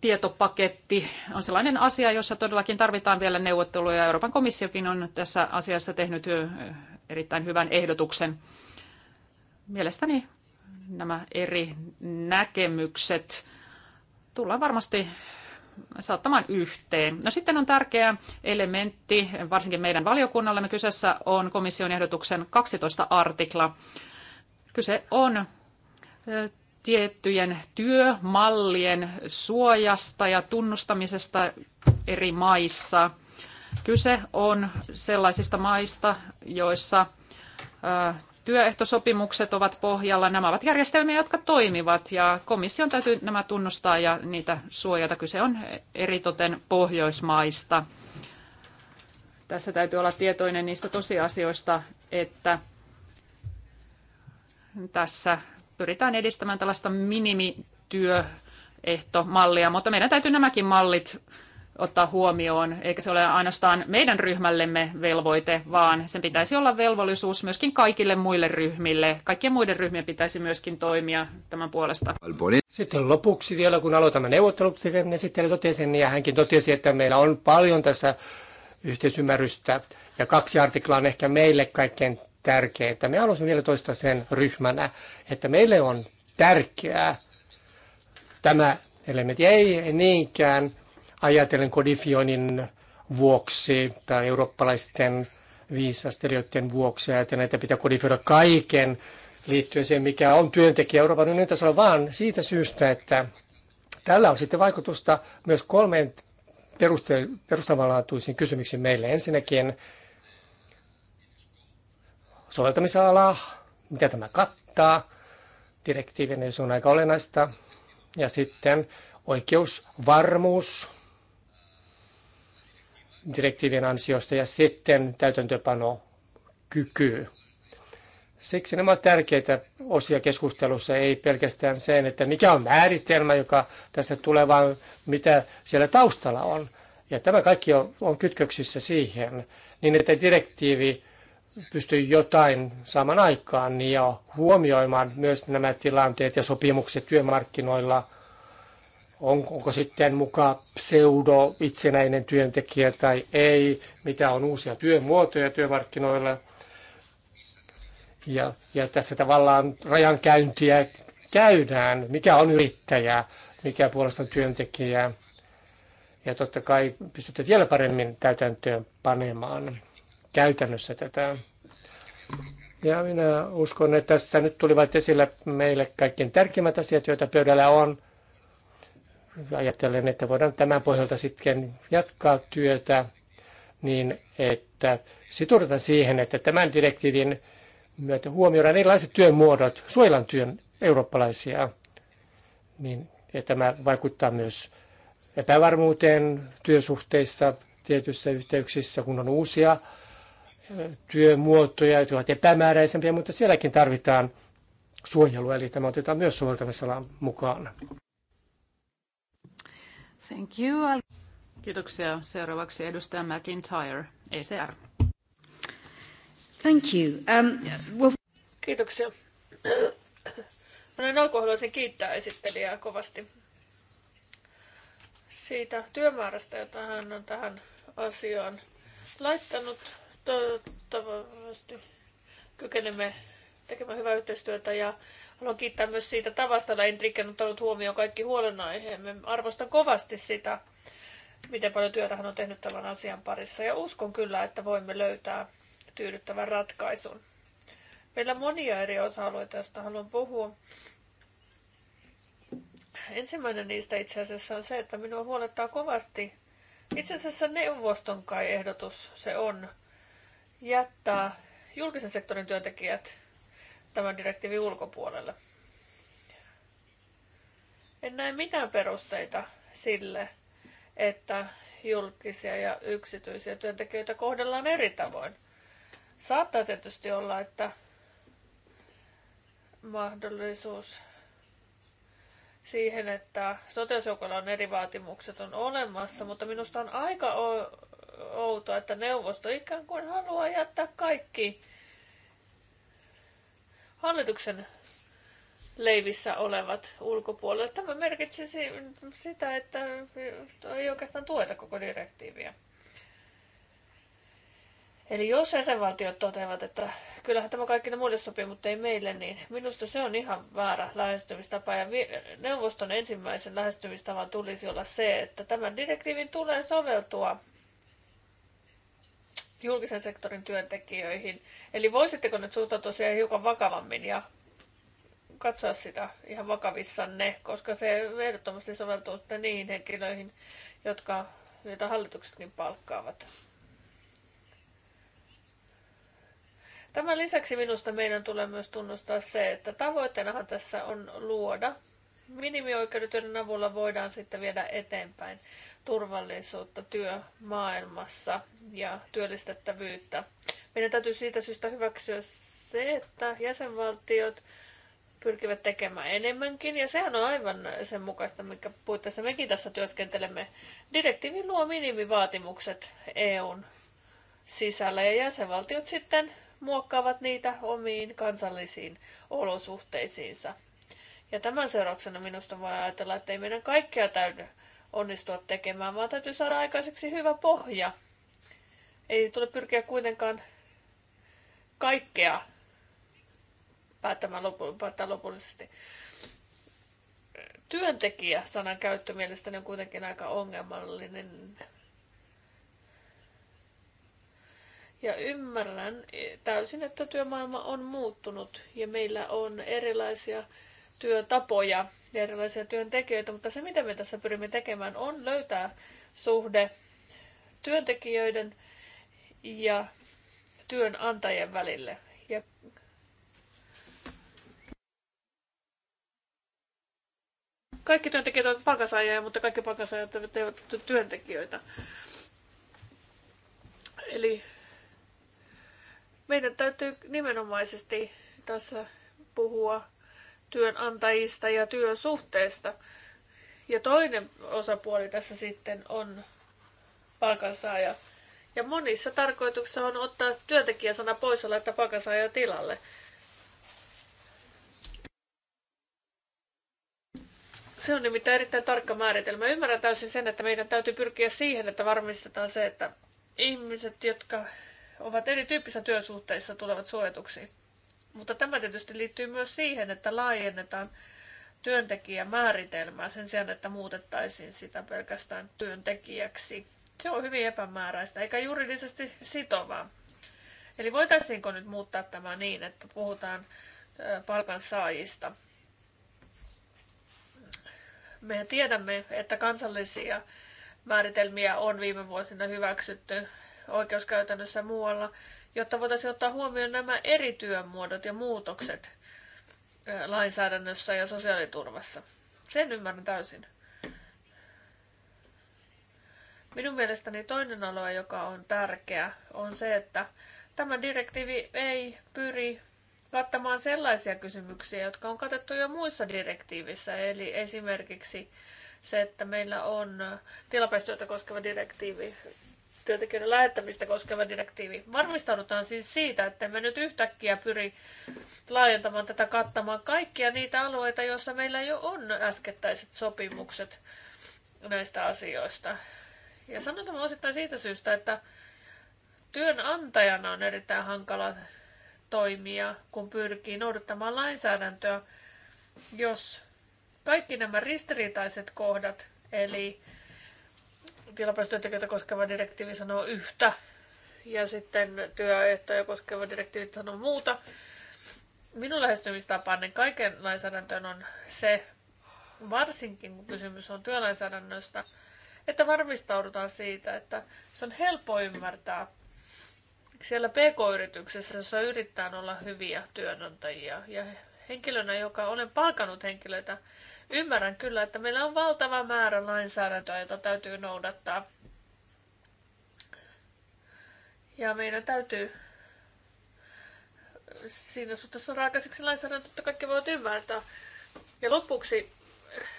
tietopaketti on sellainen asia, jossa todellakin tarvitaan vielä neuvotteluja. Euroopan komissiokin on tässä asiassa tehnyt erittäin hyvän ehdotuksen. Mielestäni nämä eri näkemykset tullaan varmasti saattamaan yhteen. No sitten on tärkeä elementti, varsinkin meidän valiokunnallamme kyseessä on komission ehdotuksen 12 artikla. Kyse on tiettyjen työmallien suojasta ja tunnustamisesta eri maissa. Kyse on sellaisista maista, joissa työehtosopimukset ovat pohjalla. Nämä ovat järjestelmiä, jotka toimivat ja komission täytyy nämä tunnustaa ja niitä suojata. Kyse on eritoten Pohjoismaista. Tässä täytyy olla tietoinen niistä tosiasioista, että tässä pyritään edistämään tällaista minimityöehtomallia, mutta meidän täytyy nämäkin mallit ottaa huomioon, eikä se ole ainoastaan meidän ryhmällemme velvoite, vaan sen pitäisi olla velvollisuus myöskin kaikille muille ryhmille. Kaikkien muiden ryhmien pitäisi myöskin toimia tämän puolesta. Sitten lopuksi vielä, kun aloitamme neuvottelut, niin sitten totesin, ja hänkin totesi, että meillä on paljon tässä yhteisymmärrystä, ja kaksi artiklaa on ehkä meille kaikkein että Me haluaisimme vielä toistaa sen ryhmänä, että meille on tärkeää tämä elementti, ei niinkään ajatellen kodifioinnin vuoksi tai eurooppalaisten viisastelijoiden vuoksi ajatellen, että pitää kodifioida kaiken liittyen siihen, mikä on työntekijä Euroopan unionin tasolla, vaan siitä syystä, että tällä on sitten vaikutusta myös kolmeen peruste- perustavanlaatuisiin kysymyksiin meille. Ensinnäkin soveltamisala, mitä tämä kattaa, direktiivinen se on aika olennaista, ja sitten oikeusvarmuus, direktiivien ansiosta ja sitten täytäntöpano kyky. Siksi nämä ovat tärkeitä osia keskustelussa, ei pelkästään sen, että mikä on määritelmä, joka tässä tulee, vaan mitä siellä taustalla on. Ja tämä kaikki on, on kytköksissä siihen, niin että direktiivi pystyy jotain saman aikaan ja huomioimaan myös nämä tilanteet ja sopimukset työmarkkinoilla on, onko sitten mukaan pseudo itsenäinen työntekijä tai ei, mitä on uusia työmuotoja työmarkkinoilla. Ja, ja tässä tavallaan rajankäyntiä käydään, mikä on yrittäjä, mikä puolestaan työntekijä. Ja totta kai pystytte vielä paremmin täytäntöön panemaan käytännössä tätä. Ja minä uskon, että tässä nyt tulivat esille meille kaikkein tärkeimmät asiat, joita pöydällä on – ajattelen, että voidaan tämän pohjalta sitten jatkaa työtä niin, että sitoudutaan siihen, että tämän direktiivin myötä huomioidaan erilaiset työn muodot, suojellaan työn eurooppalaisia, niin että tämä vaikuttaa myös epävarmuuteen työsuhteissa tietyissä yhteyksissä, kun on uusia työmuotoja, jotka ovat epämääräisempiä, mutta sielläkin tarvitaan suojelua, eli tämä otetaan myös soveltamisalan mukaan. Thank you. Kiitoksia. Seuraavaksi edustaja McIntyre, ECR. Thank you. Um, Kiitoksia. Minä alkuun haluaisin kiittää esittelijää kovasti siitä työmäärästä, jota hän on tähän asiaan laittanut. Toivottavasti kykenemme tekemään hyvää yhteistyötä ja Haluan kiittää myös siitä tavasta, että Enrique on ottanut huomioon kaikki huolenaiheemme. Arvostan kovasti sitä, miten paljon työtä hän on tehnyt tämän asian parissa ja uskon kyllä, että voimme löytää tyydyttävän ratkaisun. Meillä on monia eri osa-alueita, joista haluan puhua. Ensimmäinen niistä itse asiassa on se, että minua huolettaa kovasti. Itse asiassa neuvoston kai ehdotus se on jättää julkisen sektorin työntekijät tämän direktiivin ulkopuolelle. En näe mitään perusteita sille, että julkisia ja yksityisiä työntekijöitä kohdellaan eri tavoin. Saattaa tietysti olla, että mahdollisuus siihen, että sotilasjoukolla on eri vaatimukset on olemassa, mutta minusta on aika outoa, että neuvosto ikään kuin haluaa jättää kaikki hallituksen leivissä olevat ulkopuolella. Tämä merkitsisi sitä, että ei oikeastaan tueta koko direktiiviä. Eli jos jäsenvaltiot toteavat, että kyllähän tämä kaikki ne muille sopii, mutta ei meille, niin minusta se on ihan väärä lähestymistapa. Ja neuvoston ensimmäisen lähestymistavan tulisi olla se, että tämän direktiivin tulee soveltua julkisen sektorin työntekijöihin. Eli voisitteko nyt suhtautua siihen hiukan vakavammin ja katsoa sitä ihan vakavissanne, koska se ehdottomasti soveltuu sitten niihin henkilöihin, jotka, niitä hallituksetkin palkkaavat. Tämän lisäksi minusta meidän tulee myös tunnustaa se, että tavoitteenahan tässä on luoda minimioikeudetyön avulla voidaan sitten viedä eteenpäin turvallisuutta työmaailmassa ja työllistettävyyttä. Meidän täytyy siitä syystä hyväksyä se, että jäsenvaltiot pyrkivät tekemään enemmänkin, ja sehän on aivan sen mukaista, mikä puitteissa mekin tässä työskentelemme. Direktiivi luo minimivaatimukset EUn sisällä, ja jäsenvaltiot sitten muokkaavat niitä omiin kansallisiin olosuhteisiinsa. Ja tämän seurauksena minusta voi ajatella, että ei meidän kaikkea täydy onnistua tekemään, vaan täytyy saada aikaiseksi hyvä pohja. Ei tule pyrkiä kuitenkaan kaikkea päättämään lopu, päättää lopullisesti. Työntekijä-sanan käyttö mielestäni on kuitenkin aika ongelmallinen. Ja ymmärrän täysin, että työmaailma on muuttunut ja meillä on erilaisia työtapoja ja erilaisia työntekijöitä, mutta se mitä me tässä pyrimme tekemään on löytää suhde työntekijöiden ja työnantajien välille. Ja kaikki työntekijät ovat palkansaajia, mutta kaikki palkansaajat eivät ole työntekijöitä. Eli meidän täytyy nimenomaisesti tässä puhua työnantajista ja työsuhteista. Ja toinen osapuoli tässä sitten on palkansaaja. Ja monissa tarkoituksissa on ottaa työntekijäsana pois ja laittaa palkansaaja tilalle. Se on nimittäin erittäin tarkka määritelmä. Ymmärrän täysin sen, että meidän täytyy pyrkiä siihen, että varmistetaan se, että ihmiset, jotka ovat erityyppisissä työsuhteissa, tulevat suojatuksiin. Mutta tämä tietysti liittyy myös siihen, että laajennetaan työntekijämääritelmää sen sijaan, että muutettaisiin sitä pelkästään työntekijäksi. Se on hyvin epämääräistä eikä juridisesti sitovaa. Eli voitaisiinko nyt muuttaa tämä niin, että puhutaan palkansaajista? Me tiedämme, että kansallisia määritelmiä on viime vuosina hyväksytty oikeuskäytännössä muualla, jotta voitaisiin ottaa huomioon nämä eri työmuodot ja muutokset lainsäädännössä ja sosiaaliturvassa. Sen ymmärrän täysin. Minun mielestäni toinen alue, joka on tärkeä, on se, että tämä direktiivi ei pyri kattamaan sellaisia kysymyksiä, jotka on katettu jo muissa direktiivissä. Eli esimerkiksi se, että meillä on tilapäistyötä koskeva direktiivi työntekijöiden lähettämistä koskeva direktiivi. Varmistaudutaan siis siitä, että me nyt yhtäkkiä pyri laajentamaan tätä kattamaan kaikkia niitä alueita, joissa meillä jo on äskettäiset sopimukset näistä asioista. Ja sanotaan osittain siitä syystä, että työnantajana on erittäin hankala toimia, kun pyrkii noudattamaan lainsäädäntöä, jos kaikki nämä ristiriitaiset kohdat, eli tilapäistyöntekijöitä koskeva direktiivi sanoo yhtä ja sitten työehtoja koskeva direktiivi sanoo muuta. Minun niin kaiken lainsäädäntöön on se, varsinkin kun kysymys on työlainsäädännöstä, että varmistaudutaan siitä, että se on helppo ymmärtää siellä pk-yrityksessä, jossa yrittää olla hyviä työnantajia ja henkilönä, joka olen palkanut henkilöitä, Ymmärrän kyllä, että meillä on valtava määrä lainsäädäntöä, jota täytyy noudattaa. Ja meidän täytyy siinä suhteessa raakaiseksi aikaiseksi lainsäädäntö, että kaikki voivat ymmärtää. Ja lopuksi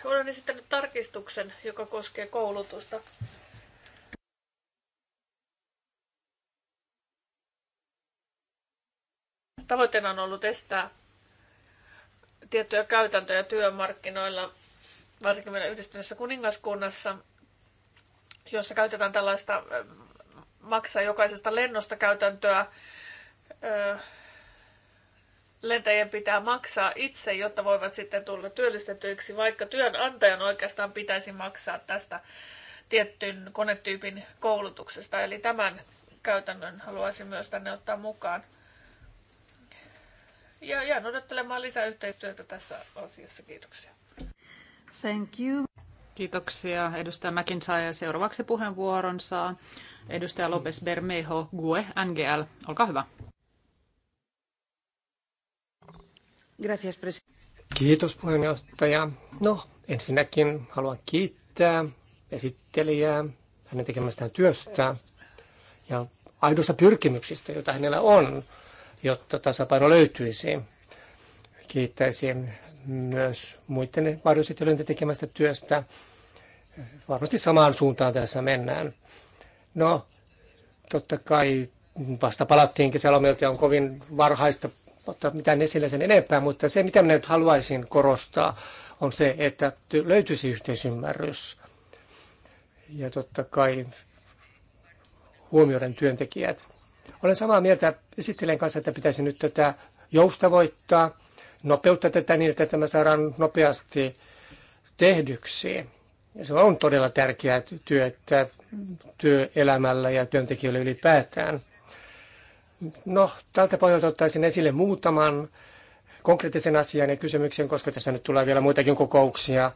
olen esittänyt tarkistuksen, joka koskee koulutusta. Tavoitteena on ollut estää tiettyjä käytäntöjä työmarkkinoilla, varsinkin meidän yhdistyneessä kuningaskunnassa, jossa käytetään tällaista maksaa jokaisesta lennosta käytäntöä. Lentäjien pitää maksaa itse, jotta voivat sitten tulla työllistetyiksi, vaikka työnantajan oikeastaan pitäisi maksaa tästä tiettyn konetyypin koulutuksesta. Eli tämän käytännön haluaisin myös tänne ottaa mukaan ja jään odottelemaan lisää yhteistyötä tässä asiassa. Kiitoksia. Thank you. Kiitoksia edustaja McIntyre. Seuraavaksi puheenvuoron saa edustaja Lopes Bermejo Gue NGL. Olkaa hyvä. Gracias, Kiitos puheenjohtaja. No, ensinnäkin haluan kiittää esittelijää hänen tekemästään työstä ja aidosta pyrkimyksistä, joita hänellä on jotta tasapaino löytyisi. Kiittäisin myös muiden varjoesittelyiden tekemästä työstä. Varmasti samaan suuntaan tässä mennään. No, totta kai vasta palattiin kesälomilta ja on kovin varhaista ottaa mitään esille sen enempää, mutta se mitä minä nyt haluaisin korostaa on se, että löytyisi yhteisymmärrys. Ja totta kai huomioiden työntekijät. Olen samaa mieltä esittelen kanssa, että pitäisi nyt tätä joustavoittaa, nopeuttaa tätä niin, että tämä saadaan nopeasti tehdyksi. Ja se on todella tärkeää työtä työelämällä ja työntekijöille ylipäätään. No, tältä pohjalta ottaisin esille muutaman konkreettisen asian ja kysymyksen, koska tässä nyt tulee vielä muitakin kokouksia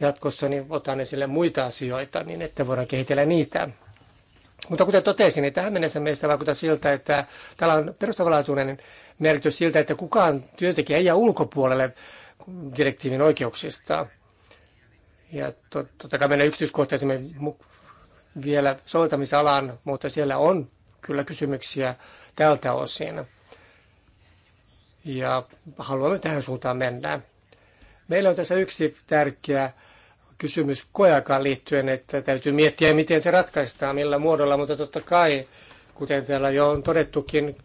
jatkossa, niin otan esille muita asioita, niin että voidaan kehitellä niitä. Mutta kuten totesin, niin tähän mennessä meistä vaikuttaa siltä, että täällä on perustavanlaatuinen merkitys siltä, että kukaan työntekijä ei jää ulkopuolelle direktiivin oikeuksista. Ja totta kai mennään yksityiskohtaisemmin vielä soveltamisalaan, mutta siellä on kyllä kysymyksiä tältä osin. Ja haluamme tähän suuntaan mennä. Meillä on tässä yksi tärkeä kysymys koeakaan liittyen, että täytyy miettiä, miten se ratkaistaan, millä muodolla, mutta totta kai, kuten täällä jo on todettukin,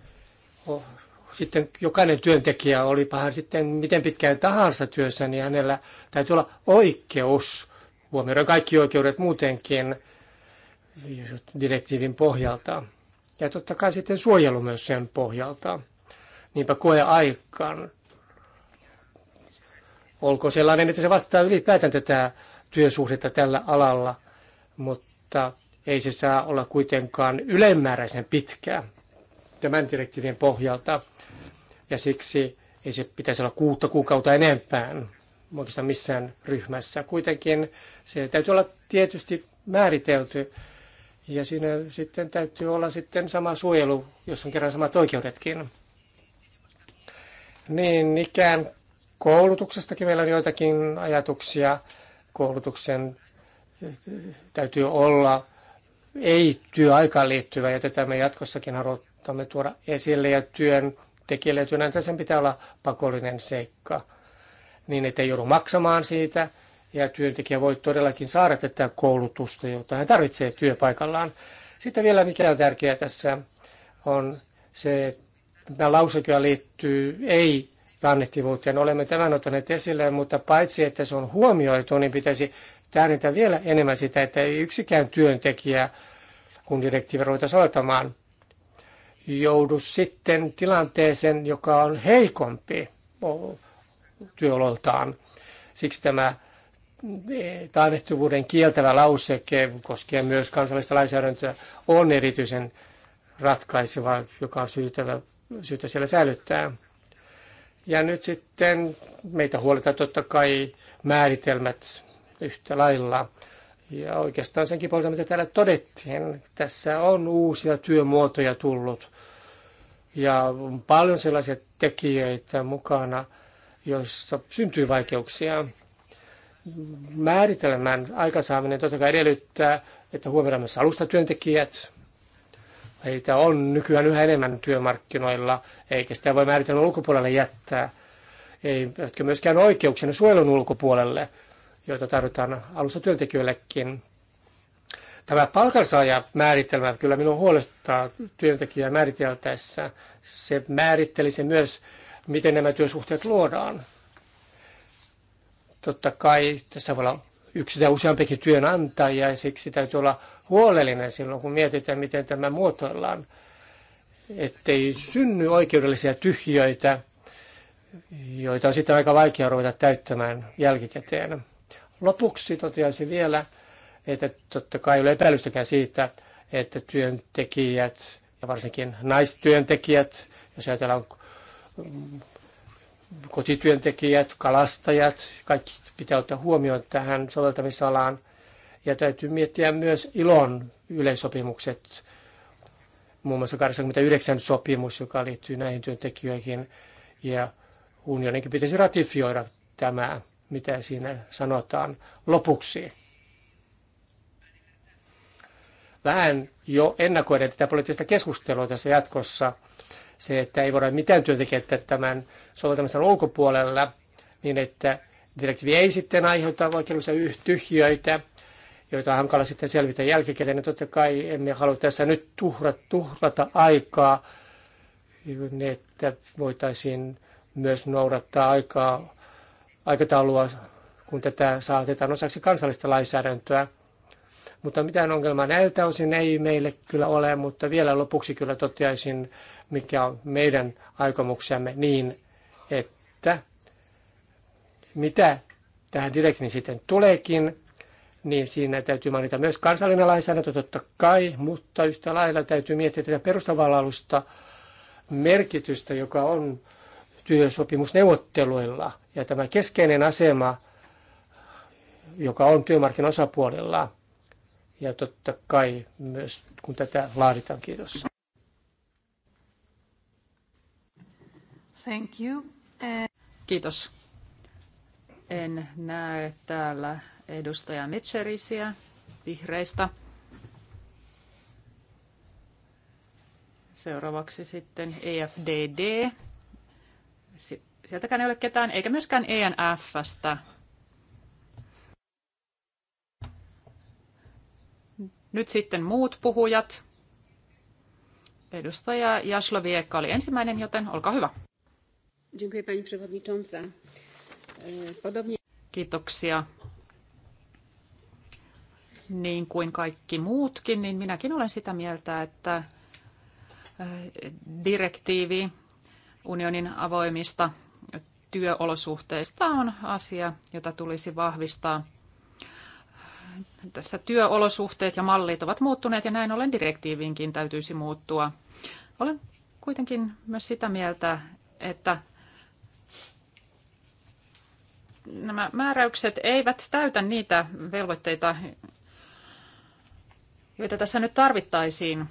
sitten jokainen työntekijä, oli hän sitten miten pitkään tahansa työssä, niin hänellä täytyy olla oikeus huomioida kaikki oikeudet muutenkin direktiivin pohjalta. Ja totta kai sitten suojelu myös sen pohjalta. Niinpä koeaikaan. Olko sellainen, että se vastaa ylipäätään tätä työsuhdetta tällä alalla, mutta ei se saa olla kuitenkaan ylemmääräisen pitkää tämän direktiivin pohjalta. Ja siksi ei se pitäisi olla kuutta kuukautta enempään oikeastaan missään ryhmässä. Kuitenkin se täytyy olla tietysti määritelty ja siinä sitten täytyy olla sitten sama suojelu, jos on kerran samat oikeudetkin. Niin ikään koulutuksestakin meillä on joitakin ajatuksia koulutuksen täytyy olla ei-työaikaan liittyvä, ja tätä me jatkossakin haluamme tuoda esille, ja työn tekijälle ja työnantajalle sen pitää olla pakollinen seikka, niin ettei joudu maksamaan siitä, ja työntekijä voi todellakin saada tätä koulutusta, jota hän tarvitsee työpaikallaan. Sitten vielä mikä on tärkeää tässä on se, että tämä lauseke liittyy ei kannettivuuteen. Olemme tämän ottaneet esille, mutta paitsi että se on huomioitu, niin pitäisi tähdentää vielä enemmän sitä, että ei yksikään työntekijä, kun direktiivi ruvetaan soittamaan, joudu sitten tilanteeseen, joka on heikompi työololtaan. Siksi tämä e, taannehtivuuden kieltävä lauseke koskien myös kansallista lainsäädäntöä on erityisen ratkaiseva, joka on syytävä, syytä siellä säilyttää. Ja nyt sitten meitä huoletaan totta kai määritelmät yhtä lailla. Ja oikeastaan senkin pohjalta, mitä täällä todettiin, tässä on uusia työmuotoja tullut. Ja on paljon sellaisia tekijöitä mukana, joissa syntyy vaikeuksia. Määritelmän aikasaaminen totta kai edellyttää, että huomioidaan myös alustatyöntekijät, Heitä on nykyään yhä enemmän työmarkkinoilla, eikä sitä voi määritellä ulkopuolelle jättää. Ei myöskään oikeuksena suojelun ulkopuolelle, joita tarvitaan alussa työntekijöillekin. Tämä palkansaajamääritelmä kyllä minun huolestuttaa työntekijää määriteltäessä. Se määritteli se myös, miten nämä työsuhteet luodaan. Totta kai tässä voi olla yksi tai useampikin työnantaja ja siksi täytyy olla huolellinen silloin, kun mietitään, miten tämä muotoillaan, ettei synny oikeudellisia tyhjöitä, joita on sitten aika vaikea ruveta täyttämään jälkikäteen. Lopuksi toteaisin vielä, että totta kai ei ole epäilystäkään siitä, että työntekijät ja varsinkin naistyöntekijät, jos ajatellaan kotityöntekijät, kalastajat, kaikki pitää ottaa huomioon tähän soveltamisalaan. Ja täytyy miettiä myös ilon yleissopimukset, muun muassa 89 sopimus, joka liittyy näihin työntekijöihin, ja unioninkin pitäisi ratifioida tämä, mitä siinä sanotaan lopuksi. Vähän jo ennakoiden tätä poliittista keskustelua tässä jatkossa, se, että ei voida mitään työntekijöitä tämän soveltamisen ulkopuolella, niin että direktiivi ei sitten aiheuta oikeudellisia tyhjöitä, joita on hankala sitten selvitä jälkikäteen. Ja totta kai emme halua tässä nyt tuhrata, tuhlata aikaa, niin että voitaisiin myös noudattaa aikaa, aikataulua, kun tätä saatetaan osaksi kansallista lainsäädäntöä. Mutta mitään ongelmaa näiltä osin ei meille kyllä ole, mutta vielä lopuksi kyllä toteaisin, mikä on meidän aikomuksemme niin, että mitä tähän direktiin sitten tuleekin, niin siinä täytyy mainita myös kansallinen lainsäädäntö totta kai, mutta yhtä lailla täytyy miettiä tätä perustavanlaadusta merkitystä, joka on työsopimusneuvotteluilla. Ja tämä keskeinen asema, joka on osapuolella, Ja totta kai myös, kun tätä laaditaan. Kiitos. Thank you. Kiitos. En näe täällä edustaja Metsärisiä vihreistä. Seuraavaksi sitten EFDD. Sieltäkään ei ole ketään, eikä myöskään ENFstä. Nyt sitten muut puhujat. Edustaja Viekka oli ensimmäinen, joten olkaa hyvä. Dziękuję pani przewodnicząca. E, podobnie... Kiitoksia niin kuin kaikki muutkin, niin minäkin olen sitä mieltä, että eh, direktiivi unionin avoimista työolosuhteista on asia, jota tulisi vahvistaa. Tässä työolosuhteet ja mallit ovat muuttuneet ja näin ollen direktiiviinkin täytyisi muuttua. Olen kuitenkin myös sitä mieltä, että nämä määräykset eivät täytä niitä velvoitteita, joita tässä nyt tarvittaisiin.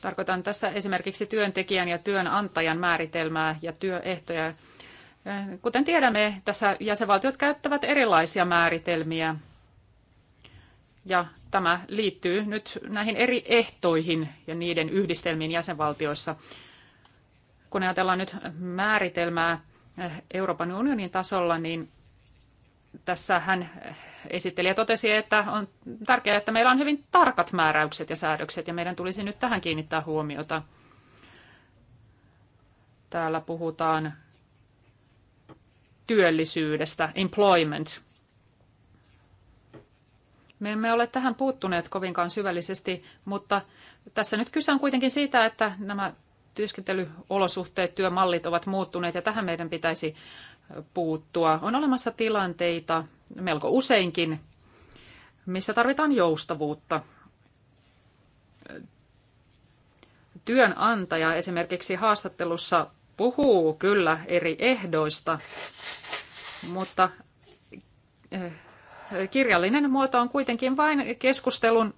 Tarkoitan tässä esimerkiksi työntekijän ja työnantajan määritelmää ja työehtoja. Kuten tiedämme, tässä jäsenvaltiot käyttävät erilaisia määritelmiä. Ja tämä liittyy nyt näihin eri ehtoihin ja niiden yhdistelmiin jäsenvaltioissa. Kun ajatellaan nyt määritelmää Euroopan unionin tasolla, niin tässä hän ja totesi, että on tärkeää, että meillä on hyvin tarkat määräykset ja säädökset, ja meidän tulisi nyt tähän kiinnittää huomiota. Täällä puhutaan työllisyydestä, employment. Me emme ole tähän puuttuneet kovinkaan syvällisesti, mutta tässä nyt kyse on kuitenkin siitä, että nämä työskentelyolosuhteet, työmallit ovat muuttuneet ja tähän meidän pitäisi puuttua. On olemassa tilanteita melko useinkin, missä tarvitaan joustavuutta. Työnantaja esimerkiksi haastattelussa puhuu kyllä eri ehdoista, mutta eh, kirjallinen muoto on kuitenkin vain keskustelun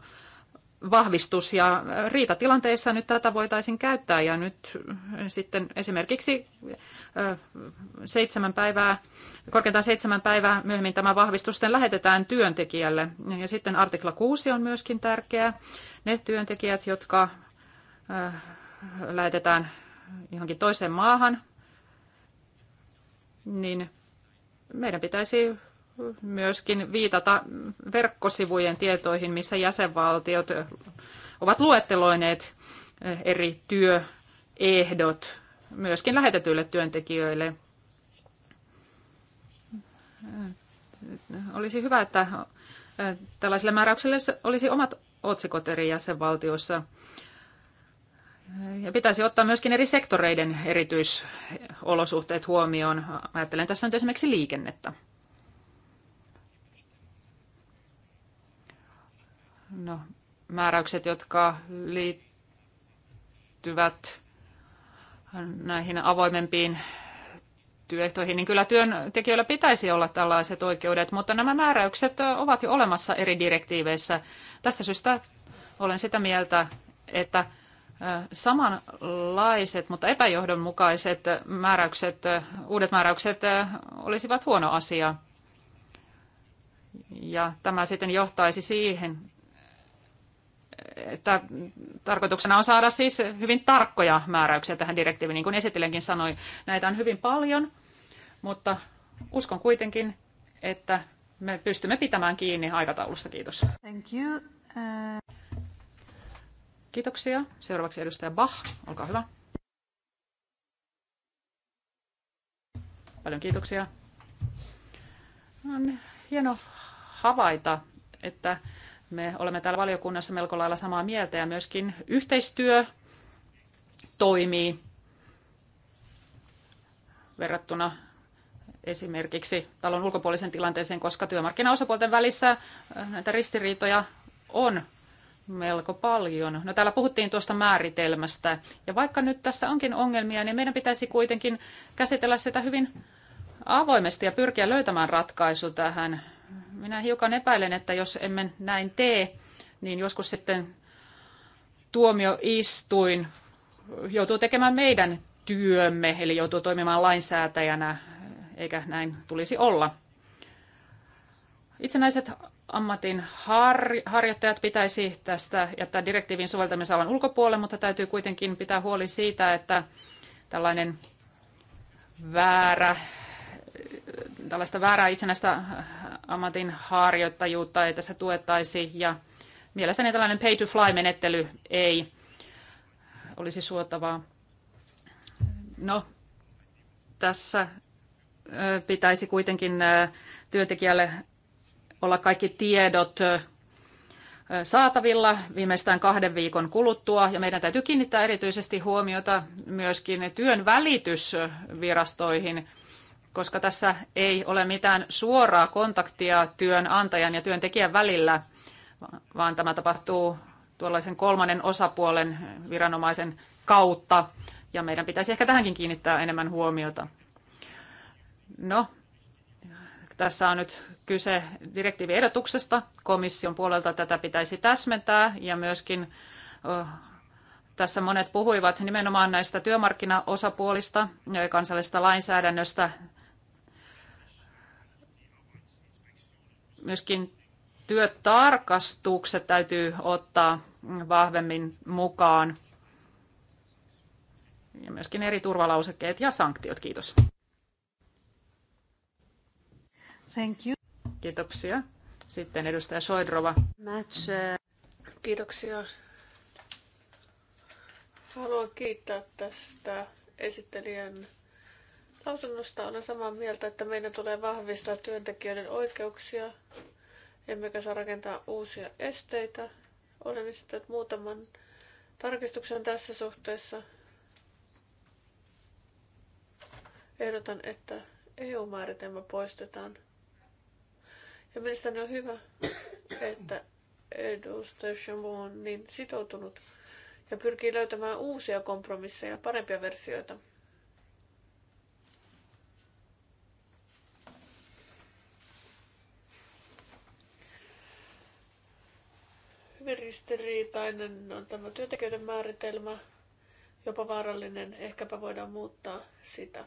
vahvistus ja riitatilanteissa nyt tätä voitaisiin käyttää ja nyt äh, sitten esimerkiksi äh, seitsemän päivää, korkeintaan seitsemän päivää myöhemmin tämä vahvistus sitten lähetetään työntekijälle. Ja sitten artikla 6 on myöskin tärkeä. Ne työntekijät, jotka äh, lähetetään johonkin toiseen maahan, niin meidän pitäisi myöskin viitata verkkosivujen tietoihin, missä jäsenvaltiot ovat luetteloineet eh, eri työehdot myöskin lähetetyille työntekijöille. Eh, olisi hyvä, että eh, tällaisille määräyksille olisi omat otsikot eri jäsenvaltioissa. Ja pitäisi ottaa myöskin eri sektoreiden erityisolosuhteet huomioon. Ajattelen tässä nyt esimerkiksi liikennettä. No, määräykset, jotka liittyvät näihin avoimempiin työehtoihin, niin kyllä työntekijöillä pitäisi olla tällaiset oikeudet, mutta nämä määräykset ovat jo olemassa eri direktiiveissä. Tästä syystä olen sitä mieltä, että samanlaiset, mutta epäjohdonmukaiset määräykset, uudet määräykset olisivat huono asia. Ja tämä sitten johtaisi siihen, että tarkoituksena on saada siis hyvin tarkkoja määräyksiä tähän direktiiviin. Niin kuin esitellenkin sanoi, näitä on hyvin paljon, mutta uskon kuitenkin, että me pystymme pitämään kiinni aikataulusta. Kiitos. Thank you. Uh... Kiitoksia. Seuraavaksi edustaja Bach, olkaa hyvä. Paljon kiitoksia. On hieno havaita, että me olemme täällä valiokunnassa melko lailla samaa mieltä ja myöskin yhteistyö toimii verrattuna esimerkiksi talon ulkopuolisen tilanteeseen, koska työmarkkinaosapuolten välissä äh, näitä ristiriitoja on melko paljon. No täällä puhuttiin tuosta määritelmästä, ja vaikka nyt tässä onkin ongelmia, niin meidän pitäisi kuitenkin käsitellä sitä hyvin avoimesti ja pyrkiä löytämään ratkaisu tähän minä hiukan epäilen, että jos emme näin tee, niin joskus sitten tuomioistuin joutuu tekemään meidän työmme, eli joutuu toimimaan lainsäätäjänä, eikä näin tulisi olla. Itsenäiset ammatin harjoittajat pitäisi tästä jättää direktiivin soveltamisalan ulkopuolelle, mutta täytyy kuitenkin pitää huoli siitä, että tällainen väärä tällaista väärää itsenäistä äh, ammatin harjoittajuutta ei tässä tuettaisi ja mielestäni tällainen pay to fly-menettely ei olisi suotavaa. No, tässä äh, pitäisi kuitenkin äh, työntekijälle olla kaikki tiedot saatavilla viimeistään kahden viikon kuluttua. Ja meidän täytyy kiinnittää erityisesti huomiota myöskin työn välitysvirastoihin – koska tässä ei ole mitään suoraa kontaktia työnantajan ja työntekijän välillä, vaan tämä tapahtuu tuollaisen kolmannen osapuolen viranomaisen kautta, ja meidän pitäisi ehkä tähänkin kiinnittää enemmän huomiota. No, tässä on nyt kyse direktiiviehdotuksesta. Komission puolelta tätä pitäisi täsmentää ja myöskin tässä monet puhuivat nimenomaan näistä työmarkkinaosapuolista ja kansallisesta lainsäädännöstä Myöskin työtarkastukset täytyy ottaa vahvemmin mukaan. Ja myöskin eri turvalausekkeet ja sanktiot. Kiitos. Thank you. Kiitoksia. Sitten edustaja Soidrova. Match. Uh, Kiitoksia. Haluan kiittää tästä esittelijän lausunnosta olen samaa mieltä, että meidän tulee vahvistaa työntekijöiden oikeuksia, emmekä saa rakentaa uusia esteitä. Olen esittänyt muutaman tarkistuksen tässä suhteessa. Ehdotan, että EU-määritelmä poistetaan. Ja mielestäni on hyvä, että edustaja on niin sitoutunut ja pyrkii löytämään uusia kompromisseja, parempia versioita. Hyvin ristiriitainen on tämä työntekijöiden määritelmä, jopa vaarallinen. Ehkäpä voidaan muuttaa sitä.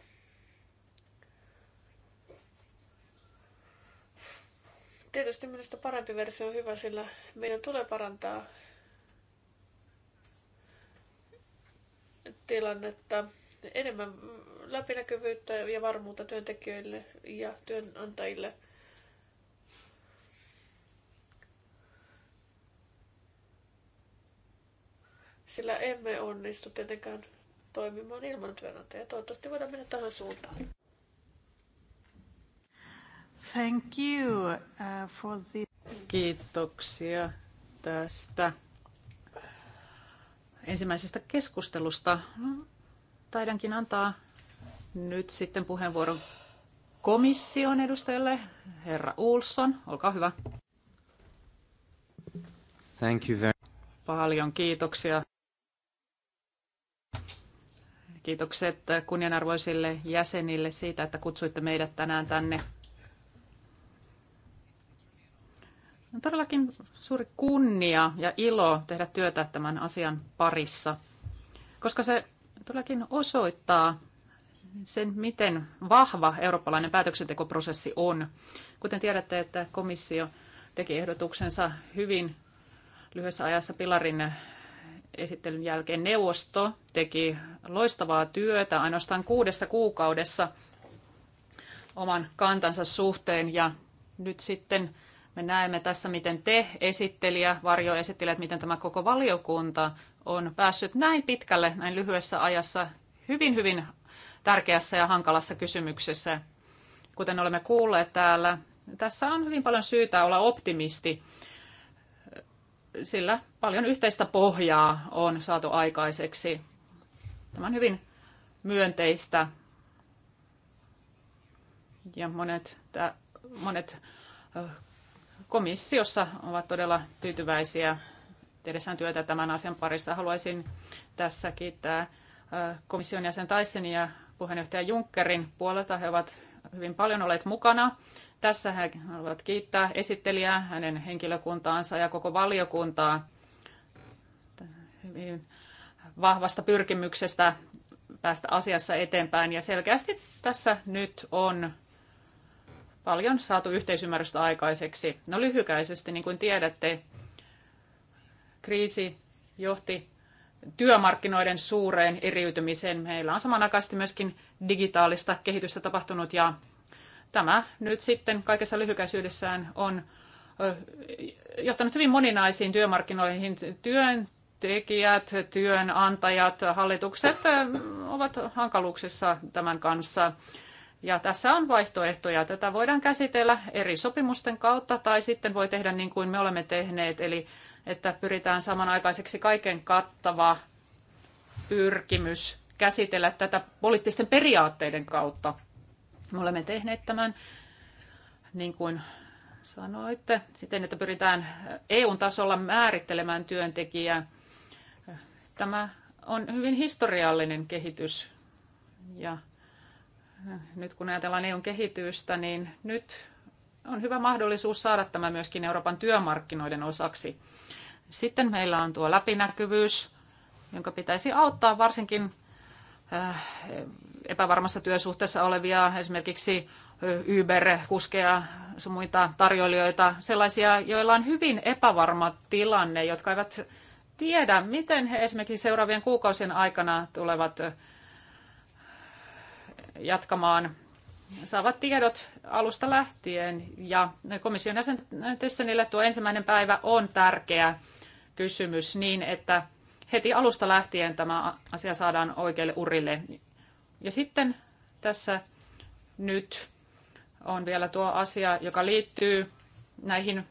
Tietysti minusta parempi versio on hyvä, sillä meidän tulee parantaa tilannetta enemmän läpinäkyvyyttä ja varmuutta työntekijöille ja työnantajille – sillä emme onnistu tietenkään toimimaan ilman työnantajaa. Toivottavasti voidaan mennä tähän suuntaan. Thank you uh, for the... Kiitoksia tästä ensimmäisestä keskustelusta. Taidankin antaa nyt sitten puheenvuoron komission edustajalle, herra Ulsson. Olkaa hyvä. Thank you very... Paljon kiitoksia Kiitokset kunnianarvoisille jäsenille siitä, että kutsuitte meidät tänään tänne. On todellakin suuri kunnia ja ilo tehdä työtä tämän asian parissa, koska se todellakin osoittaa sen, miten vahva eurooppalainen päätöksentekoprosessi on. Kuten tiedätte, että komissio teki ehdotuksensa hyvin lyhyessä ajassa pilarin esittelyn jälkeen neuvosto teki loistavaa työtä ainoastaan kuudessa kuukaudessa oman kantansa suhteen ja nyt sitten me näemme tässä, miten te esittelijä, varjo esittelijät, miten tämä koko valiokunta on päässyt näin pitkälle, näin lyhyessä ajassa, hyvin, hyvin tärkeässä ja hankalassa kysymyksessä. Kuten olemme kuulleet täällä, tässä on hyvin paljon syytä olla optimisti sillä paljon yhteistä pohjaa on saatu aikaiseksi. Tämä on hyvin myönteistä. Ja monet, tää, monet komissiossa ovat todella tyytyväisiä tehdessään työtä tämän asian parissa. Haluaisin tässä kiittää komission jäsen Tysonin ja puheenjohtaja Junckerin puolelta. He ovat hyvin paljon olleet mukana tässä he haluavat kiittää esittelijää, hänen henkilökuntaansa ja koko valiokuntaa hyvin vahvasta pyrkimyksestä päästä asiassa eteenpäin. Ja selkeästi tässä nyt on paljon saatu yhteisymmärrystä aikaiseksi. No lyhykäisesti, niin kuin tiedätte, kriisi johti työmarkkinoiden suureen eriytymiseen. Meillä on samanaikaisesti myöskin digitaalista kehitystä tapahtunut ja tämä nyt sitten kaikessa lyhykäisyydessään on johtanut hyvin moninaisiin työmarkkinoihin. Työntekijät, työnantajat, hallitukset ovat hankaluuksissa tämän kanssa. Ja tässä on vaihtoehtoja. Tätä voidaan käsitellä eri sopimusten kautta tai sitten voi tehdä niin kuin me olemme tehneet, eli että pyritään samanaikaiseksi kaiken kattava pyrkimys käsitellä tätä poliittisten periaatteiden kautta. Me olemme tehneet tämän, niin kuin sanoitte, siten, että pyritään EU-tasolla määrittelemään työntekijää. Tämä on hyvin historiallinen kehitys ja nyt kun ajatellaan EUn kehitystä, niin nyt on hyvä mahdollisuus saada tämä myöskin Euroopan työmarkkinoiden osaksi. Sitten meillä on tuo läpinäkyvyys, jonka pitäisi auttaa varsinkin Äh, epävarmassa työsuhteessa olevia, esimerkiksi Uber-kuskeja, muita tarjoilijoita, sellaisia, joilla on hyvin epävarma tilanne, jotka eivät tiedä, miten he esimerkiksi seuraavien kuukausien aikana tulevat jatkamaan saavat tiedot alusta lähtien ja komission jäsen niille tuo ensimmäinen päivä on tärkeä kysymys niin, että heti alusta lähtien tämä asia saadaan oikeille urille. Ja sitten tässä nyt on vielä tuo asia, joka liittyy näihin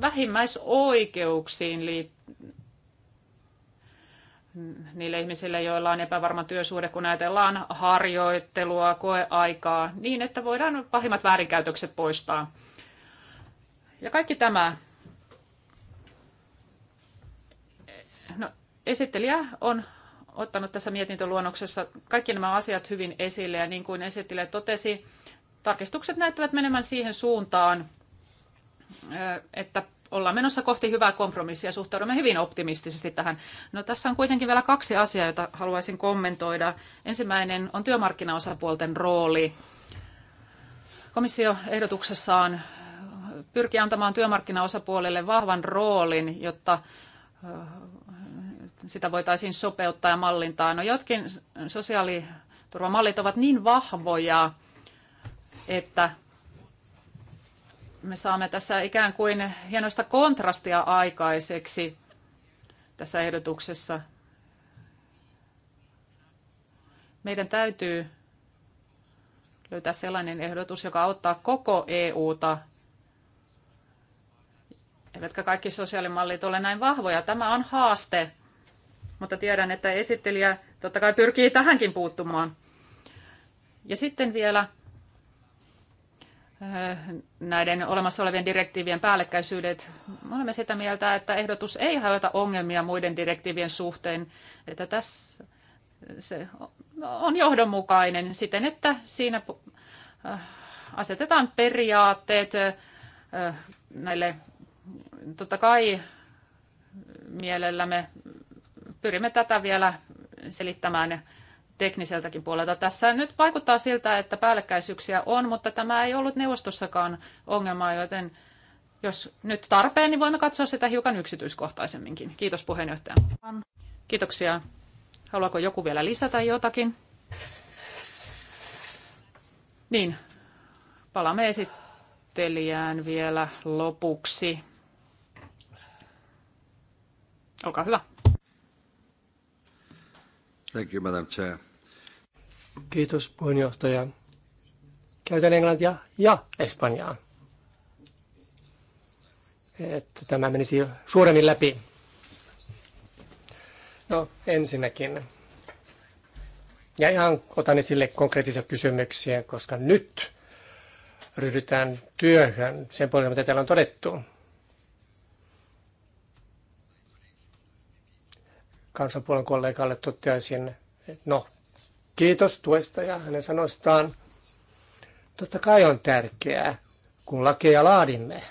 vähimmäisoikeuksiin liittyen niille ihmisille, joilla on epävarma työsuhde, kun ajatellaan harjoittelua, koeaikaa, niin että voidaan pahimmat väärinkäytökset poistaa. Ja kaikki tämä, no, Esittelijä on ottanut tässä mietintöluonnoksessa kaikki nämä asiat hyvin esille ja niin kuin esittelijä totesi, tarkistukset näyttävät menemään siihen suuntaan, että ollaan menossa kohti hyvää kompromissia, suhtaudumme hyvin optimistisesti tähän. No tässä on kuitenkin vielä kaksi asiaa, joita haluaisin kommentoida. Ensimmäinen on työmarkkinaosapuolten rooli. Komissio ehdotuksessaan pyrkii antamaan työmarkkinaosapuolille vahvan roolin, jotta sitä voitaisiin sopeuttaa ja mallintaa. No jotkin sosiaaliturvamallit ovat niin vahvoja, että me saamme tässä ikään kuin hienoista kontrastia aikaiseksi tässä ehdotuksessa. Meidän täytyy löytää sellainen ehdotus, joka auttaa koko EUta. Eivätkä kaikki sosiaalimallit ole näin vahvoja. Tämä on haaste mutta tiedän, että esittelijä totta kai pyrkii tähänkin puuttumaan. Ja sitten vielä äh, näiden olemassa olevien direktiivien päällekkäisyydet. Me olemme sitä mieltä, että ehdotus ei hajota ongelmia muiden direktiivien suhteen, että tässä se on johdonmukainen siten, että siinä äh, asetetaan periaatteet äh, näille, totta kai mielellämme pyrimme tätä vielä selittämään tekniseltäkin puolelta. Tässä nyt vaikuttaa siltä, että päällekkäisyyksiä on, mutta tämä ei ollut neuvostossakaan ongelma, joten jos nyt tarpeen, niin voimme katsoa sitä hiukan yksityiskohtaisemminkin. Kiitos puheenjohtaja. Kiitoksia. Haluaako joku vielä lisätä jotakin? Niin, palaamme esittelijään vielä lopuksi. Olkaa hyvä. Thank you, Madam Chair. Kiitos puheenjohtaja. Käytän englantia ja espanjaa. Että tämä menisi jo suoremmin läpi. No ensinnäkin. Ja ihan otan esille konkreettisia kysymyksiä, koska nyt ryhdytään työhön sen puolesta, mitä täällä on todettu. kansanpuolen kollegalle toteaisin, että no, kiitos tuesta ja hänen sanoistaan. Totta kai on tärkeää, kun lakeja laadimme,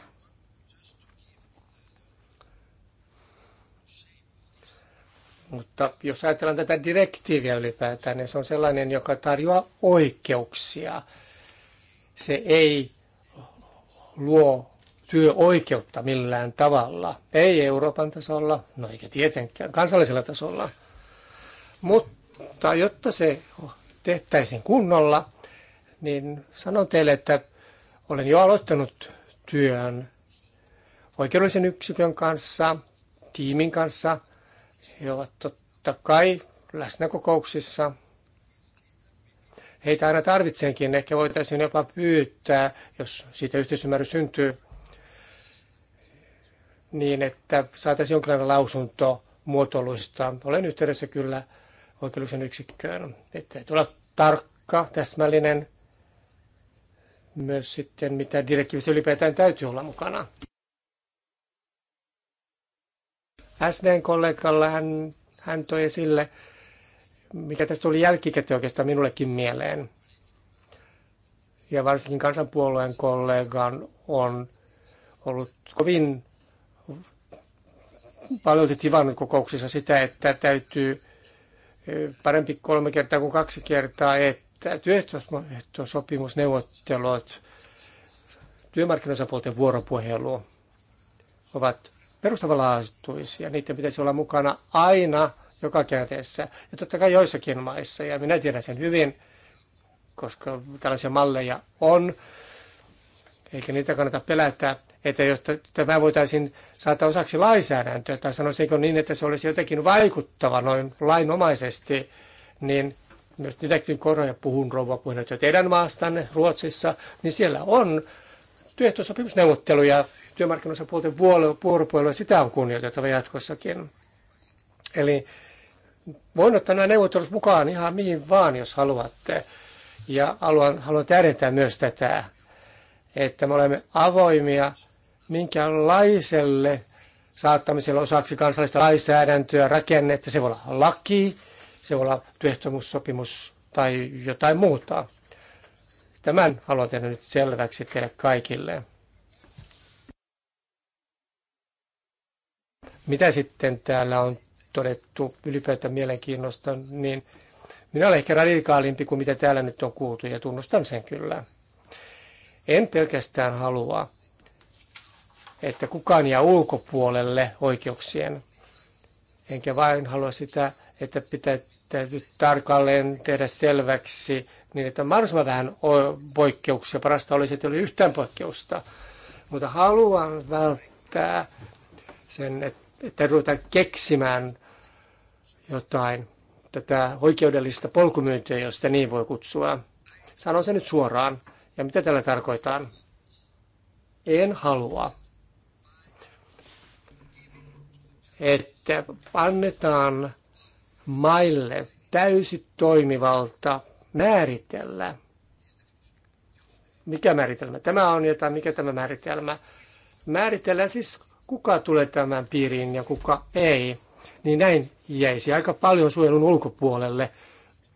Mutta jos ajatellaan tätä direktiiviä ylipäätään, niin se on sellainen, joka tarjoaa oikeuksia. Se ei luo työoikeutta millään tavalla. Ei Euroopan tasolla, no eikä tietenkään kansallisella tasolla. Mutta jotta se tehtäisiin kunnolla, niin sanon teille, että olen jo aloittanut työn oikeudellisen yksikön kanssa, tiimin kanssa. He ovat totta kai läsnä kokouksissa. Heitä aina tarvitsenkin, ehkä voitaisiin jopa pyytää, jos siitä yhteisymmärrys syntyy, niin, että saataisiin jonkinlainen lausunto muotoiluista. Olen yhteydessä kyllä oikeudellisen yksikköön. Että tule tarkka, täsmällinen myös sitten, mitä direktiivissä ylipäätään täytyy olla mukana. SDn kollegalla hän, hän toi esille, mikä tästä tuli jälkikäteen oikeastaan minullekin mieleen. Ja varsinkin kansanpuolueen kollegan on ollut kovin paljon Tivan kokouksissa sitä, että täytyy eh, parempi kolme kertaa kuin kaksi kertaa, että työehtosopimusneuvottelut, työmarkkinosapuolten vuoropuhelu ovat perustavanlaatuisia. Niiden pitäisi olla mukana aina joka käänteessä ja totta kai joissakin maissa. Ja minä tiedän sen hyvin, koska tällaisia malleja on, eikä niitä kannata pelätä että jotta tämä voitaisiin saada osaksi lainsäädäntöä, tai sanoisinko niin, että se olisi jotenkin vaikuttava noin lainomaisesti, niin myös direktin koroja puhun rouva puheenjohtaja teidän maastanne Ruotsissa, niin siellä on työehtosopimusneuvotteluja työmarkkinoissa puolten vuoropuhelua, sitä on kunnioitettava jatkossakin. Eli voin ottaa nämä neuvottelut mukaan ihan mihin vaan, jos haluatte. Ja haluan, haluan täydentää myös tätä, että me olemme avoimia minkäänlaiselle saattamisella osaksi kansallista lainsäädäntöä, rakennetta. Se voi olla laki, se voi olla työehtomussopimus tai jotain muuta. Tämän haluan tehdä nyt selväksi teille kaikille. Mitä sitten täällä on todettu ylipäätään mielenkiinnosta, niin minä olen ehkä radikaalimpi kuin mitä täällä nyt on kuultu ja tunnustan sen kyllä. En pelkästään halua että kukaan jää ulkopuolelle oikeuksien. Enkä vain halua sitä, että pitää täytyy tarkalleen tehdä selväksi, niin että mahdollisimman vähän poikkeuksia. Parasta olisi, että ei ole yhtään poikkeusta. Mutta haluan välttää sen, että, että ruvetaan keksimään jotain tätä oikeudellista polkumyyntiä, jos sitä niin voi kutsua. Sanon sen nyt suoraan. Ja mitä tällä tarkoitaan? En halua, että annetaan maille täysi toimivalta määritellä, mikä määritelmä tämä on ja mikä tämä määritelmä. Määritellä siis, kuka tulee tämän piiriin ja kuka ei. Niin näin jäisi aika paljon suojelun ulkopuolelle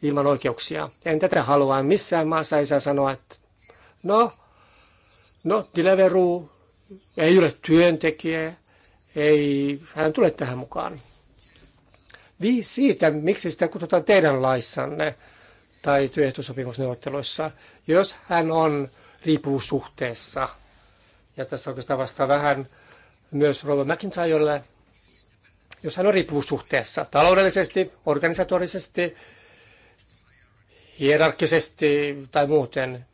ilman oikeuksia. En tätä halua. Missään maassa ei saa sanoa, että no, no, Deliveroo ei ole työntekijä, ei hän tule tähän mukaan. Viisi siitä, miksi sitä kutsutaan teidän laissanne tai työehtosopimusneuvotteluissa, jos hän on riippuvuussuhteessa. Ja tässä oikeastaan vastaa vähän myös Rova McIntyrelle, jos hän on riippuvuussuhteessa taloudellisesti, organisatorisesti, hierarkkisesti tai muuten,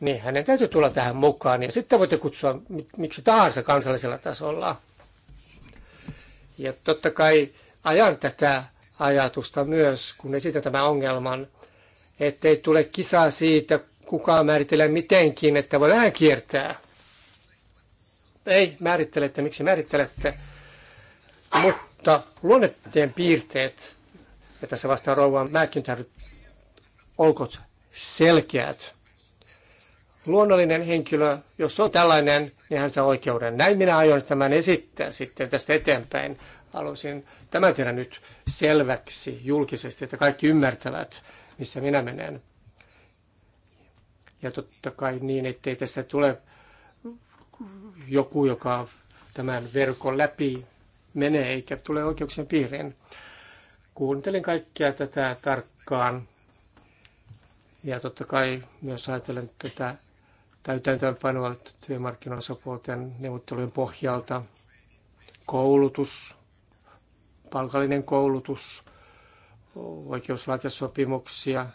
niin hänen täytyy tulla tähän mukaan. Ja sitten voitte kutsua miksi tahansa kansallisella tasolla. Ja totta kai ajan tätä ajatusta myös, kun esitän tämän ongelman, ettei tule kisaa siitä, kukaan määrittelee mitenkin, että voi vähän kiertää. Ei, määrittelette, miksi määrittelette. Mutta luonnetteen piirteet, ja tässä vastaan rouva McIntyre, olkot selkeät luonnollinen henkilö, jos on tällainen, niin hän saa oikeuden. Näin minä aion tämän esittää sitten tästä eteenpäin. Haluaisin tämän tehdä nyt selväksi julkisesti, että kaikki ymmärtävät, missä minä menen. Ja totta kai niin, ettei tässä tule joku, joka tämän verkon läpi menee eikä tule oikeuksien piiriin. Kuuntelin kaikkia tätä tarkkaan ja totta kai myös ajattelen tätä täytäntöönpanoa työmarkkinoisopuolten neuvottelujen pohjalta, koulutus, palkallinen koulutus, oikeuslaitesopimuksia.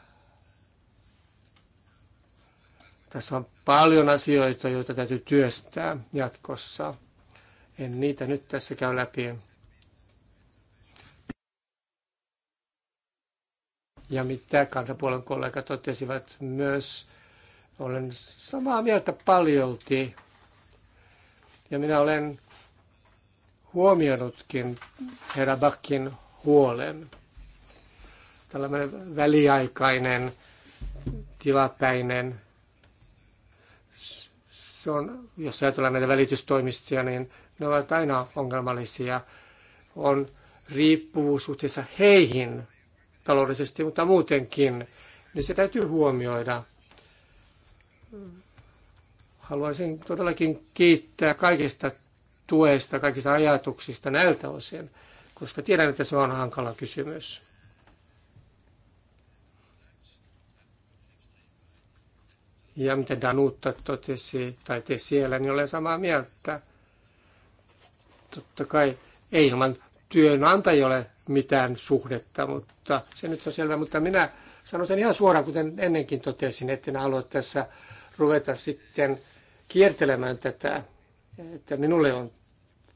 Tässä on paljon asioita, joita täytyy työstää jatkossa. En niitä nyt tässä käy läpi. Ja mitä kansapuolen kollegat totesivat myös olen samaa mieltä paljolti. Ja minä olen huomioinutkin herra Bakkin huolen. Tällainen väliaikainen, tilapäinen, se on, jos ajatellaan näitä välitystoimistoja, niin ne ovat aina ongelmallisia. On riippuvuus suhteessa heihin taloudellisesti, mutta muutenkin, niin se täytyy huomioida. Haluaisin todellakin kiittää kaikista tuesta, kaikista ajatuksista näiltä osin, koska tiedän, että se on hankala kysymys. Ja mitä Danutta totesi, tai te siellä, niin olen samaa mieltä. Totta kai ei ilman työnantaja ole mitään suhdetta, mutta se nyt on selvä. Mutta minä sanon sen ihan suoraan, kuten ennenkin totesin, että en halua tässä ruveta sitten kiertelemään tätä, että minulle on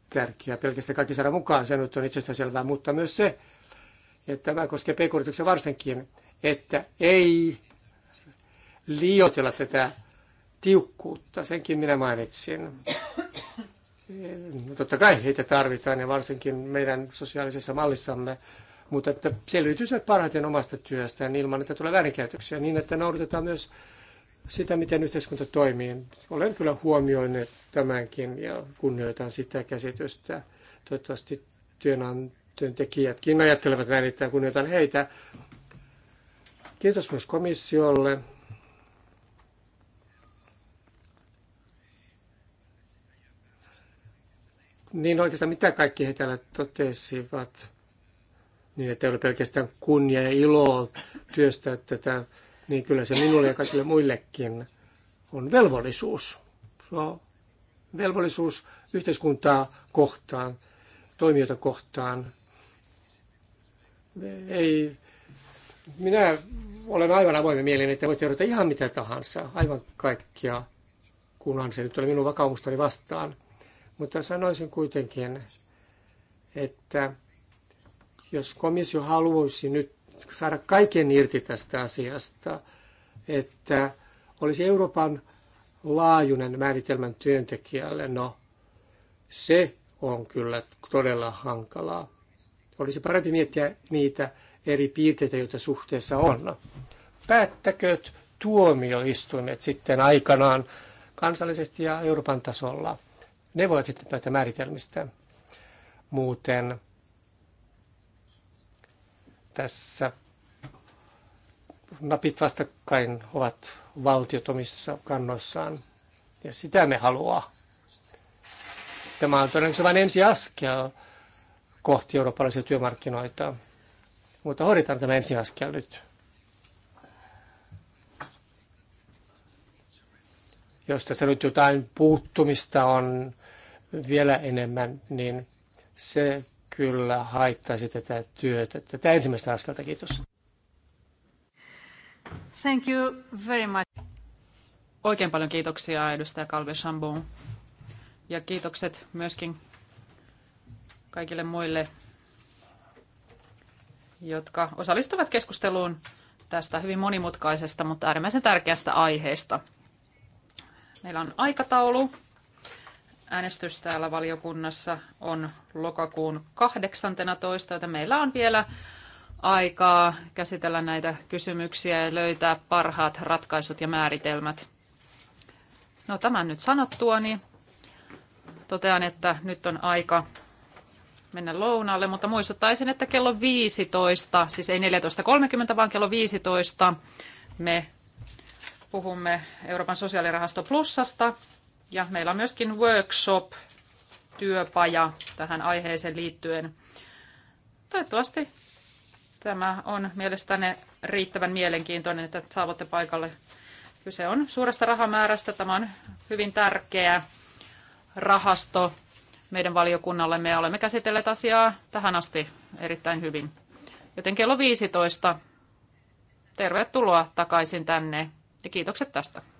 tärkeää pelkästään kaikki saada mukaan, se nyt on itsestään selvää, mutta myös se, että tämä koskee pk varsinkin, että ei liioitella tätä tiukkuutta, senkin minä mainitsin. No, totta kai heitä tarvitaan ja varsinkin meidän sosiaalisessa mallissamme, mutta että selvitys parhaiten omasta työstään ilman, että tulee väärinkäytöksiä niin, että noudatetaan myös sitä, miten yhteiskunta toimii. Olen kyllä huomioinut tämänkin ja kunnioitan sitä käsitystä. Toivottavasti työntekijätkin ajattelevat näin, että kunnioitan heitä. Kiitos myös komissiolle. Niin oikeastaan mitä kaikki he täällä totesivat, niin että ei ole pelkästään kunnia ja ilo työstää tätä niin kyllä se minulle ja kaikille muillekin on velvollisuus. Se on velvollisuus yhteiskuntaa kohtaan, toimijoita kohtaan. Ei, minä olen aivan avoimen mielin, että voit tehdä ihan mitä tahansa, aivan kaikkia, kunhan se nyt oli minun vakaumustani vastaan. Mutta sanoisin kuitenkin, että jos komissio haluaisi nyt saada kaiken irti tästä asiasta, että olisi Euroopan laajuinen määritelmän työntekijälle. No, se on kyllä todella hankalaa. Olisi parempi miettiä niitä eri piirteitä, joita suhteessa on. Päättäkööt tuomioistuimet sitten aikanaan kansallisesti ja Euroopan tasolla. Ne voivat sitten näitä määritelmistä. Muuten tässä. Napit vastakkain ovat valtiot omissa kannoissaan ja sitä me haluaa. Tämä on todennäköisesti vain ensi askel kohti eurooppalaisia työmarkkinoita, mutta hoidetaan tämä ensi askel nyt. Jos tässä nyt jotain puuttumista on vielä enemmän, niin se kyllä haittaisi tätä työtä, tätä ensimmäistä askelta. Kiitos. Thank you very much. Oikein paljon kiitoksia edustaja Kalve Chambon. Ja kiitokset myöskin kaikille muille, jotka osallistuvat keskusteluun tästä hyvin monimutkaisesta, mutta äärimmäisen tärkeästä aiheesta. Meillä on aikataulu. Äänestys täällä valiokunnassa on lokakuun 18, joten meillä on vielä aikaa käsitellä näitä kysymyksiä ja löytää parhaat ratkaisut ja määritelmät. No tämän nyt sanottua, niin totean, että nyt on aika mennä lounaalle, mutta muistuttaisin, että kello 15, siis ei 14.30, vaan kello 15 me puhumme Euroopan sosiaalirahasto plussasta ja meillä on myöskin workshop-työpaja tähän aiheeseen liittyen. Toivottavasti tämä on mielestäni riittävän mielenkiintoinen, että saavutte paikalle. Kyse on suuresta rahamäärästä. Tämä on hyvin tärkeä rahasto meidän valiokunnallemme ja olemme käsitelleet asiaa tähän asti erittäin hyvin. Joten kello 15. Tervetuloa takaisin tänne ja kiitokset tästä.